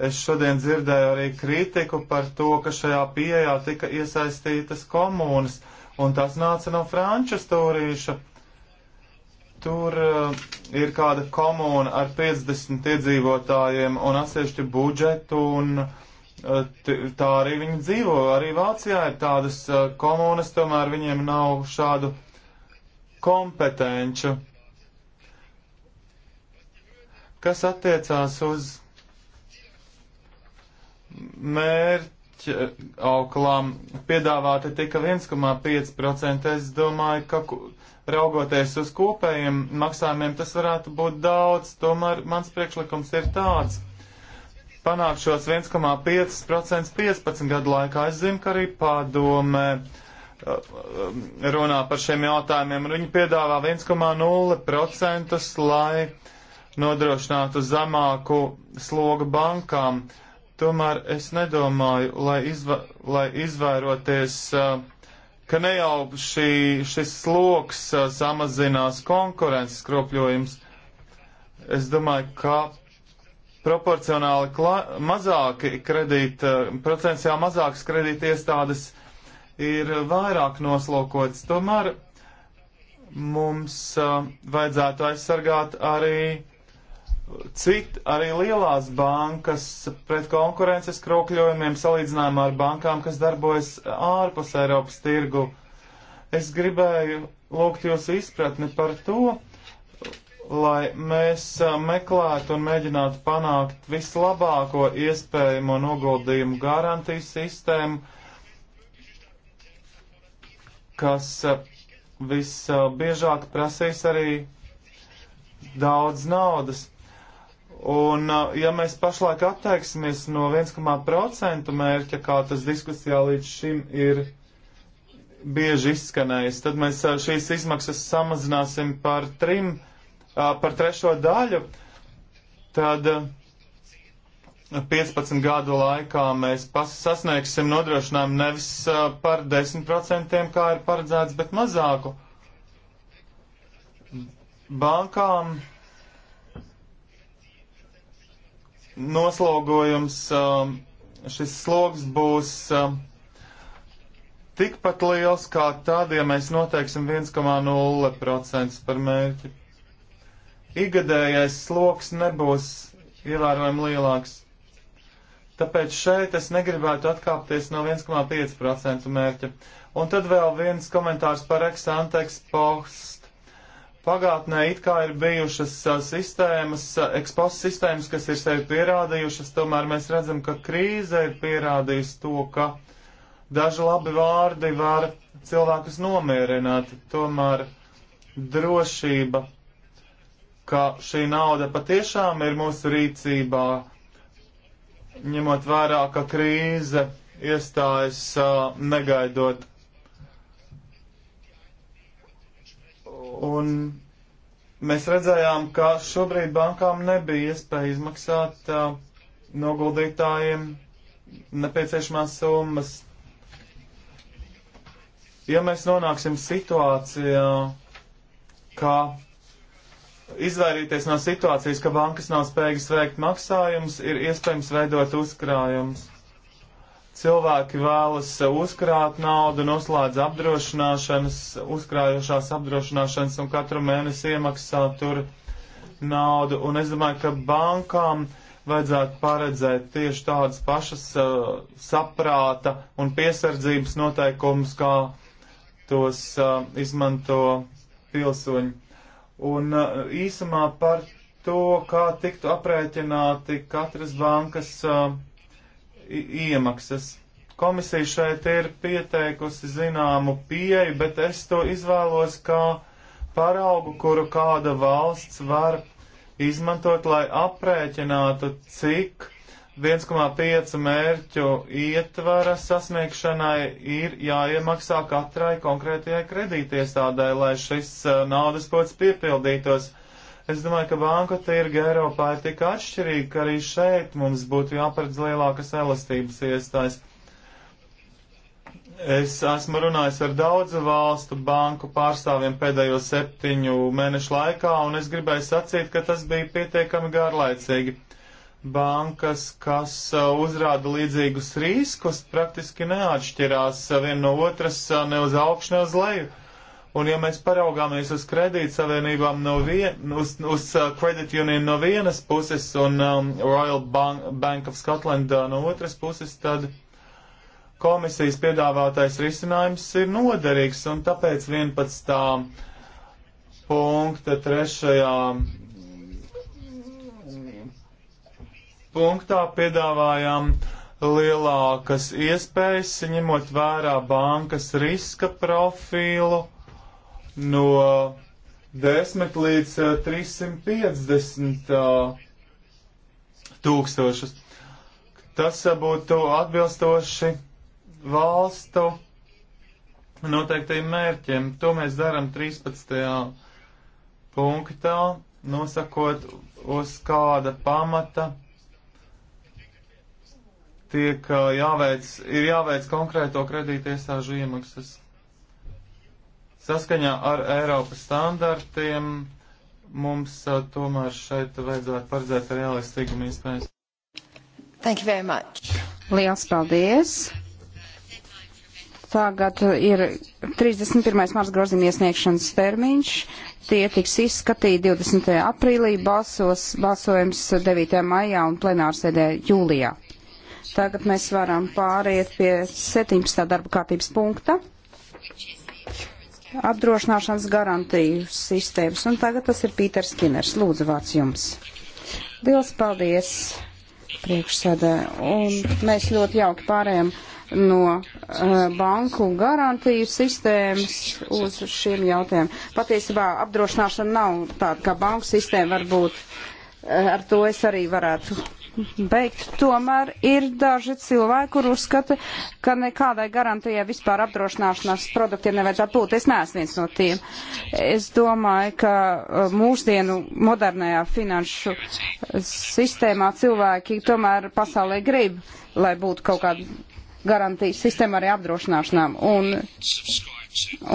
C: Es šodien dzirdēju arī kritiku par to, ka šajā pieejā tika iesaistītas komunas, un tas nāca no franču stūrīša tur eh, ir kāda komuna ar 50 iedzīvotājiem un atsevišķu budžetu un eh, tā arī viņi dzīvo. Arī Vācijā ir tādas eh, komunas, tomēr viņiem nav šādu kompetenču. Kas attiecās uz mērķa auklām, piedāvāta tika 1,5%. Es domāju, ka Raugoties uz kopējiem maksājumiem, tas varētu būt daudz, tomēr mans priekšlikums ir tāds. Panākt šos 1,5% 15 gadu laikā, es zinu, ka arī padomē uh, uh, runā par šiem jautājumiem, un viņi piedāvā 1,0%, lai nodrošinātu zemāku slogu bankām. Tomēr es nedomāju, lai, izva lai izvairoties uh, ka ne jau šī, šis sloks samazinās konkurences kropļojums. Es domāju, ka proporcionāli mazāki kredīta, procentuāli mazākas kredīta iestādes ir vairāk noslokotas. Tomēr mums uh, vajadzētu aizsargāt arī Cit arī lielās bankas pret konkurences kropļojumiem salīdzinājumā ar bankām, kas darbojas ārpus Eiropas tirgu. Es gribēju lūgt jūsu izpratni par to, lai mēs meklētu un mēģinātu panākt vislabāko iespējamo noguldījumu garantiju sistēmu, kas visbiežāk prasīs arī daudz naudas. Un, uh, ja mēs pašlaik atteiksimies no 1,5% mērķa, kā tas diskusijā līdz šim ir bieži izskanējis, tad mēs uh, šīs izmaksas samazināsim par trim, uh, par trešo daļu, tad 15 gadu laikā mēs sasniegsim nodrošinājumu nevis par 10%, kā ir paredzēts, bet mazāku. Bankām noslogojums, um, šis sloks būs um, tikpat liels kā tad, ja mēs noteiksim 1,0% par mērķi. Igadējais sloks nebūs ievērojami lielāks. Tāpēc šeit es negribētu atkāpties no 1,5% mērķa. Un tad vēl viens komentārs par eksanteks posts Pagātnē it kā ir bijušas sistēmas, ekspozīcijas sistēmas, kas ir sevi pierādījušas, tomēr mēs redzam, ka krīze ir pierādījusi to, ka daži labi vārdi var cilvēkus nomierināt, tomēr drošība, ka šī nauda patiešām ir mūsu rīcībā, ņemot vērā, ka krīze iestājas negaidot Un mēs redzējām, ka šobrīd bankām nebija iespēja izmaksāt uh, noguldītājiem nepieciešamās summas. Ja mēs nonāksim situācijā, ka izvairīties no situācijas, ka bankas nav spējīgas veikt maksājumus, ir iespējams veidot uzkrājumus. Cilvēki vēlas uzkrāt naudu, noslēdz apdrošināšanas, uzkrājošās apdrošināšanas un katru mēnesi iemaksā tur naudu. Un es domāju, ka bankām vajadzētu paredzēt tieši tādas pašas uh, saprāta un piesardzības noteikumus, kā tos uh, izmanto pilsoņi. Un uh, īsumā par to, kā tiktu aprēķināti katras bankas uh, iemaksas. Komisija šeit ir pieteikusi zināmu pieeju, bet es to izvēlos kā paraugu, kuru kāda valsts var izmantot, lai aprēķinātu, cik 1,5 mērķu ietvara sasniegšanai ir jāiemaksā katrai konkrētajai kredītiestādē, lai šis naudas pots piepildītos. Es domāju, ka banku tirgi Eiropā ir tik atšķirīgi, ka arī šeit mums būtu jāparedz lielākas elastības iestājas. Es esmu runājis ar daudzu valstu banku pārstāvjiem pēdējo septiņu mēnešu laikā, un es gribēju sacīt, ka tas bija pietiekami garlaicīgi. Bankas, kas uh, uzrāda līdzīgus riskus, praktiski neatšķirās viena no otras uh, ne uz augšu, ne uz leju Un ja mēs paraugāmies uz kredītsavienībām no vien, uz, uz uh, Credit Union no vienas puses un um, Royal Bank, Bank of Scotland uh, no otras puses, tad komisijas piedāvātais risinājums ir noderīgs un tāpēc 11. punkta trešajā punktā piedāvājām lielākas iespējas, ņemot vērā bankas riska profilu no 10 līdz 350 eh, eh, tūkstošus. Tas eh, būtu atbilstoši valstu noteiktajiem mērķiem. To mēs darām 13. punktā, nosakot, uz kāda pamata tiek jāveic, ir jāveic konkrēto kredītiesāžu iemaksas. Saskaņā ar Eiropas standartiem mums uh, tomēr šeit vajadzētu paredzēt realistīgumu iespējas.
E: Thank you very much. Liels paldies. Tagad ir 31. mārts grozījuma iesniegšanas termiņš. Tie tiks izskatīti 20. aprīlī, balsos, balsojums 9. maijā un plenārsēdē jūlijā. Tagad mēs varam pāriet pie 17. darba kārtības punkta. Which is apdrošināšanas garantiju sistēmas. Un tagad tas ir Pīters Skiners. Lūdzu, vārds jums. Liels paldies priekšsēdē. Un mēs ļoti jauki pārējām no uh, banku garantiju sistēmas uz šiem jautājumiem. Patiesībā apdrošināšana nav tāda, kā banku sistēma varbūt. Uh, eh, ar to es arī varētu beigt. Tomēr ir daži cilvēki, kur uzskata, ka nekādai garantijai vispār apdrošināšanās produktiem nevajadzētu būt. Es neesmu viens no tiem. Es domāju, ka uh, mūsdienu modernajā finanšu sistēmā cilvēki tomēr pasaulē grib, lai būtu kaut kāda garantijas sistēma arī apdrošināšanām. Un,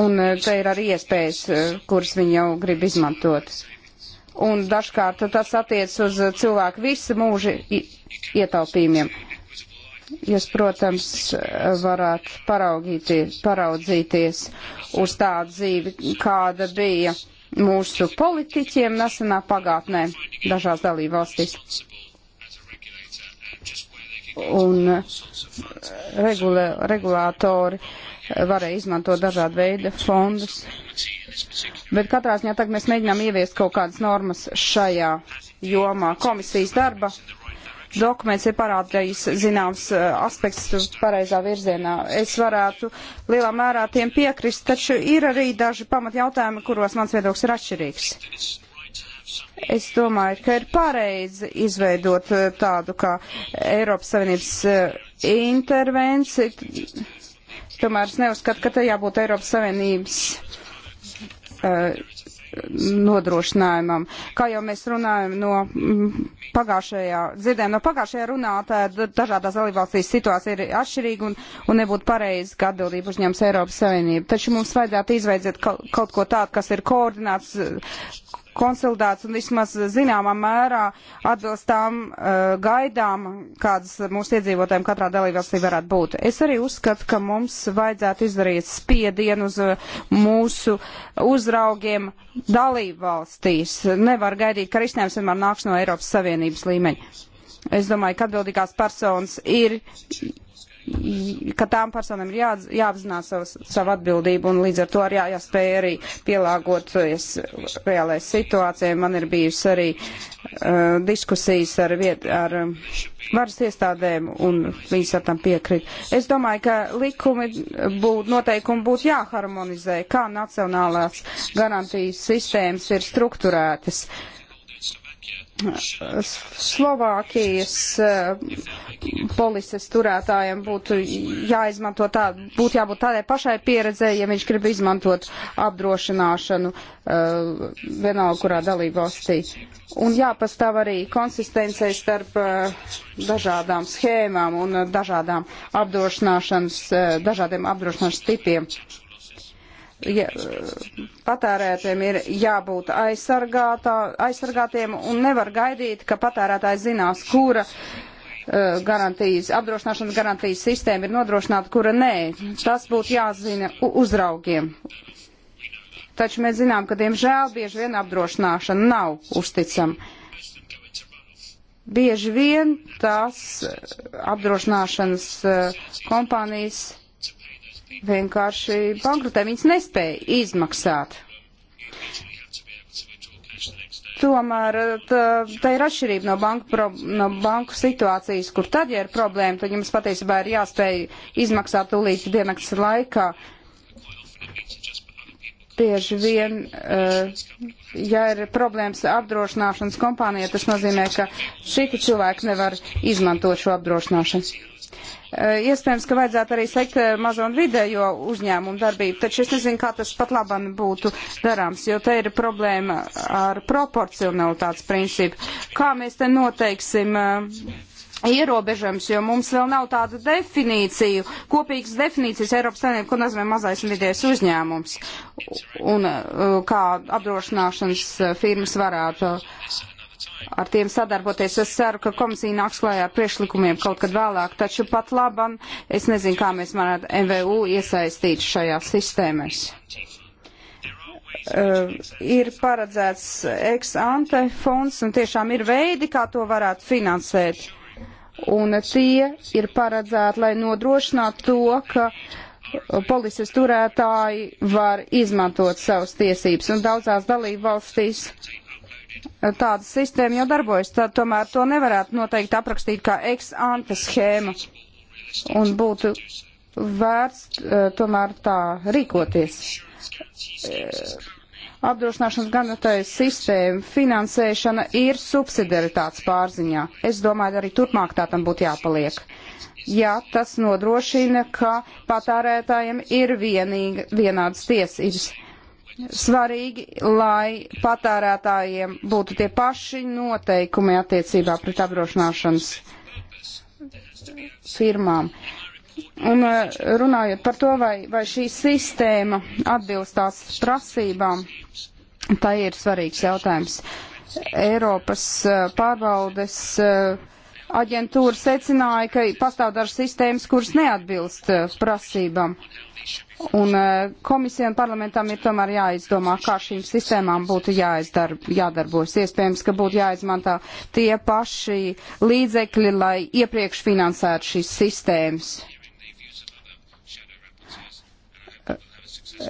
E: un uh, te ir arī iespējas, uh, kuras viņi jau grib izmantot un dažkārt tas attiec uz cilvēku visu mūžu ietaupījumiem. Jūs, protams, varētu paraudzīties, paraudzīties uz tādu dzīvi, kāda bija mūsu politiķiem nesenā pagātnē dažās dalībvalstīs.
B: Un eh,
E: regulē, regulātori uh, varēja izmantot dažādu veidu fondus. Bet katrā ziņā tagad mēs mēģinām ieviest kaut kādas normas šajā jomā. Komisijas darba dokuments ir parādījis zināms eh, aspekts uz pareizā virzienā. Es varētu lielā mērā tiem piekrist, taču ir arī daži pamat jautājumi, kuros mans viedoklis ir atšķirīgs. Es domāju, ka ir pareizi izveidot eh, tādu kā Eiropas Savienības eh, intervenciju Tomēr es neuzskatu, ka te jābūt Eiropas Savienības eh, nodrošinājumam. Kā jau mēs runājam no mm, pagājušajā, dzirdējām no pagājušajā runātāja, dažādās dalībvalstīs situācija ir atšķirīga un, un nebūtu pareizi, ka atbildību uzņems Eiropas Savienība. Taču mums vajadzētu izveidzēt kaut, kaut ko tādu, kas ir koordināts konsolidēts un vismaz zināmā mērā atbilst tām uh, eh, gaidām, kādas mūsu iedzīvotājiem katrā dalībvalstī varētu būt. Es arī uzskatu, ka mums vajadzētu izdarīt spiedienu uz eh, mūsu uzraugiem dalībvalstīs. Nevar gaidīt, ka risinājums vienmēr nāks no Eiropas Savienības līmeņa. Es domāju, ka atbildīgās personas ir ka tām personām ir jā, jāapzinās savu, savu atbildību un līdz ar to arī jā, jāspēj arī pielāgoties reālajai situācijai. Man ir bijusi arī uh, diskusijas ar, viet, ar um, varas iestādēm un viņas ar tam piekrit. Es domāju, ka likumi būtu, noteikumi būtu jāharmonizē, kā nacionālās garantijas sistēmas ir strukturētas. Uh, Slovākijas eh, polises turētājiem būtu jāizmanto tā, būtu jābūt tādai pašai pieredzēji, ja viņš grib izmantot apdrošināšanu eh, vienalga kurā dalībvalstī. Un jāpastāv arī konsistencei starp eh, dažādām schēmām un dažādām apdrošināšanas, dažādiem apdrošināšanas tipiem ja, patērētiem ir jābūt aizsargātiem un nevar gaidīt, ka patērētājs zinās, kura eh, garantijas, apdrošināšanas garantijas sistēma ir nodrošināta, kura nē. Tas būtu jāzina uzraugiem. Taču mēs zinām, ka diemžēl bieži vien apdrošināšana nav uzticama. Bieži vien tās eh, apdrošināšanas eh, kompānijas vienkārši bankrutē, viņas nespēja izmaksāt. Tomēr tā, tā ir atšķirība no banku, pro, no banku situācijas, kur tad, ja ir problēma, tad jums patiesībā ir jāspēj izmaksāt tūlīt diennakts laikā. Bieži vien, eh, ja ir problēmas apdrošināšanas kompānijā, tas nozīmē, ka citi cilvēki nevar izmantot šo apdrošināšanu. Eh, iespējams, ka vajadzētu arī slēgt eh, mazo un vidējo uzņēmumu darbību, taču es nezinu, kā tas pat labam būtu darāms, jo te ir problēma ar proporcionalitātes principu. Kā mēs te noteiksim eh, ierobežams, jo mums vēl nav tādu definīciju, kopīgas definīcijas Eiropas Savienībā, ko nozīmē mazais un vidējais uzņēmums, un kā apdrošināšanas firmas varētu ar tiem sadarboties. Es ceru, ka komisija nāks klājā priekšlikumiem kaut kad vēlāk, taču pat labam es nezinu, kā mēs varētu MVU iesaistīt šajā sistēmēs. Uh, ir paredzēts ex-ante fonds un tiešām ir veidi, kā to varētu finansēt. Un tie ir paredzēti, lai nodrošinātu to, ka uh, polises turētāji var izmantot savas tiesības, un daudzās dalību valstīs tāda sistēma jau darbojas, tad tomēr to nevarētu noteikti aprakstīt kā ex-ante schēma. Un būtu vērts eh, tomēr tā rīkoties. Eh, apdrošināšanas ganotēju sistēma finansēšana ir subsidiaritātes pārziņā. Es domāju, arī turpmāk tā tam būtu jāpaliek. Ja tas nodrošina, ka patērētājiem ir vienīga, vienādas tiesības svarīgi, lai patērētājiem būtu tie paši noteikumi attiecībā pret apdrošināšanas firmām. Un eh, runājot par to, vai, vai šī sistēma atbilst tās prasībām, tā ir svarīgs jautājums. Eiropas eh, pārbaudes uh, aģentūra secināja, ka pastāv dažas sistēmas, kuras neatbilst eh, prasībām. Un eh, komisija un parlamentam ir tomēr jāizdomā, kā šīm sistēmām būtu jāizdarb, jādarbojas. Iespējams, ka būtu jāizmantā tie paši līdzekļi, lai iepriekš finansētu šīs sistēmas.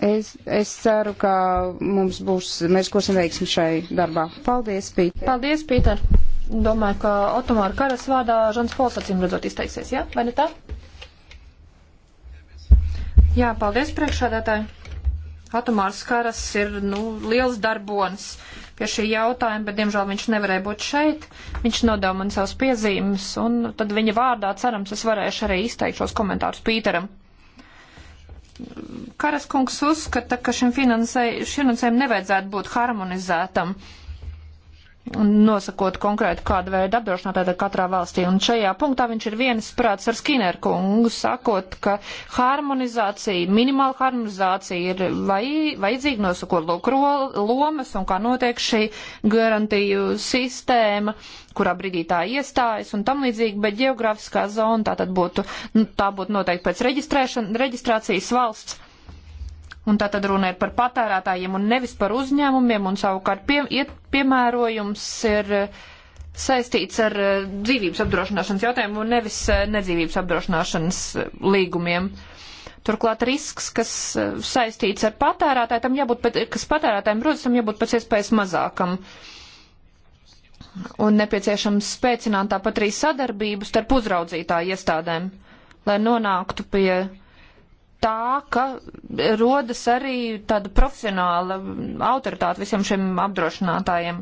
E: Es, es ceru, ka mums būs, mēs kosim veiksmi šai darbā. Paldies, Pīter.
D: Paldies, Pīter domāju, ka Otomāra karas vārdā Žans Pols acīm redzot izteiksies, jā? Ja? Vai ne tā? Jā, paldies priekšādātāji. Atomārs karas ir, nu, liels darbonis pie šī jautājuma, bet, diemžēl, viņš nevarēja būt šeit. Viņš nodeva man savus piezīmes, un tad viņa vārdā, cerams, es varēšu arī izteikt šos komentārus Pīteram. Karaskungs uzskata, ka šim finansējumam nevajadzētu būt harmonizētam. Uh, un nosakot konkrēti kādu veidu apdrošinātāju katrā valstī. Un šajā punktā viņš ir vienas prāts ar Skinner kungu, sakot, ka harmonizācija, minimāla harmonizācija ir vai, vajadzīga nosakot lūk lomas un kā notiek šī garantiju sistēma, kurā brīdī tā iestājas un tam līdzīgi, bet geogrāfiskā zona tā tad būtu, nu, tā būtu noteikti pēc reģistrācijas valsts Un tā tad runa ir par patērētājiem un nevis par uzņēmumiem, un savukārt pie, iet, piemērojums ir eh, saistīts ar eh, dzīvības apdrošināšanas jautājumu un nevis eh, nedzīvības apdrošināšanas līgumiem. Turklāt risks, kas saistīts ar patērētāju, tam jābūt, kas patērētājiem rodas, tam jābūt pēc iespējas mazākam. Un nepieciešams spēcināt tāpat arī sadarbību starp uzraudzītāju iestādēm, lai nonāktu pie tā, ka rodas arī tāda profesionāla autoritāte visiem šiem apdrošinātājiem.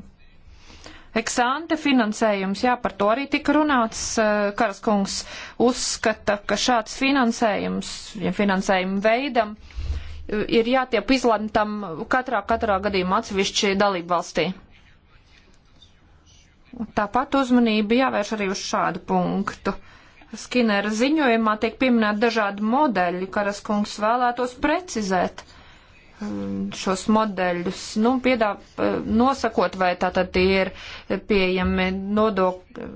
D: Eksante finansējums, jā, par to arī tika runāts. Eh, Karaskungs uzskata, ka šāds finansējums, ja finansējuma veidam, eh, ir jātiep izlemtam katrā, katrā gadījumā atsevišķi dalību valstī. Tāpat uzmanība jāvērš arī uz šādu punktu. Uh, Skinera ziņojumā tiek pieminēti dažādi modeļi, karas kungs vēlētos precizēt um, šos modeļus, nu, piedā, uh, nosakot, vai tātad tie ir pieejami nodok uh,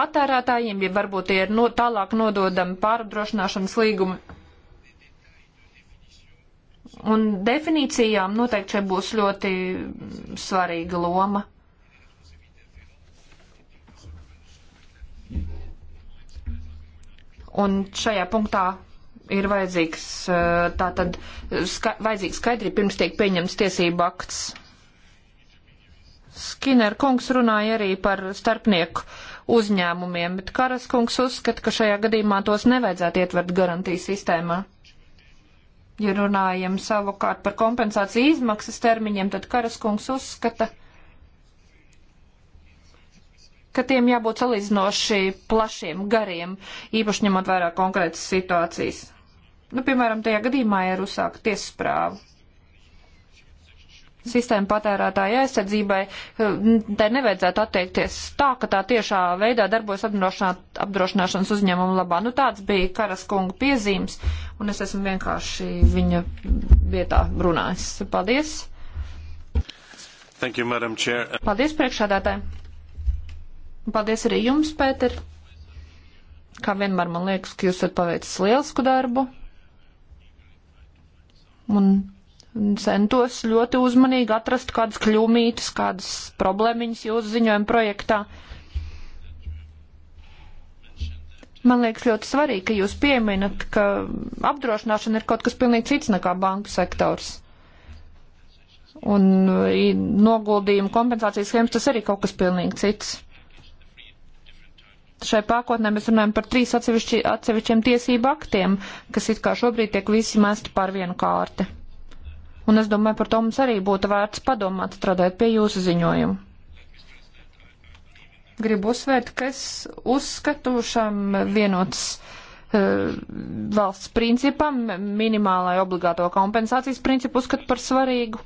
D: patērētājiem, ja varbūt tie ir no, tālāk nododami pārdrošināšanas līgumi. Un definīcijām noteikti šeit būs ļoti svarīga loma. Un šajā punktā ir vajadzīgs, eh, tātad, ska, vajadzīgs skaidri pirms tiek pieņemts tiesību akts. Skiner kungs runāja arī par starpnieku uzņēmumiem, bet Karas kungs uzskata, ka šajā gadījumā tos nevajadzētu ietvert garantijas sistēmā. Ja runājam savukārt par kompensāciju izmaksas termiņiem, tad Karas kungs uzskata, ka tiem jābūt salīdzinoši plašiem, gariem, īpaši ņemot vērā konkrētas situācijas. Nu, piemēram, tajā gadījumā ir uzsākta tiesasprāva. Sistēma patērētāja aizsardzībai, eh, tai nevajadzētu attiekties tā, ka tā tiešā veidā darbojas apdrošināšanas uzņēmuma labā. Nu, tāds bija Karas kunga piezīmes, un es esmu vienkārši viņa vietā runājis. Paldies!
C: Thank you, Madam Chair. Paldies
D: priekšādātājai! Paldies arī jums, Pēter. Kā vienmēr man liekas, ka jūs esat paveicis lielisku darbu. Un centos ļoti uzmanīgi atrast kādas kļūmītas, kādas problēmiņas jūsu ziņojuma projektā. Man liekas ļoti svarīgi, ka jūs pieminat, ka apdrošināšana ir kaut kas pilnīgi cits nekā banku sektors. Un noguldījuma kompensācijas schēmas tas arī kaut kas pilnīgi cits šai pakotnē mēs runājam par trīs atsevišķi, atsevišķiem tiesību aktiem, kas it kā šobrīd tiek visi mesti par vienu kārti. Un es domāju, par to mums arī būtu vērts padomāt, strādājot pie jūsu ziņojumu. Gribu uzsvērt, ka es uzskatu šam vienots eh, valsts principam, minimālai obligāto kompensācijas principu uzskatu par svarīgu.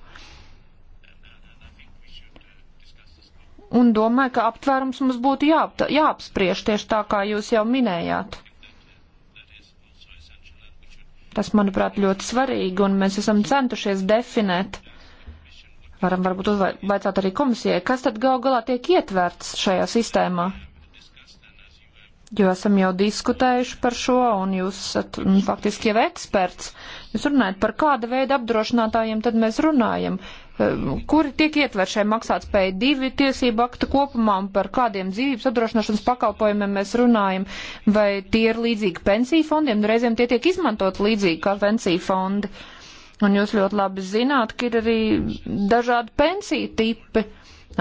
D: Un domāju, ka aptvērums mums būtu jāapta, jāapspriež tieši tā, kā jūs jau minējāt. Tas, manuprāt, ļoti svarīgi, un mēs esam centušies definēt. Varam varbūt uzvaicāt arī komisijai, kas tad gal galā tiek ietverts šajā sistēmā? Jo esam jau diskutējuši par šo, un jūs esat nu, faktiski jau eksperts. Jūs runājat par kāda veida apdrošinātājiem, tad mēs runājam. Uh, Ehm, kuri tiek ietver šai maksātspēja divi tiesību akta kopumā un par kādiem dzīvības apdrošināšanas pakalpojumiem mēs runājam, vai tie ir līdzīgi pensiju fondiem, nu reizēm tie tiek izmantot līdzīgi kā pensiju fondi. Un jūs ļoti labi zināt, ka ir arī dažādi pensiju tipi.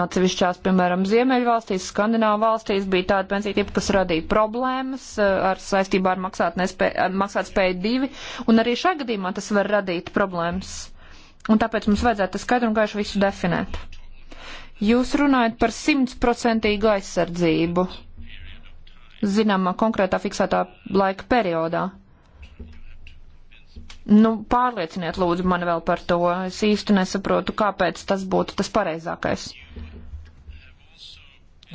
D: Atsevišķās, piemēram, Ziemeļvalstīs, Skandināvu valstīs bija tāda pensija tipa, kas radīja problēmas eh, ar saistībā ar maksāt, nespē, maksāt spēju divi, un arī šajā gadījumā tas var radīt problēmas. Un tāpēc mums vajadzētu skaidru un gaišu visu definēt. Jūs runājat par simtprocentīgu aizsardzību zināmā konkrētā fiksētā laika periodā. Nu, pārlieciniet lūdzu mani vēl par to. Es īsti nesaprotu, kāpēc tas būtu tas pareizākais.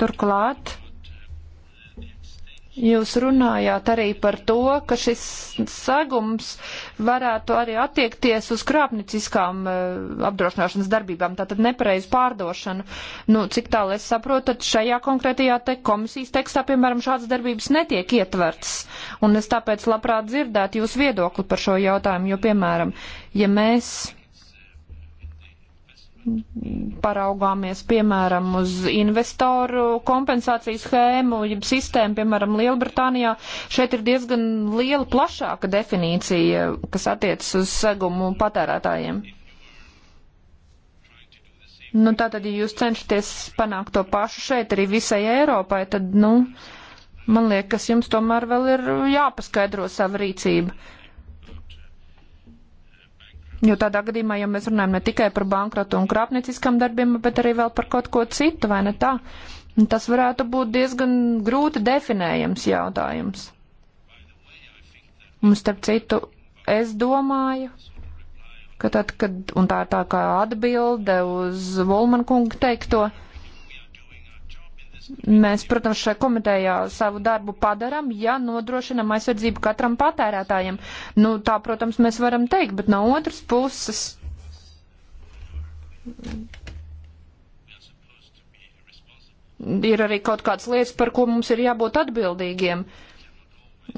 D: Turklāt Jūs runājāt arī par to, ka šis sagums varētu arī attiekties uz krāpnieciskām eh, apdrošināšanas darbībām, tātad nepareizu pārdošanu. Nu, cik tālu es saprotu, tad šajā konkrētajā te komisijas tekstā, piemēram, šādas darbības netiek ietverts. Un es tāpēc labprāt dzirdētu jūs viedokli par šo jautājumu, jo, piemēram, ja mēs paraugāmies, piemēram, uz investoru kompensāciju schēmu, jeb sistēmu, piemēram, Lielbritānijā, šeit ir diezgan liela plašāka definīcija, kas attiecas uz segumu patērētājiem. Nu, tātad, ja jūs cenšaties panākt to pašu šeit arī visai Eiropai, tad, nu, man liekas, jums tomēr vēl ir jāpaskaidro sava rīcība. Jo tādā gadījumā, ja mēs runājam ne tikai par bankrotu un krāpnieciskām darbiem, bet arī vēl par kaut ko citu, vai ne tā, tas varētu būt diezgan grūti definējams jautājums. Un starp citu, es domāju, ka tad, kad, un tā ir tā kā atbilde uz Volman kungu teikto, Mēs, protams, šai komitejā savu darbu padaram, ja nodrošinam aizsardzību katram patērētājam. Nu, tā, protams, mēs varam teikt, bet no otras puses. Ir arī kaut kādas lietas, par ko mums ir jābūt atbildīgiem.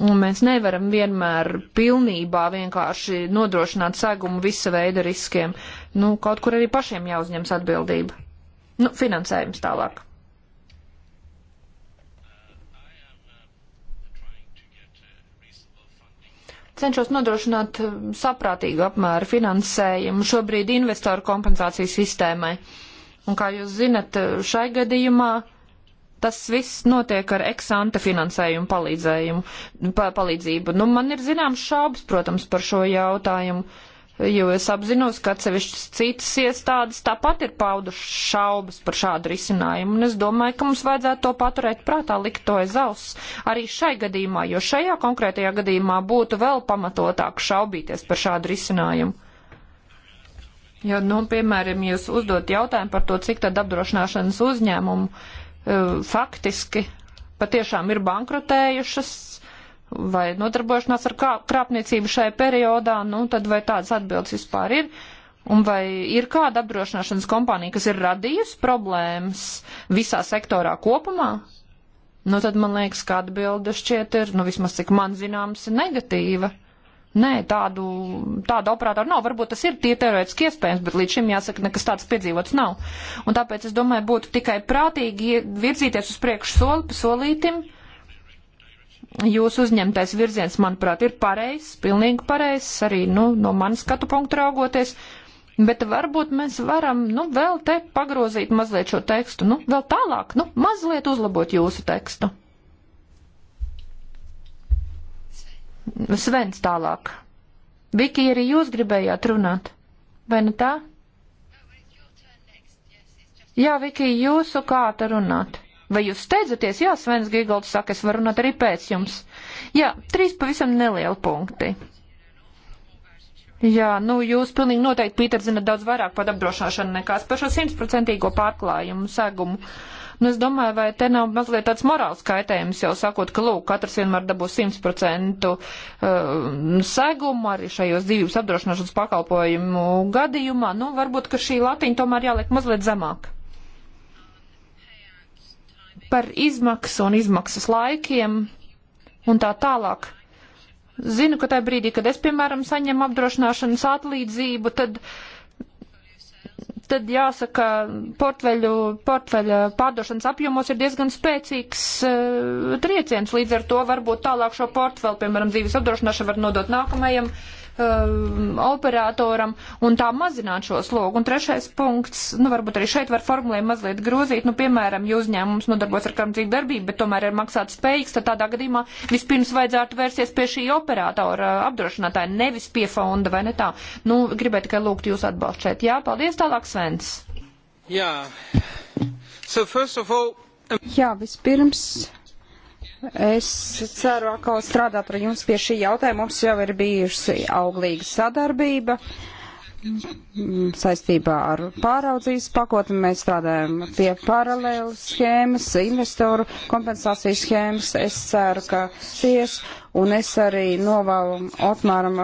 D: Un mēs nevaram vienmēr pilnībā vienkārši nodrošināt segumu visa veida riskiem. Nu, kaut kur arī pašiem jāuzņems atbildība. Nu, finansējums tālāk. cenšos nodrošināt eh, saprātīgu apmēru finansējumu šobrīd investoru kompensācijas sistēmai. Un kā jūs zinat, eh, šai gadījumā tas viss notiek ar eksanta finansējumu palīdzējumu, pa, palīdzību. Nu, man ir zināms šaubas, protams, par šo jautājumu. Uh, jo es apzinos, ka atsevišķas citas iestādes tāpat ir paudušas šaubas par šādu risinājumu, un es domāju, ka mums vajadzētu to paturēt prātā, likt to aiz auss arī šai gadījumā, jo šajā konkrētajā gadījumā būtu vēl pamatotāk šaubīties par šādu risinājumu. Jo, nu, piemēram, jūs uzdot jautājumu par to, cik tad apdrošināšanas uzņēmumu uh, faktiski patiešām ir bankrotējušas, vai nodarbošanās ar krāpniecību šai periodā, nu tad vai tādas atbildes vispār ir? Un vai ir kāda apdrošināšanas kompānija, kas ir radījusi problēmas visā sektorā kopumā? Nu tad man liekas, ka atbilde šķiet ir, nu vismaz cik man zināms, negatīva. Nē, tādu, tādu operatoru nav. Varbūt tas ir tie teorētiski iespējams, bet līdz šim jāsaka, nekas tāds piedzīvots nav. Un tāpēc es domāju, būtu tikai prātīgi virzīties uz priekšu soli pa solītim jūsu uzņemtais virziens, manuprāt, ir pareizs, pilnīgi pareizs, arī nu, no manas skatu punktu raugoties. Bet varbūt mēs varam, nu, vēl te pagrozīt mazliet šo tekstu, nu, vēl tālāk, nu, mazliet uzlabot jūsu tekstu. Svens tālāk. Viki, arī jūs gribējāt runāt, vai ne tā? Jā, Viki, jūsu kārta runāt. Vai jūs steidzaties? Jā, Svens Gigalds saka, es varu runāt arī pēc jums. Jā, trīs pavisam nelieli punkti. Jā, nu jūs pilnīgi noteikti, Pīter, zinat daudz vairāk par apdrošināšanu nekā es par šo simtprocentīgo pārklājumu segumu. Nu, es domāju, vai te nav mazliet tāds morāls kaitējums, jau sakot, ka, lūk, katrs vienmēr dabūs 100% uh, segumu arī šajos dzīvības apdrošināšanas pakalpojumu gadījumā. Nu, varbūt, ka šī latiņa tomēr jāliek mazliet zemāk par izmaksu un izmaksas laikiem un tā tālāk. Zinu, ka tajā brīdī, kad es, piemēram, saņemu apdrošināšanas atlīdzību, tad, tad jāsaka, portveļu, portveļa pārdošanas apjomos ir diezgan spēcīgs uh, trieciens. Līdz ar to varbūt tālāk šo portfeli, piemēram, dzīves apdrošināšanu var nodot nākamajam uh, um, operatoram un tā mazināt šo slogu. Un trešais punkts, nu varbūt arī šeit var formulēju mazliet grozīt, nu piemēram, ja uzņēmums nodarbos ar kramcīgu darbību, bet tomēr ir maksāt spējīgs, tad tādā gadījumā vispirms vajadzētu vērsties pie šī operatora apdrošinātāja, nevis pie fonda vai ne tā. Nu, gribētu tikai lūgt jūs atbalstu šeit. Jā, paldies, tālāk Svens.
B: Jā. So first of all,
E: um, Jā, vispirms Es ceru atkal strādāt ar jums pie šī jautājuma. Mums jau ir bijusi auglīga sadarbība saistībā ar pāraudzīs pakotni. Mēs strādājam pie paralēlu schēmas, investoru kompensācijas schēmas. Es ceru, ka ties, un es arī novēlu Otmāram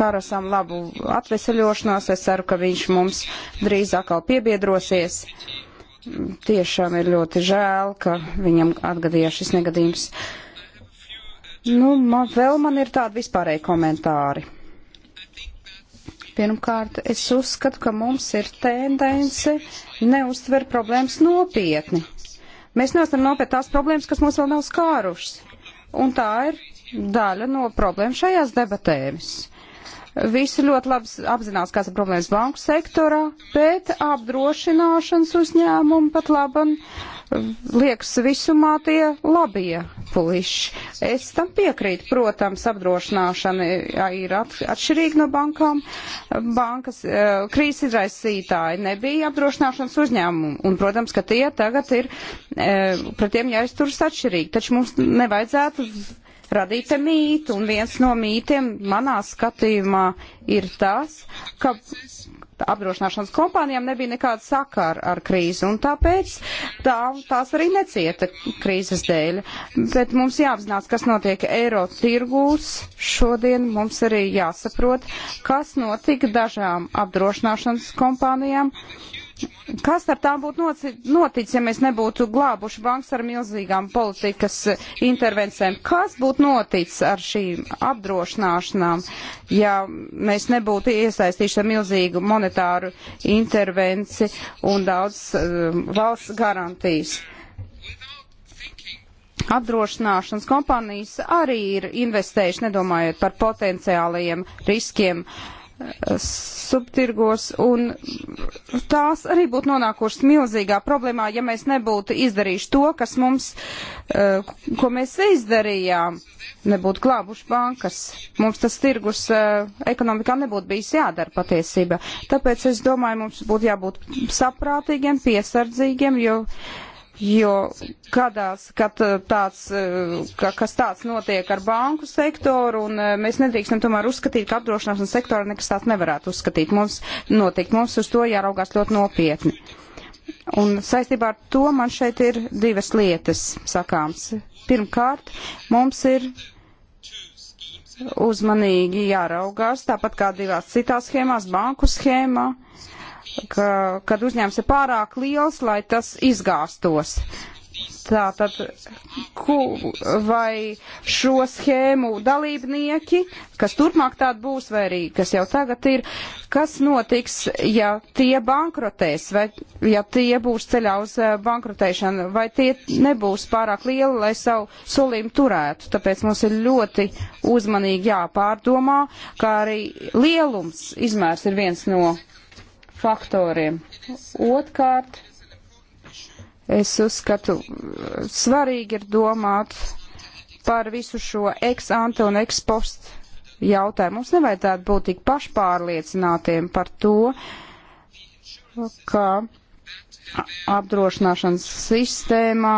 E: Karasam labu atveseļošanos. Es ceru, ka viņš mums drīz atkal piebiedrosies. Tiešām ir ļoti žēl, ka viņam atgadījās šis negadījums. Nu, man, vēl man ir tādi vispārēji komentāri. Pirmkārt, es uzskatu, ka mums ir tendence neuztver problēmas nopietni. Mēs neuztveram nopietni tās problēmas, kas mūs vēl nav skārušas. Un tā ir daļa no problēmas šajās debatēmis visi ļoti labi apzinās, kāds ir problēmas banku sektorā, bet apdrošināšanas uzņēmumi pat labam mm, liekas visumā tie labie puliši. Es tam piekrītu, protams, apdrošināšana ir atšķirīga no bankām. Bankas eh, krīzes izraisītāji nebija apdrošināšanas uzņēmumi, un, protams, ka tie tagad ir, eh, pret tiem jāizturas atšķirīgi, taču mums nevajadzētu radīta mīta, un viens no mītiem manā skatījumā ir tas, ka apdrošināšanas kompānijām nebija nekāda sakara ar krīzi, un tāpēc tā, tās arī necieta krīzes dēļ. Bet mums jāapzinās, kas notiek eiro tirgūs. Šodien mums arī jāsaprot, kas notika dažām apdrošināšanas kompānijām Kas ar tām būtu noticis, ja mēs nebūtu glābuši bankas ar milzīgām politikas eh, intervencēm? Kas būtu noticis ar šīm apdrošināšanām, ja mēs nebūtu iesaistījuši ar milzīgu monetāru intervenci un daudz uh, valsts garantijas? Apdrošināšanas kompānijas arī ir investējuši, nedomājot par potenciālajiem riskiem. Uh, subtirgos, un tās arī būtu nonākušas milzīgā problēmā, ja mēs nebūtu izdarījuši to, kas mums, eh, ko mēs izdarījām, nebūtu glābuši bankas. Mums tas tirgus eh, ekonomikā nebūtu bijis jādara patiesībā. Tāpēc es domāju, mums būtu jābūt saprātīgiem, piesardzīgiem, jo Jo gadās, kad eh, tāds, eh, ka, kas tāds notiek ar banku sektoru, un eh, mēs nedrīkstam tomēr uzskatīt, ka apdrošināšanas sektora nekas tāds nevarētu uzskatīt. Mums notikt, mums uz to jāraugās ļoti nopietni. Un saistībā ar to man šeit ir divas lietas sakāms. Pirmkārt, mums ir uzmanīgi jāraugās, tāpat kā divās citās schēmās, banku schēmā. Uh, ka, kad uzņēmums ir pārāk liels, lai tas izgāstos. Tātad, ku, vai šo schēmu dalībnieki, kas turpmāk tāda būs, vai arī kas jau tagad ir, kas notiks, ja tie bankrotēs, vai ja tie būs ceļā uz eh, bankrotēšanu, vai tie nebūs pārāk lieli, lai savu solījumu turētu. Tāpēc mums ir ļoti uzmanīgi jāpārdomā, kā arī lielums izmērs ir viens no faktoriem. Otkārt, es uzskatu, svarīgi ir domāt par visu šo ex ante un ex post jautājumu. Mums nevajadzētu būt tik pašpārliecinātiem par to, ka apdrošināšanas sistēmā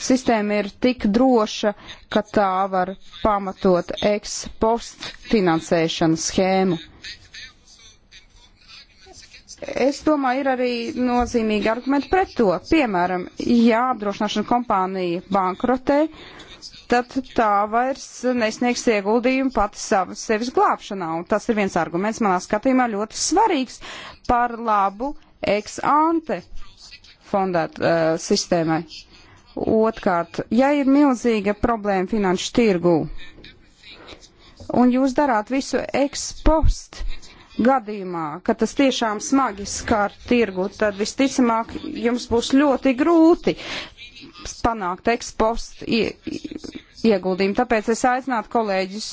E: sistēma ir tik droša, ka tā var pamatot ex post finansēšanas schēmu. Es domāju, ir arī nozīmīgi argumenti pret to. Piemēram, ja apdrošināšana kompānija bankrotē, tad tā vairs nesniegs ieguldījumu pati savas sevis glābšanā. Un tas ir viens arguments manā skatījumā ļoti svarīgs par labu ex ante fondēt uh, sistēmai. Otkārt, ja ir milzīga problēma finanšu tirgū, un jūs darāt visu ex post, uh, gadījumā, ka tas tiešām smagi skar tirgu, tad visticamāk jums būs ļoti grūti panākt ekspostu ieguldījumu. Tāpēc es aicinātu kolēģis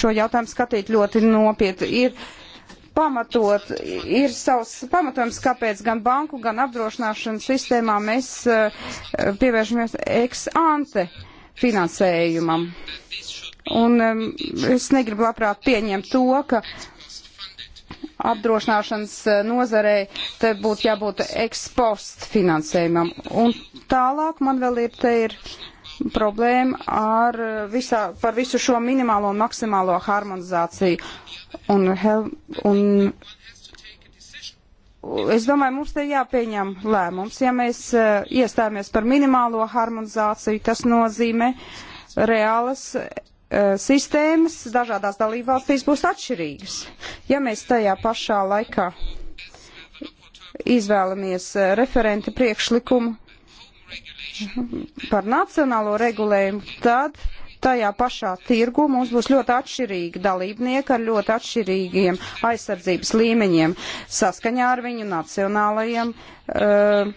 E: šo jautājumu skatīt ļoti nopietni. Ir pamatot, ir savs pamatojums, kāpēc gan banku, gan apdrošināšanas sistēmā mēs uh, pievēršamies ex ante finansējumam. Un um, es negribu labprāt pieņemt to, ka uh, apdrošināšanas eh, nozarei, te būtu jābūt ekspost finansējumam. Un tālāk man vēl ir, te ir problēma ar eh, visā, par visu šo minimālo un maksimālo harmonizāciju. Un, un es domāju, mums te jāpieņem lēmums. Ja mēs uh, eh, iestājāmies par minimālo harmonizāciju, tas nozīmē reālas Eh, sistēmas dažādās dalībvalstīs būs atšķirīgas. Ja mēs tajā pašā laikā izvēlamies eh, referenta priekšlikumu par nacionālo regulējumu, tad tajā pašā tirgu mums būs ļoti atšķirīgi dalībnieki ar ļoti atšķirīgiem aizsardzības līmeņiem saskaņā ar viņu nacionālajiem uh,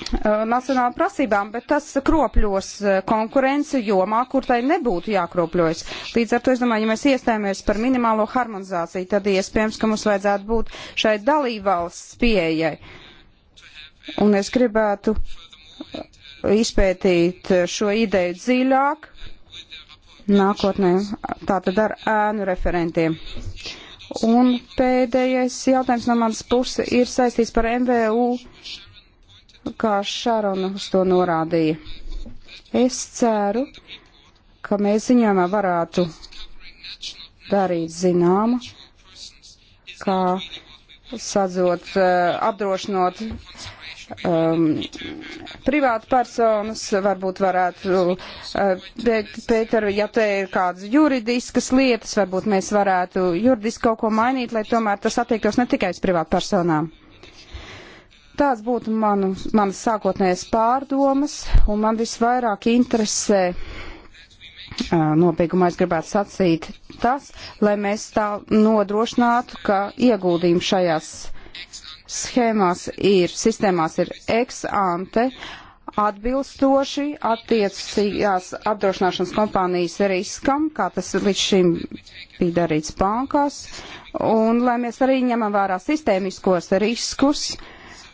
E: Uh, nacionālām prasībām, bet tas kropļos uh, konkurence jomā, kur tai nebūtu jākropļojas. Līdz ar to es domāju, ja mēs iestājāmies par minimālo harmonizāciju, tad iespējams, ka mums vajadzētu būt šai dalībvalsts pieejai. Un es gribētu uh, izpētīt šo ideju dziļāk nākotnē, tātad ar ēnu referentiem. Un pēdējais jautājums no manas puses ir saistīts par MVU kā Šarona uz to norādīja. Es ceru, ka mēs ziņojumā varētu darīt zināmu, kā sadzot, eh, apdrošinot um, privātu personas, varbūt varētu, bet, eh, Pēter, ja te ir kādas juridiskas lietas, varbūt mēs varētu juridiski kaut ko mainīt, lai tomēr tas attiektos ne tikai uz privātu personām. Tāds būtu manu, manas sākotnējās pārdomas, un man visvairāk interesē nobeigumā es gribētu sacīt tas, lai mēs tā nodrošinātu, ka ieguldījumi šajās schēmās ir, sistēmās ir ex ante atbilstoši attiecīgās apdrošināšanas kompānijas riskam, kā tas līdz šim bija darīts bankās, un lai mēs arī ņemam vērā sistēmiskos riskus, uh,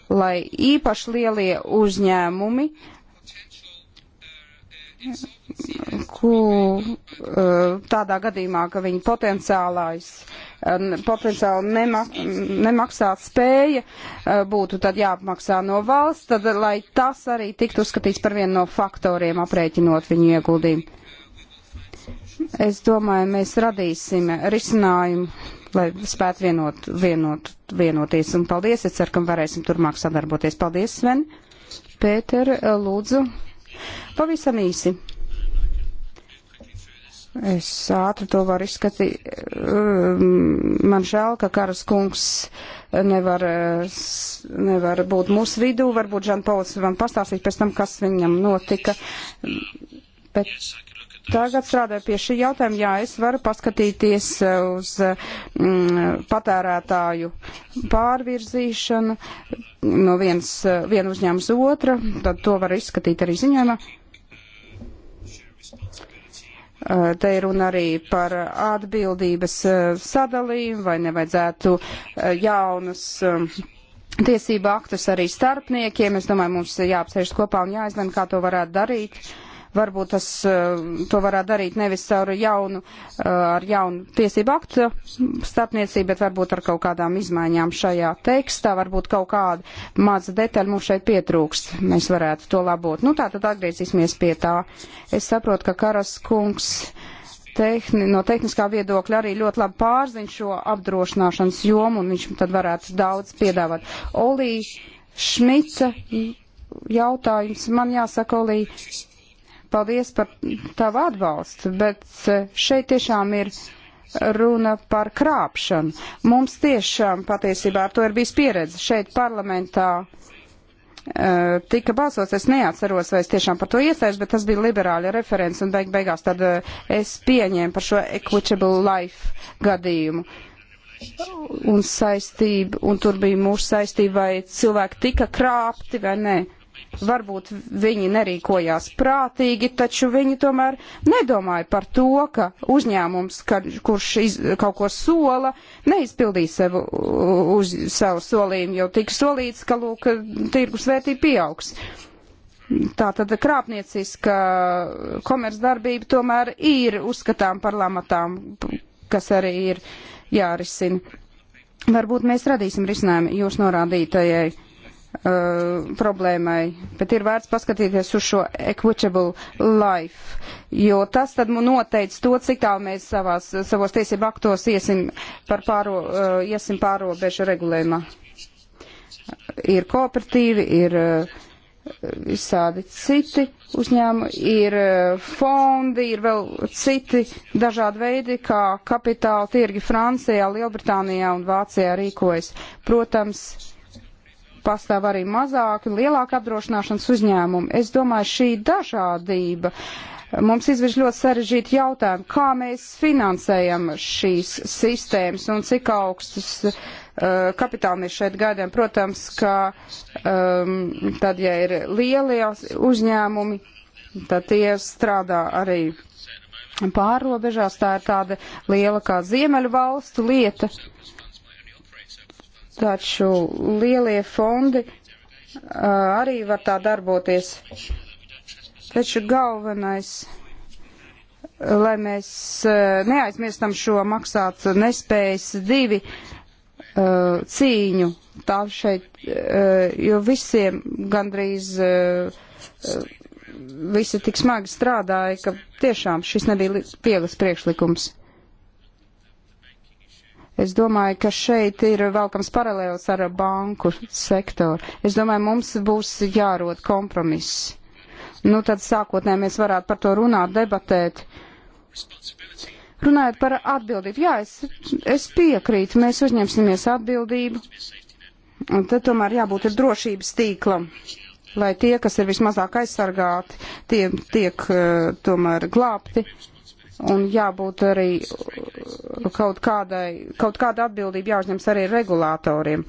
E: lai īpaši lielie uzņēmumi, ku, eh, tādā gadījumā, ka viņi potenciālais, eh, potenciāli nemak, nemaksāt spēja eh, būtu tad jāapmaksā no valsts, tad lai tas arī tiktu uzskatīts par vienu no faktoriem aprēķinot viņu ieguldījumu. Es domāju, mēs radīsim risinājumu lai spētu vienot, vienot, vienoties. Un paldies, es ceru, ka varēsim turmāk sadarboties. Paldies, Sven. Pēter, lūdzu. Pavisam īsi. Es ātri to varu izskatīt. Ehm, man žēl, ka Karas kungs nevar, nevar būt mūsu vidū. Varbūt Žan Pauls man pastāstīt pēc tam, kas viņam notika. Bet tagad strādāju pie šī jautājuma. Jā, es varu paskatīties uz mm, patērētāju pārvirzīšanu no viens, viena uzņēmuma uz otra, tad to var izskatīt arī ziņojumā. Eh, te ir runa arī par atbildības eh, sadalījumu, vai nevajadzētu eh, jaunas tiesību aktus arī starpniekiem. Es domāju, mums jāapsēžas kopā un jāizlem, kā to varētu darīt. Uh, varbūt tas, eh, to varētu darīt nevis ar jaunu, eh, ar jaunu tiesību aktu starpniecību, bet varbūt ar kaut kādām izmaiņām šajā tekstā, varbūt kaut kāda maza detaļa mums šeit pietrūkst, mēs varētu to labot. Nu tā tad atgriezīsimies pie tā. Es saprotu, ka Karas kungs tehni, no tehniskā viedokļa arī ļoti labi pārziņ šo apdrošināšanas jomu, un viņš tad varētu daudz piedāvāt. Olī Šmica jautājums, man jāsaka, Olī, Paldies par tavu atbalstu, bet eh, šeit tiešām ir runa par krāpšanu. Mums tiešām patiesībā ar to ir bijis pieredze. Šeit parlamentā eh, tika balsots, es neatceros, vai es tiešām par to iesaistu, bet tas bija liberāļa referents un beig beigās tad eh, es pieņēmu par šo Equitable Life gadījumu un saistību, un tur bija mūsu saistība, vai cilvēki tika krāpti vai nē. Varbūt viņi nerīkojās prātīgi, taču viņi tomēr nedomāja par to, ka uzņēmums, ka, kurš iz, kaut ko sola, neizpildīs sev, uz savu solījumu, jo tika solīts, ka lūk, tirgus vērtība pieaugs. Tā tad krāpnieciska komercdarbība tomēr ir uzskatām par lamatām, kas arī ir jārisina. Varbūt mēs radīsim risinājumu jūs norādītajai Uh, problēmai, bet ir vērts paskatīties uz šo equitable life, jo tas tad noteica to, cik tālu mēs savās, savos tiesību aktos iesim, par pāro, uh, iesim pārobežu regulējumā. Ir kooperatīvi, ir uh, visādi citi uzņēmumi, ir uh, fondi, ir vēl citi dažādi veidi, kā kapitāla tirgi Francijā, Lielbritānijā un Vācijā rīkojas. Protams, pastāv arī mazāk un lielāk apdrošināšanas uzņēmumu. Es domāju, šī dažādība mums izvirž ļoti sarežģītu jautājumu, kā mēs finansējam šīs sistēmas un cik augstus uh, kapitāli mēs šeit gaidām. Protams, ka um, tad, ja ir lielie uzņēmumi, tad tie strādā arī pārrobežās. Tā ir tāda liela kā Ziemeļu valstu lieta. Uh, Taču lielie fondi arī var tā darboties. Taču galvenais, lai mēs neaizmirstam šo maksāt nespējas divi cīņu. Tā šeit, jo visiem gandrīz visi tik smagi strādāja, ka tiešām šis nebija pielis priekšlikums. Es domāju, ka šeit ir valkams paralēls ar banku sektoru. Es domāju, mums būs jārod kompromiss. Nu, tad sākotnēji mēs varētu par to runāt, debatēt. Runājot par atbildību, jā, es, es piekrītu, mēs uzņemsimies atbildību. Un tad tomēr jābūt ir drošības tīklam, lai tie, kas ir vismazāk aizsargāti, tie tiek uh, tomēr glābti. Uh, un jābūt arī uh, kaut kādai, kaut kāda atbildība jāuzņems arī regulātoriem.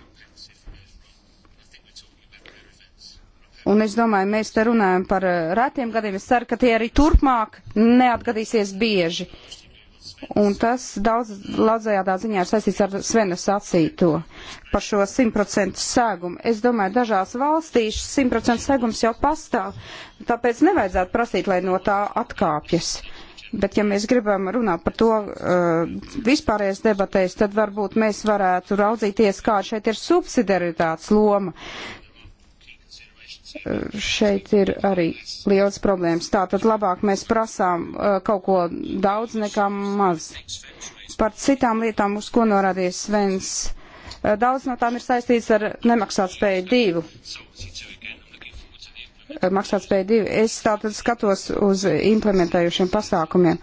E: Un es domāju, mēs te runājam par uh, retiem gadiem. Es ceru, ka tie arī turpmāk neatgadīsies bieži. Un tas daudz, daudzajādā ziņā ir saistīts ar Svena sacīto par šo 100% sēgumu. Es domāju, dažās valstīs 100% sēgums jau pastāv, tāpēc nevajadzētu prasīt, lai no tā atkāpjas. Uh, Bet ja mēs gribam runāt par to uh, vispārējais debatēs, tad varbūt mēs varētu raudzīties, kā šeit ir subsidiaritātes loma. Uh, šeit ir arī liels problēmas. Tātad labāk mēs prasām uh, kaut ko daudz nekā maz. Par citām lietām, uz ko norādīja Svens, uh, daudz no tām ir saistīts ar nemaksātspēju divu. Eh, maksātspēja divi. Es tātad skatos uz implementējušiem pasākumiem.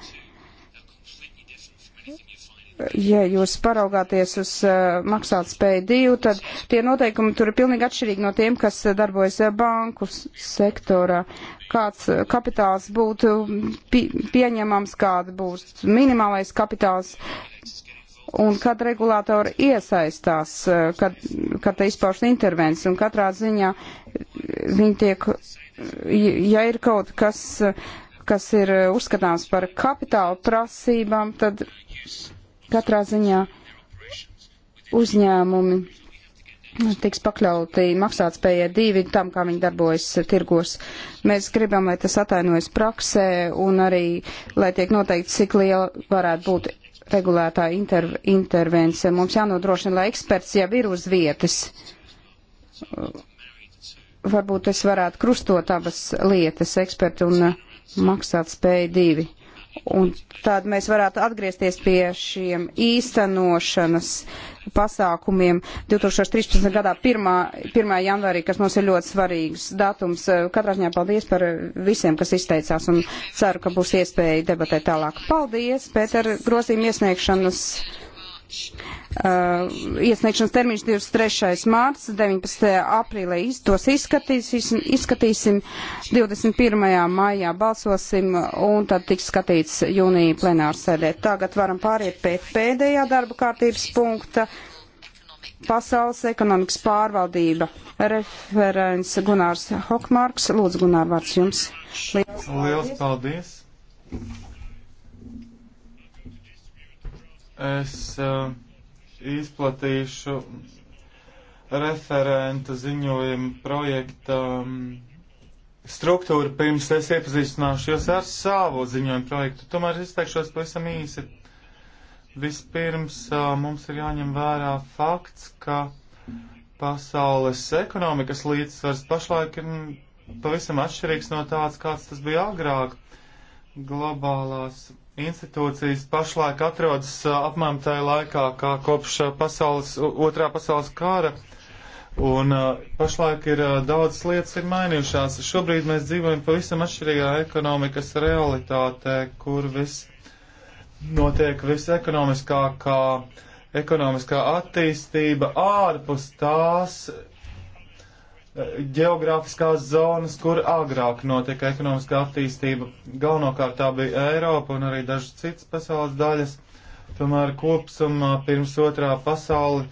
E: Ja jūs paraugāties uz uh, eh, maksātspēju divu, tad tie noteikumi tur ir pilnīgi atšķirīgi no tiem, kas eh, darbojas banku sektorā. Kāds kapitāls būtu pi pieņemams, kāda būs minimālais kapitāls, un kad regulātori iesaistās, eh, kad, kad te izpaušas intervences, un katrā ziņā viņi tiek, ja ir kaut kas, kas ir uzskatāms par kapitāla prasībām, tad katrā ziņā uzņēmumi tiks pakļauti maksātspējai divi tam, kā viņi darbojas tirgos. Mēs gribam, lai tas atainojas praksē un arī, lai tiek noteikti, cik liela varētu būt regulētāja inter, intervence. Mums jānodrošina, lai eksperts jau ir uz vietas. Varbūt es varētu krustot abas lietas, eksperti un maksāt spēju divi. Un tad mēs varētu atgriezties pie šiem īstenošanas pasākumiem 2013. gadā 1. 1. janvārī, kas mums ir ļoti svarīgs datums. E, katrā ziņā paldies par visiem, kas izteicās un ceru, ka būs iespēja debatēt tālāk. Paldies, Pēter, grozījuma iesniegšanas Uh, iesniegšanas termiņš 23. mārts, 19. aprīlē tos izskatīsim, izskatīsim, 21. maijā balsosim un tad tiks skatīts jūnija plenārsēdē. Tagad varam pāriet pie pēdējā darba kārtības punkta. Pasaules ekonomikas pārvaldība. Referents Gunārs Hokmārks. Lūdzu, Gunār, vārds jums. Liels, Liels
C: paldies! paldies. es uh, izplatīšu referenta ziņojuma projekta um, struktūru pirms es iepazīstināšu jūs ar savu ziņojumu projektu. Tomēr izteikšos pavisam īsi. Vispirms uh, mums ir jāņem vērā fakts, ka pasaules ekonomikas līdzsvars pašlaik ir mm, pavisam atšķirīgs no tāds, kāds tas bija agrāk. Globālās Institūcijas pašlaik atrodas apmēram tajā laikā, kā kopš pasaules, otrā pasaules kāra, un pašlaik ir daudzas lietas ir mainījušās. Šobrīd mēs dzīvojam pavisam atšķirīgā ekonomikas realitātē, kur viss notiek visekonomiskākā ekonomiskā attīstība ārpus tās geogrāfiskās zonas, kur agrāk notika ekonomiskā attīstība. Galvenokārt tā bija Eiropa un arī dažas citas pasaules daļas. Tomēr kopsumā pirms otrā pasauli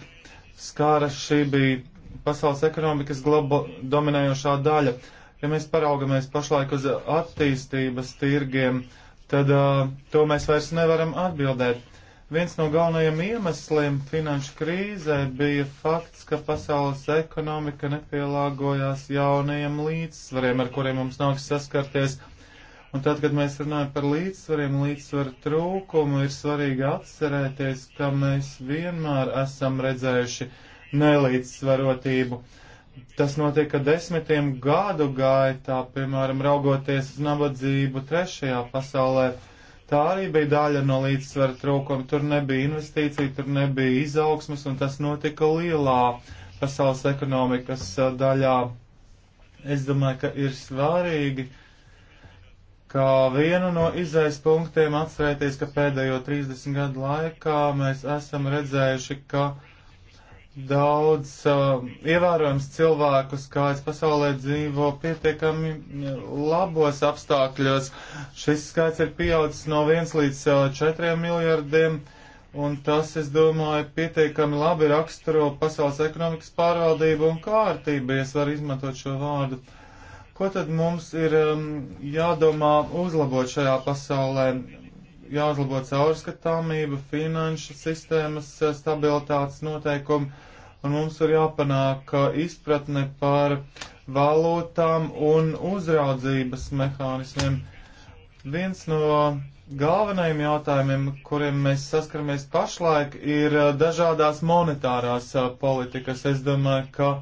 C: skāra šī bija pasaules ekonomikas globo dominējošā daļa. Ja mēs paraugamies pašlaik uz attīstības tirgiem, tad uh, to mēs vairs nevaram atbildēt. Viens no galvenajiem iemesliem finanšu krīzē bija fakts, ka pasaules ekonomika nepielāgojās jaunajiem līdzsvariem, ar kuriem mums nāks saskarties. Un tad, kad mēs runājam par līdzsvariem, līdzsvaru trūkumu, ir svarīgi atcerēties, ka mēs vienmēr esam redzējuši nelīdzsvarotību. Tas notiek desmitiem gadu gaitā, piemēram, raugoties uz nabadzību trešajā pasaulē Tā arī bija daļa no līdzsvera trūkuma. Tur nebija investīcija, tur nebija izaugsmas, un tas notika lielā pasaules ekonomikas uh, daļā. Es domāju, ka ir svarīgi, kā vienu no izaisa punktiem atcerēties, ka pēdējo 30 gadu laikā mēs esam redzējuši, ka uh, daudz uh, ievērojams cilvēku skaits pasaulē dzīvo pietiekami uh, labos apstākļos. Šis skaits ir pieaudzis no 1 līdz uh, 4 miljardiem, un tas, es domāju, pietiekami labi raksturo pasaules ekonomikas pārvaldību un kārtību, ja es varu izmantot šo vārdu. Ko tad mums ir um, jādomā uzlabot šajā pasaulē? jāuzlabo caurskatāmība, finanšu sistēmas eh, stabilitātes noteikumi, un mums ir jāpanāk eh, izpratne par valūtām un uzraudzības mehānismiem. Viens no galvenajiem jautājumiem, kuriem mēs saskaramies pašlaik, ir eh, dažādās monetārās politikas. Es domāju, ka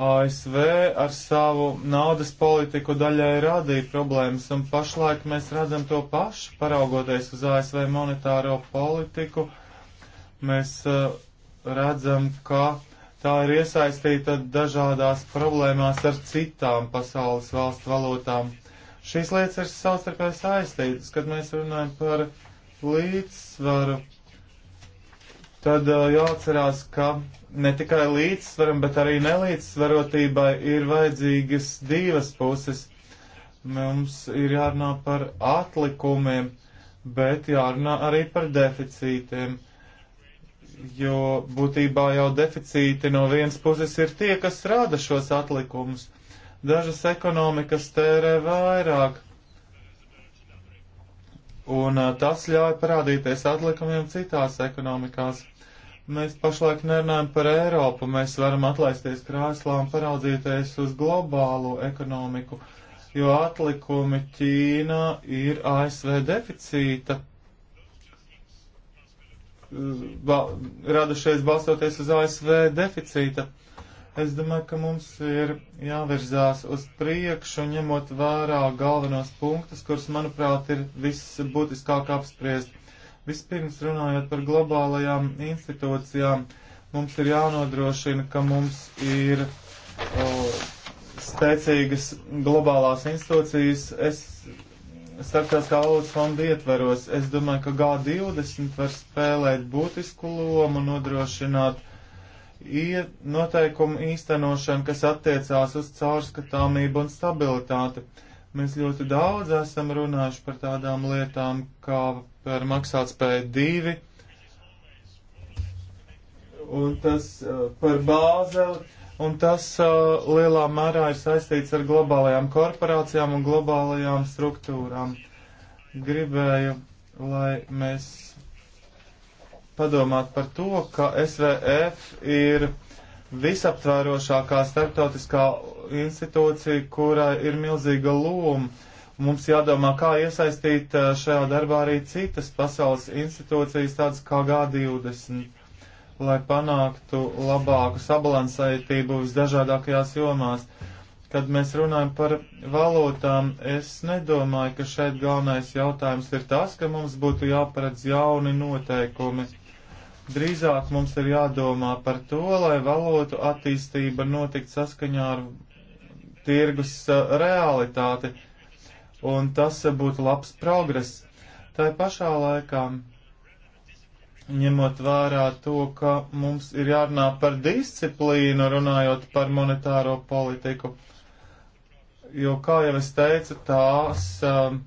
C: ASV ar savu naudas politiku daļai radīja problēmas, un pašlaik mēs redzam to pašu, paraugoties uz ASV monetāro politiku. Mēs uh, redzam, ka tā ir iesaistīta dažādās problēmās ar citām pasaules valstu valūtām. Šīs lietas ir savstarpēji saistītas, kad mēs runājam par līdzsvaru tad jāatcerās, ka ne tikai līdzsvaram, bet arī nelīdzsvarotībai ir vajadzīgas divas puses. Mums ir jārunā par atlikumiem, bet jārunā arī par deficītiem, jo būtībā jau deficīti no vienas puses ir tie, kas rada šos atlikumus. Dažas ekonomikas tērē vairāk, un tas ļauj parādīties atlikumiem citās ekonomikās Mēs pašlaik nerunājam par Eiropu, mēs varam atlaisties krāslā un paraudzīties uz globālo ekonomiku, jo atlikumi Ķīna ir ASV deficīta. Ba radušies balstoties uz ASV deficīta. Es domāju, ka mums ir jāvirzās uz priekšu, ņemot vērā galvenos punktus, kurus, manuprāt, ir viss būtiskāk apspriest Vispirms runājot par globālajām institūcijām, mums ir jānodrošina, ka mums ir uh, spēcīgas globālās institūcijas. Es starptautiskā valodas fonda ietveros, es domāju, ka G20 var spēlēt būtisku lomu, nodrošināt noteikumu īstenošanu, kas attiecās uz caurskatāmību un stabilitāti. Mēs ļoti daudz esam runājuši par tādām lietām, kā par maksātspēju divi, un tas eh, par bāzeli, un tas uh, lielā mērā ir saistīts ar globālajām korporācijām un globālajām struktūrām. Gribēju, lai mēs padomātu par to, ka SVF ir visaptvērošākā starptautiskā institūcija, kurai ir milzīga loma. Mums jādomā, kā iesaistīt eh, šajā darbā arī citas pasaules institūcijas, tādas kā G20, lai panāktu labāku sabalansētību visdažādākajās jomās. Kad mēs runājam par valūtām, es nedomāju, ka šeit galvenais jautājums ir tas, ka mums būtu jāparedz jauni noteikumi Drīzāk mums ir jādomā par to, lai valūtu attīstība notikt saskaņā ar tirgus realitāti, un tas būtu labs progress. Tā pašā laikā, ņemot vērā to, ka mums ir jārunā par disciplīnu, runājot par monetāro politiku, jo, kā jau es teicu, tās um,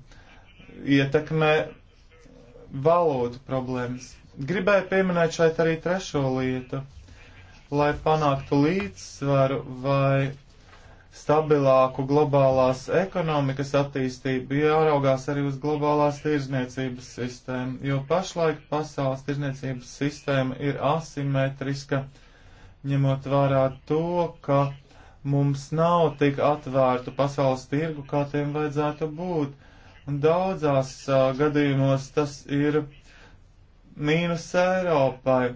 C: ietekmē valūtu problēmas. Gribēju pieminēt šeit arī trešo lietu. Lai panāktu līdzsvaru vai stabilāku globālās ekonomikas attīstību, jāraugās arī uz globālās tirzniecības sistēmu, jo pašlaik pasaules tirzniecības sistēma ir asimetriska, ņemot vērā to, ka mums nav tik atvērtu pasaules tirgu, kā tiem vajadzētu būt. Un daudzās uh, gadījumos tas ir mīnus Eiropai.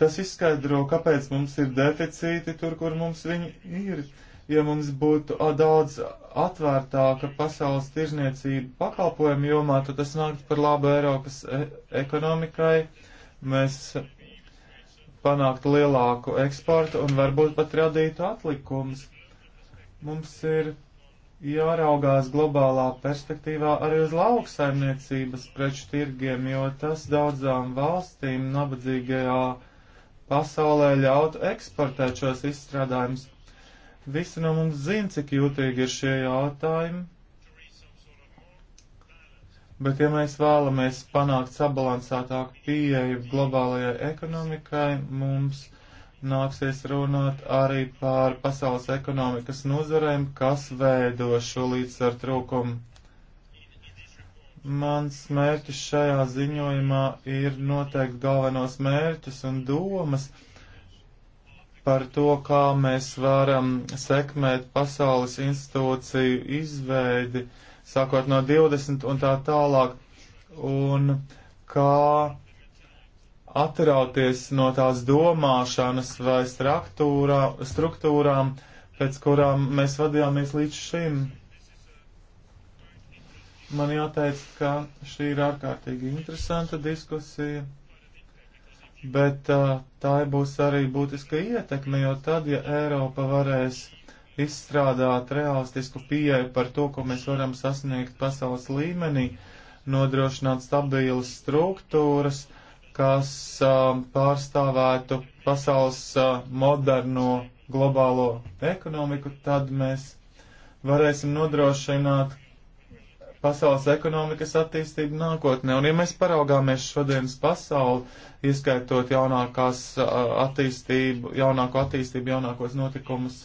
C: Tas izskaidro, kāpēc mums ir deficīti tur, kur mums viņi ir. Ja mums būtu daudz atvērtāka pasaules tirzniecība pakalpojumu jomā, tad tas nāktu par labu Eiropas e ekonomikai. Mēs panāktu lielāku eksportu un varbūt pat radītu atlikumus. Mums ir jāraugās globālā perspektīvā arī uz lauksaimniecības preču tirgiem, jo tas daudzām valstīm nabadzīgajā pasaulē ļautu eksportēt šos izstrādājumus. Visi no mums zina, cik jūtīgi ir šie jautājumi, bet ja mēs vēlamies panākt sabalansētāku pieeju globālajai ekonomikai, mums nāksies runāt arī par pasaules ekonomikas nozarēm, kas veido šo līdzsvaru trūkumu. Mans mērķis šajā ziņojumā ir noteikt galvenos mērķus un domas par to, kā mēs varam sekmēt pasaules institūciju izveidi, sākot no 20 un tā tālāk, un kā atrauties no tās domāšanas vai struktūrā, struktūrām, pēc kurām mēs vadījāmies līdz šim. Man jāteic, ka šī ir ārkārtīgi interesanta diskusija, bet uh, tā būs arī būtiska ietekme, jo tad, ja Eiropa varēs izstrādāt realistisku pieeju par to, ko mēs varam sasniegt pasaules līmenī, nodrošināt stabilas struktūras, uh, kas uh, pārstāvētu pasaules uh, moderno globālo ekonomiku, tad mēs varēsim nodrošināt pasaules ekonomikas attīstību nākotnē. Un ja mēs paraugāmies šodienas pasauli, ieskaitot jaunākās uh, attīstību, jaunāko attīstību, jaunākos notikumus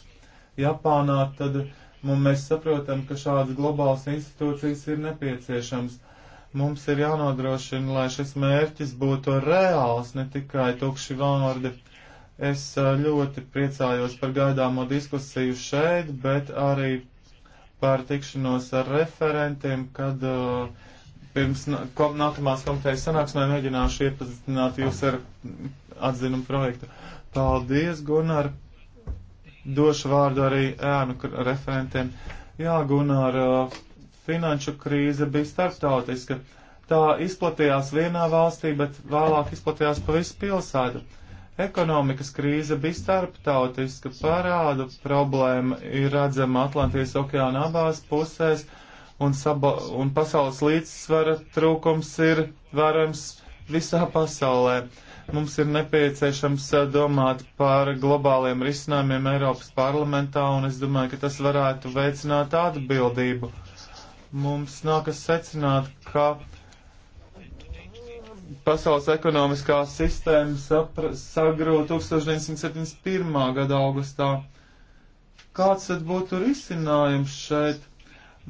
C: Japānā, tad mums mēs saprotam, ka šādas globālas institūcijas ir nepieciešams. Uh, Mums ir jānodrošina, lai šis mērķis būtu reāls, ne tikai tukši vārdi. Es ļoti priecājos par gaidāmo diskusiju šeit, bet arī par tikšanos ar referentiem, kad uh, pirms kom, nākamās komitejas sanāksmē mēģināšu iepazīstināt jūs ar atzinumu projektu. Paldies, Gunār! Došu vārdu arī ēnu referentiem. Jā, Gunār, uh, finanšu krīze bija starptautiska. Tā izplatījās vienā valstī, bet vēlāk izplatījās pa visu pilsētu. Ekonomikas krīze bija starptautiska, parādu problēma ir redzama Atlantijas okeāna abās pusēs, un, saba, un pasaules līdzsvara trūkums ir vērams visā pasaulē. Mums ir nepieciešams eh, domāt par globāliem risinājumiem Eiropas parlamentā, un es domāju, ka tas varētu veicināt atbildību mums nākas secināt, ka pasaules ekonomiskā sistēma sagrū 1971. gada augustā. Kāds tad būtu risinājums šeit?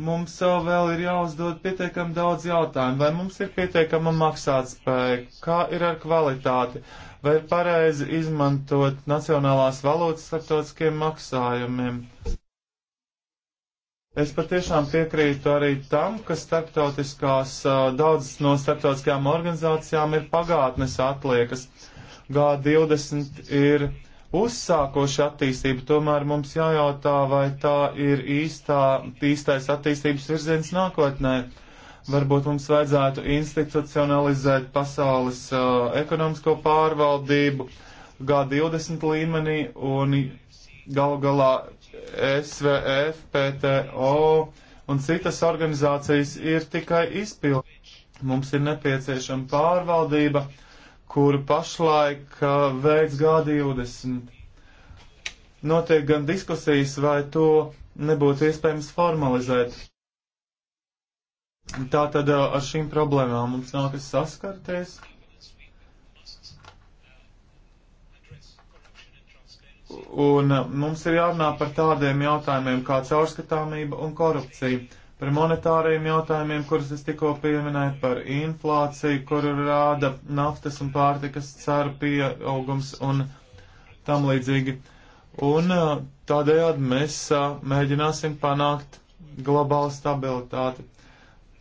C: Mums vēl, vēl ir jāuzdod pietiekami daudz jautājumu, vai mums ir pietiekama maksātspēja, kā ir ar kvalitāti, vai ir pareizi izmantot nacionālās valūtas starptautiskiem maksājumiem. Es patiešām piekrītu arī tam, ka starptautiskās, daudzas no starptautiskajām organizācijām ir pagātnes atliekas. G20 ir uzsākoša attīstība, tomēr mums jājautā, vai tā ir īstā, īstais attīstības virziens nākotnē. Varbūt mums vajadzētu institucionalizēt pasaules uh, ekonomisko pārvaldību G20 līmenī un galu galā SVF, PTO un citas organizācijas ir tikai izpildi. Mums ir nepieciešama pārvaldība, kuru pašlaik uh, veids G20. Notiek gan diskusijas, vai to nebūtu iespējams formalizēt. Tātad ar šīm problēmām mums nākas saskarties. Un uh, mums ir jārunā par tādiem jautājumiem kā caurskatāmība un korupcija, par monetāriem jautājumiem, kurus es tikko pieminēju, par inflāciju, kuru rāda naftas un pārtikas cēru pieaugums un tam līdzīgi. Un uh, tādējādi mēs uh, mēģināsim panākt globālu stabilitāti.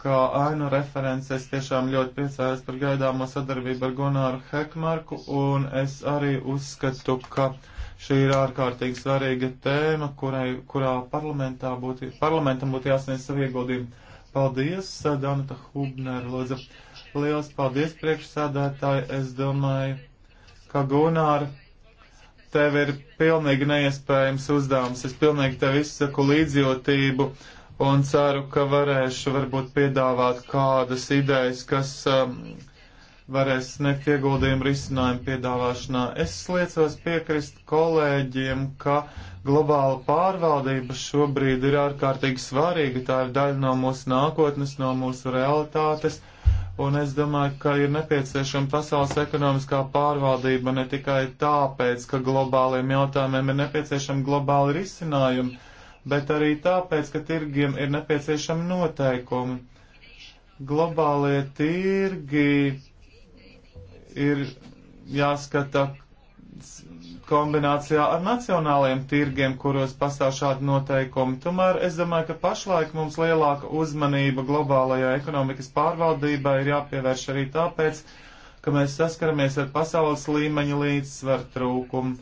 C: Kā ainu references tiešām ļoti priecājos par gaidāmo sadarbību ar Gunāru Hekmarku, un es arī uzskatu, ka Šī ir ārkārtīgi svarīga tēma, kurai, kurā būtu, parlamentam būtu jāsniedz savu ieguldījumu. Paldies, Danuta Hubner, lūdzu. Liels paldies, priekšsādātāji. Es domāju, ka Gunār, tev ir pilnīgi neiespējams uzdevums. Es pilnīgi tev izsaku līdzjūtību un ceru, ka varēšu varbūt piedāvāt kādas idejas, kas. Um, varēs sniegt ieguldījumu risinājumu piedāvāšanā. Es liecos piekrist kolēģiem, ka globāla pārvaldība šobrīd ir ārkārtīgi svarīga. Tā ir daļa no mūsu nākotnes, no mūsu realitātes. Un es domāju, ka ir nepieciešama pasaules ekonomiskā pārvaldība ne tikai tāpēc, ka globāliem jautājumiem ir nepieciešama globāla risinājuma, bet arī tāpēc, ka tirgiem ir nepieciešama noteikumi. Globālie tirgi ir jāskata kombinācijā ar nacionālajiem tirgiem, kuros pastāv šādi noteikumi. Tomēr es domāju, ka pašlaik mums lielāka uzmanība globālajā ekonomikas pārvaldībā ir jāpievērš arī tāpēc, ka mēs saskaramies ar pasaules līmeņa līdzsvaru trūkumu.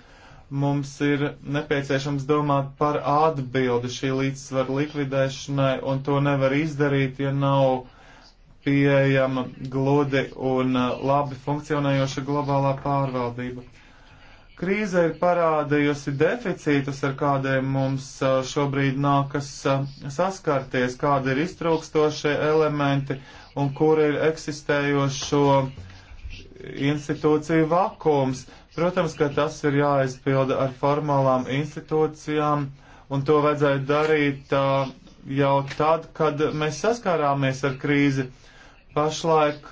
C: Mums ir nepieciešams domāt par atbildi šī līdzsvaru likvidēšanai, un to nevar izdarīt, ja nav pieejama gludi un uh, labi funkcionējoša globālā pārvaldība. Krīze ir parādījusi deficītus, ar kādiem mums uh, šobrīd nākas uh, saskarties, kādi ir iztrūkstošie elementi un kur ir eksistējošo institūciju vakums. Protams, ka tas ir jāizpilda ar formālām institūcijām, un to vajadzēja darīt jau tad, kad mēs saskārāmies ar krīzi Pašlaik,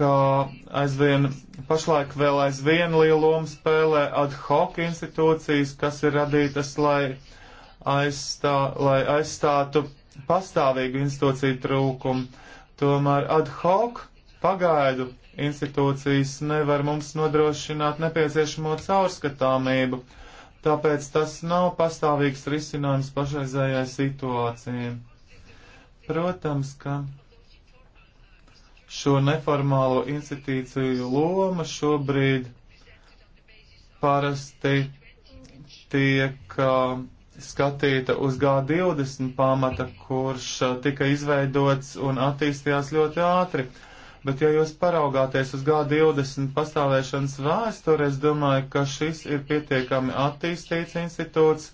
C: aizvien, pašlaik vēl aizvien lielu lomu spēlē ad hoc institūcijas, kas ir radītas, lai, aizstā, lai aizstātu pastāvīgu institūciju trūkumu. Tomēr ad hoc pagaidu institūcijas nevar mums nodrošināt nepieciešamo caurskatāmību, tāpēc tas nav pastāvīgs risinājums pašreizējai situācijai. Protams, ka Šo neformālo institīciju loma šobrīd parasti tiek uh, skatīta uz G20 pamata, kurš uh, tika izveidots un attīstījās ļoti ātri. Bet, ja jūs paraugāties uz G20 pastāvēšanas vēsturi, es domāju, ka šis ir pietiekami attīstīts institūts,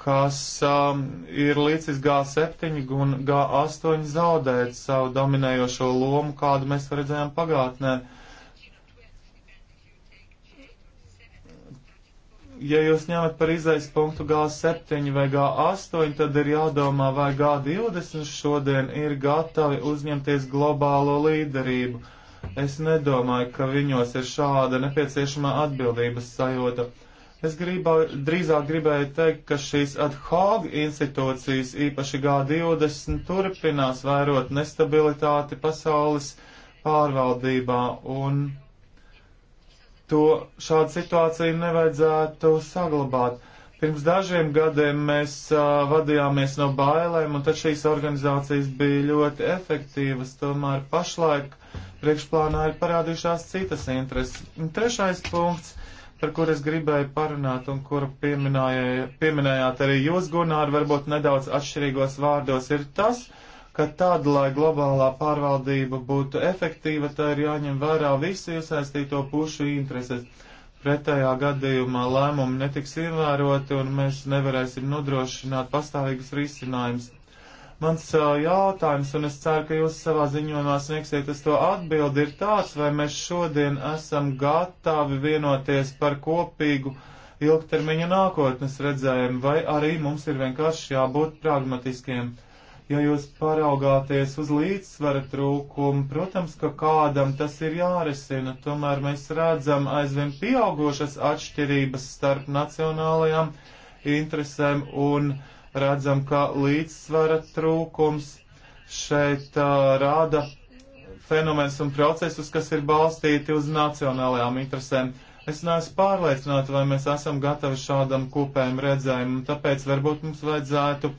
C: kas um, ir līdzis G7 un G8 zaudēt savu dominējošo lomu, kādu mēs redzējām pagātnē. Ja jūs ņemat par izais punktu G7 vai G8, tad ir jādomā, vai G20 šodien ir gatavi uzņemties globālo līderību. Es nedomāju, ka viņos ir šāda nepieciešamā atbildības sajūta. Uh, Es gribā, drīzāk gribēju teikt, ka šīs ad hoc institūcijas, īpaši G20, turpinās vērot nestabilitāti pasaules pārvaldībā, un to šādu situāciju nevajadzētu saglabāt. Pirms dažiem gadiem mēs uh, vadījāmies no bailēm, un tad šīs organizācijas bija ļoti efektīvas. Tomēr pašlaik priekšplānā ir parādījušās citas intereses. Un trešais punkts par kur es gribēju parunāt un kuru pieminējāt arī jūs, Gunār, varbūt nedaudz atšķirīgos vārdos, ir tas, ka tad, lai globālā pārvaldība būtu efektīva, tā ir jāņem vērā visu iesaistīto pušu intereses. Pretējā gadījumā lēmumi netiks ievēroti un mēs nevarēsim nodrošināt pastāvīgus risinājumus. Mans uh, jautājums, un es ceru, ka jūs savā ziņojumā sniegsiet uz to atbildi, ir tāds, vai mēs šodien esam gatavi vienoties par kopīgu ilgtermiņa nākotnes redzējumu, vai arī mums ir vienkārši jābūt pragmatiskiem. Ja jūs paraugāties uz līdzsvara trūkumu, protams, ka kādam tas ir jārisina, tomēr mēs redzam aizvien pieaugošas atšķirības starp nacionālajām interesēm un uh, redzam, ka līdzsvara trūkums šeit uh, rāda fenomens un procesus, kas ir balstīti uz nacionālajām interesēm. Es neesmu pārliecināta, vai mēs esam gatavi šādam kopējam redzējumam, tāpēc varbūt mums vajadzētu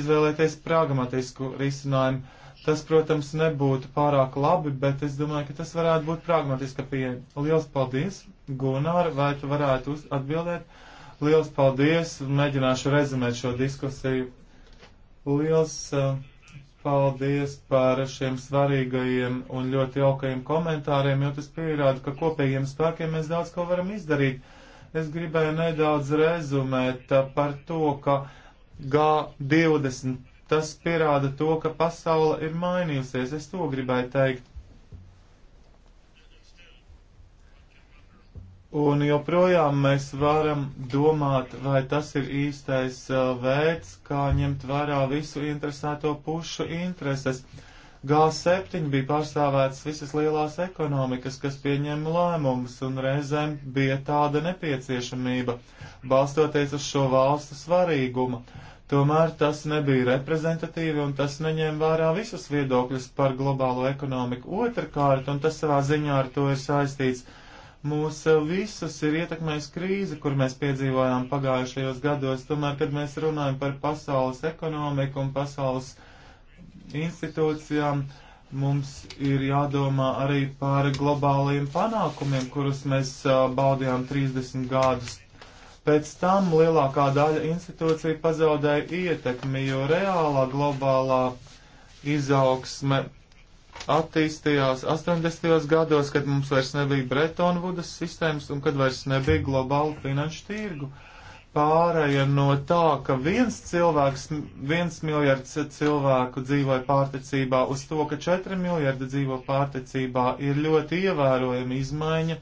C: izvēlēties pragmatisku risinājumu. Tas, protams, nebūtu pārāk labi, bet es domāju, ka tas varētu būt pragmatiska pieeja. Lielas paldies, Gunār, vai tu varētu atbildēt? Liels paldies! Mēģināšu rezumēt šo diskusiju. Liels uh, paldies par šiem svarīgajiem un ļoti jaukajiem komentāriem, jo tas pierāda, ka kopīgiem spēkiem mēs daudz ko varam izdarīt. Es gribēju nedaudz rezumēt uh, par to, ka G20 tas pierāda to, ka pasaule ir mainījusies. Es to gribēju teikt. Un joprojām mēs varam domāt, vai tas ir īstais uh, veids, kā ņemt vērā visu interesēto pušu intereses. G7 bija pārstāvētas visas lielās ekonomikas, kas pieņēma lēmumus, un reizēm bija tāda nepieciešamība, balstoties uz šo valstu svarīgumu. Tomēr tas nebija reprezentatīvi, un tas neņēma vērā visus viedokļus par globālo ekonomiku. Otrakārt, un tas savā ziņā ar to ir saistīts, Mūs visus ir ietekmējusi krīze, kur mēs piedzīvojām pagājušajos gados. Tomēr, kad mēs runājam par pasaules ekonomiku un pasaules institūcijām, mums ir jādomā arī par globālajiem panākumiem, kurus mēs baudījām 30 gadus Pēc tam lielākā daļa institūcija pazaudēja ietekmi, jo reālā globālā izaugsme attīstījās 80. gados, kad mums vairs nebija Bretonvudas sistēmas un kad vairs nebija globāla finanšu tirgu. Pārēja no tā, ka viens cilvēks, viens miljards cilvēku dzīvoja pārticībā, uz to, ka četri miljardi dzīvo pārticībā, ir ļoti ievērojama izmaiņa,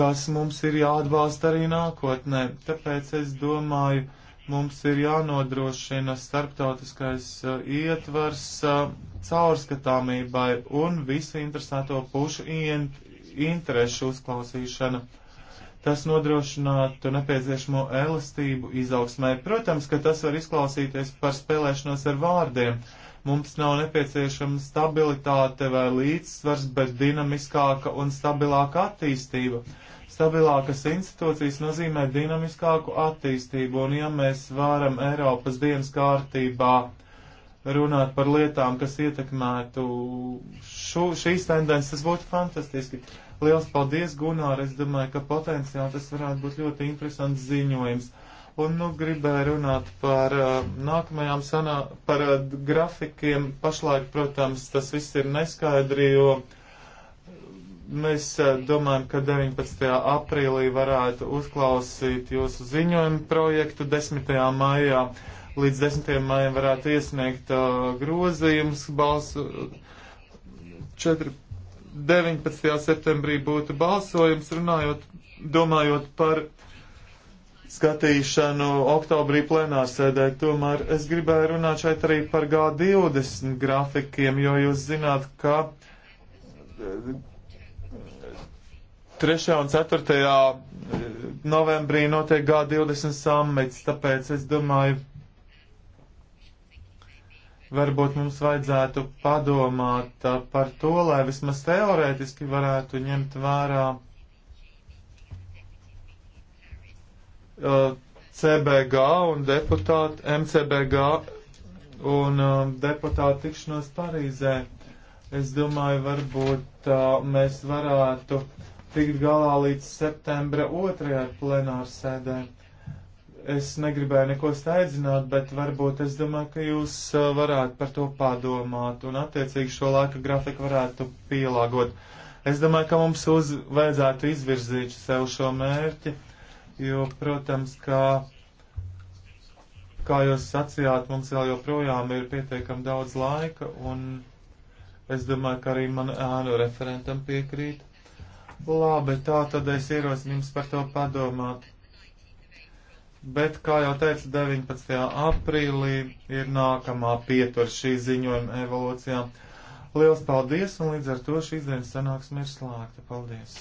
C: kas mums ir jāatbalsta arī nākotnē. Tāpēc es domāju, Mums ir jānodrošina starptautiskais uh, ietvars uh, caurskatāmībai un visu interesēto pušu in interešu uzklausīšana. Tas nodrošinātu nepieciešamo elastību izaugsmai. Protams, ka tas var izklausīties par spēlēšanos ar vārdiem. Mums nav nepieciešama stabilitāte vai līdzsvars, bet dinamiskāka un stabilāka attīstība. Uh, Stabilākas institūcijas nozīmē dinamiskāku attīstību, un ja mēs varam Eiropas dienas kārtībā runāt par lietām, kas ietekmētu šo, šīs tendences, tas būtu fantastiski. Liels paldies, Gunār, es domāju, ka potenciāli tas varētu būt ļoti interesants ziņojums. Un nu gribēju runāt par uh, nākamajām sanā, par uh, grafikiem. Pašlaik, protams, tas viss ir neskaidri, jo uh, Mēs domājam, ka 19. aprīlī varētu uzklausīt jūsu ziņojumu projektu 10. maijā. Līdz 10. maijam varētu iesniegt uh, grozījums balsu 4. 19. septembrī būtu balsojums, runājot, domājot par skatīšanu oktobrī plenārsēdē. Tomēr es gribēju runāt šeit arī par G20 grafikiem, jo jūs zināt, ka 3. un 4. Eh, novembrī notiek G20 samits, tāpēc es domāju, varbūt mums vajadzētu padomāt eh, par to, lai vismaz teorētiski varētu ņemt vērā eh, CBG un deputāti, MCBG un deputāti tikšanos Parīzē. Es domāju, varbūt mēs varētu tikt galā līdz septembra otrajai plenārsēdē. Es negribēju neko steidzināt, bet varbūt es domāju, ka jūs uh, varētu par to padomāt un attiecīgi šo laika grafiku varētu pielāgot. Es domāju, ka mums uz, vajadzētu izvirzīt sev šo mērķi, jo, protams, kā, kā jūs sacījāt, mums vēl joprojām ir pietiekam daudz laika un es domāju, ka arī man ēnu referentam piekrīt Labi, tā tad es ierosinu jums par to padomāt. Bet, kā jau teicu, 19. aprīlī ir nākamā pietura šī ziņojuma evolūcijā. Liels paldies, un līdz ar to šīs dienas sanāksme ir slēgta. Paldies!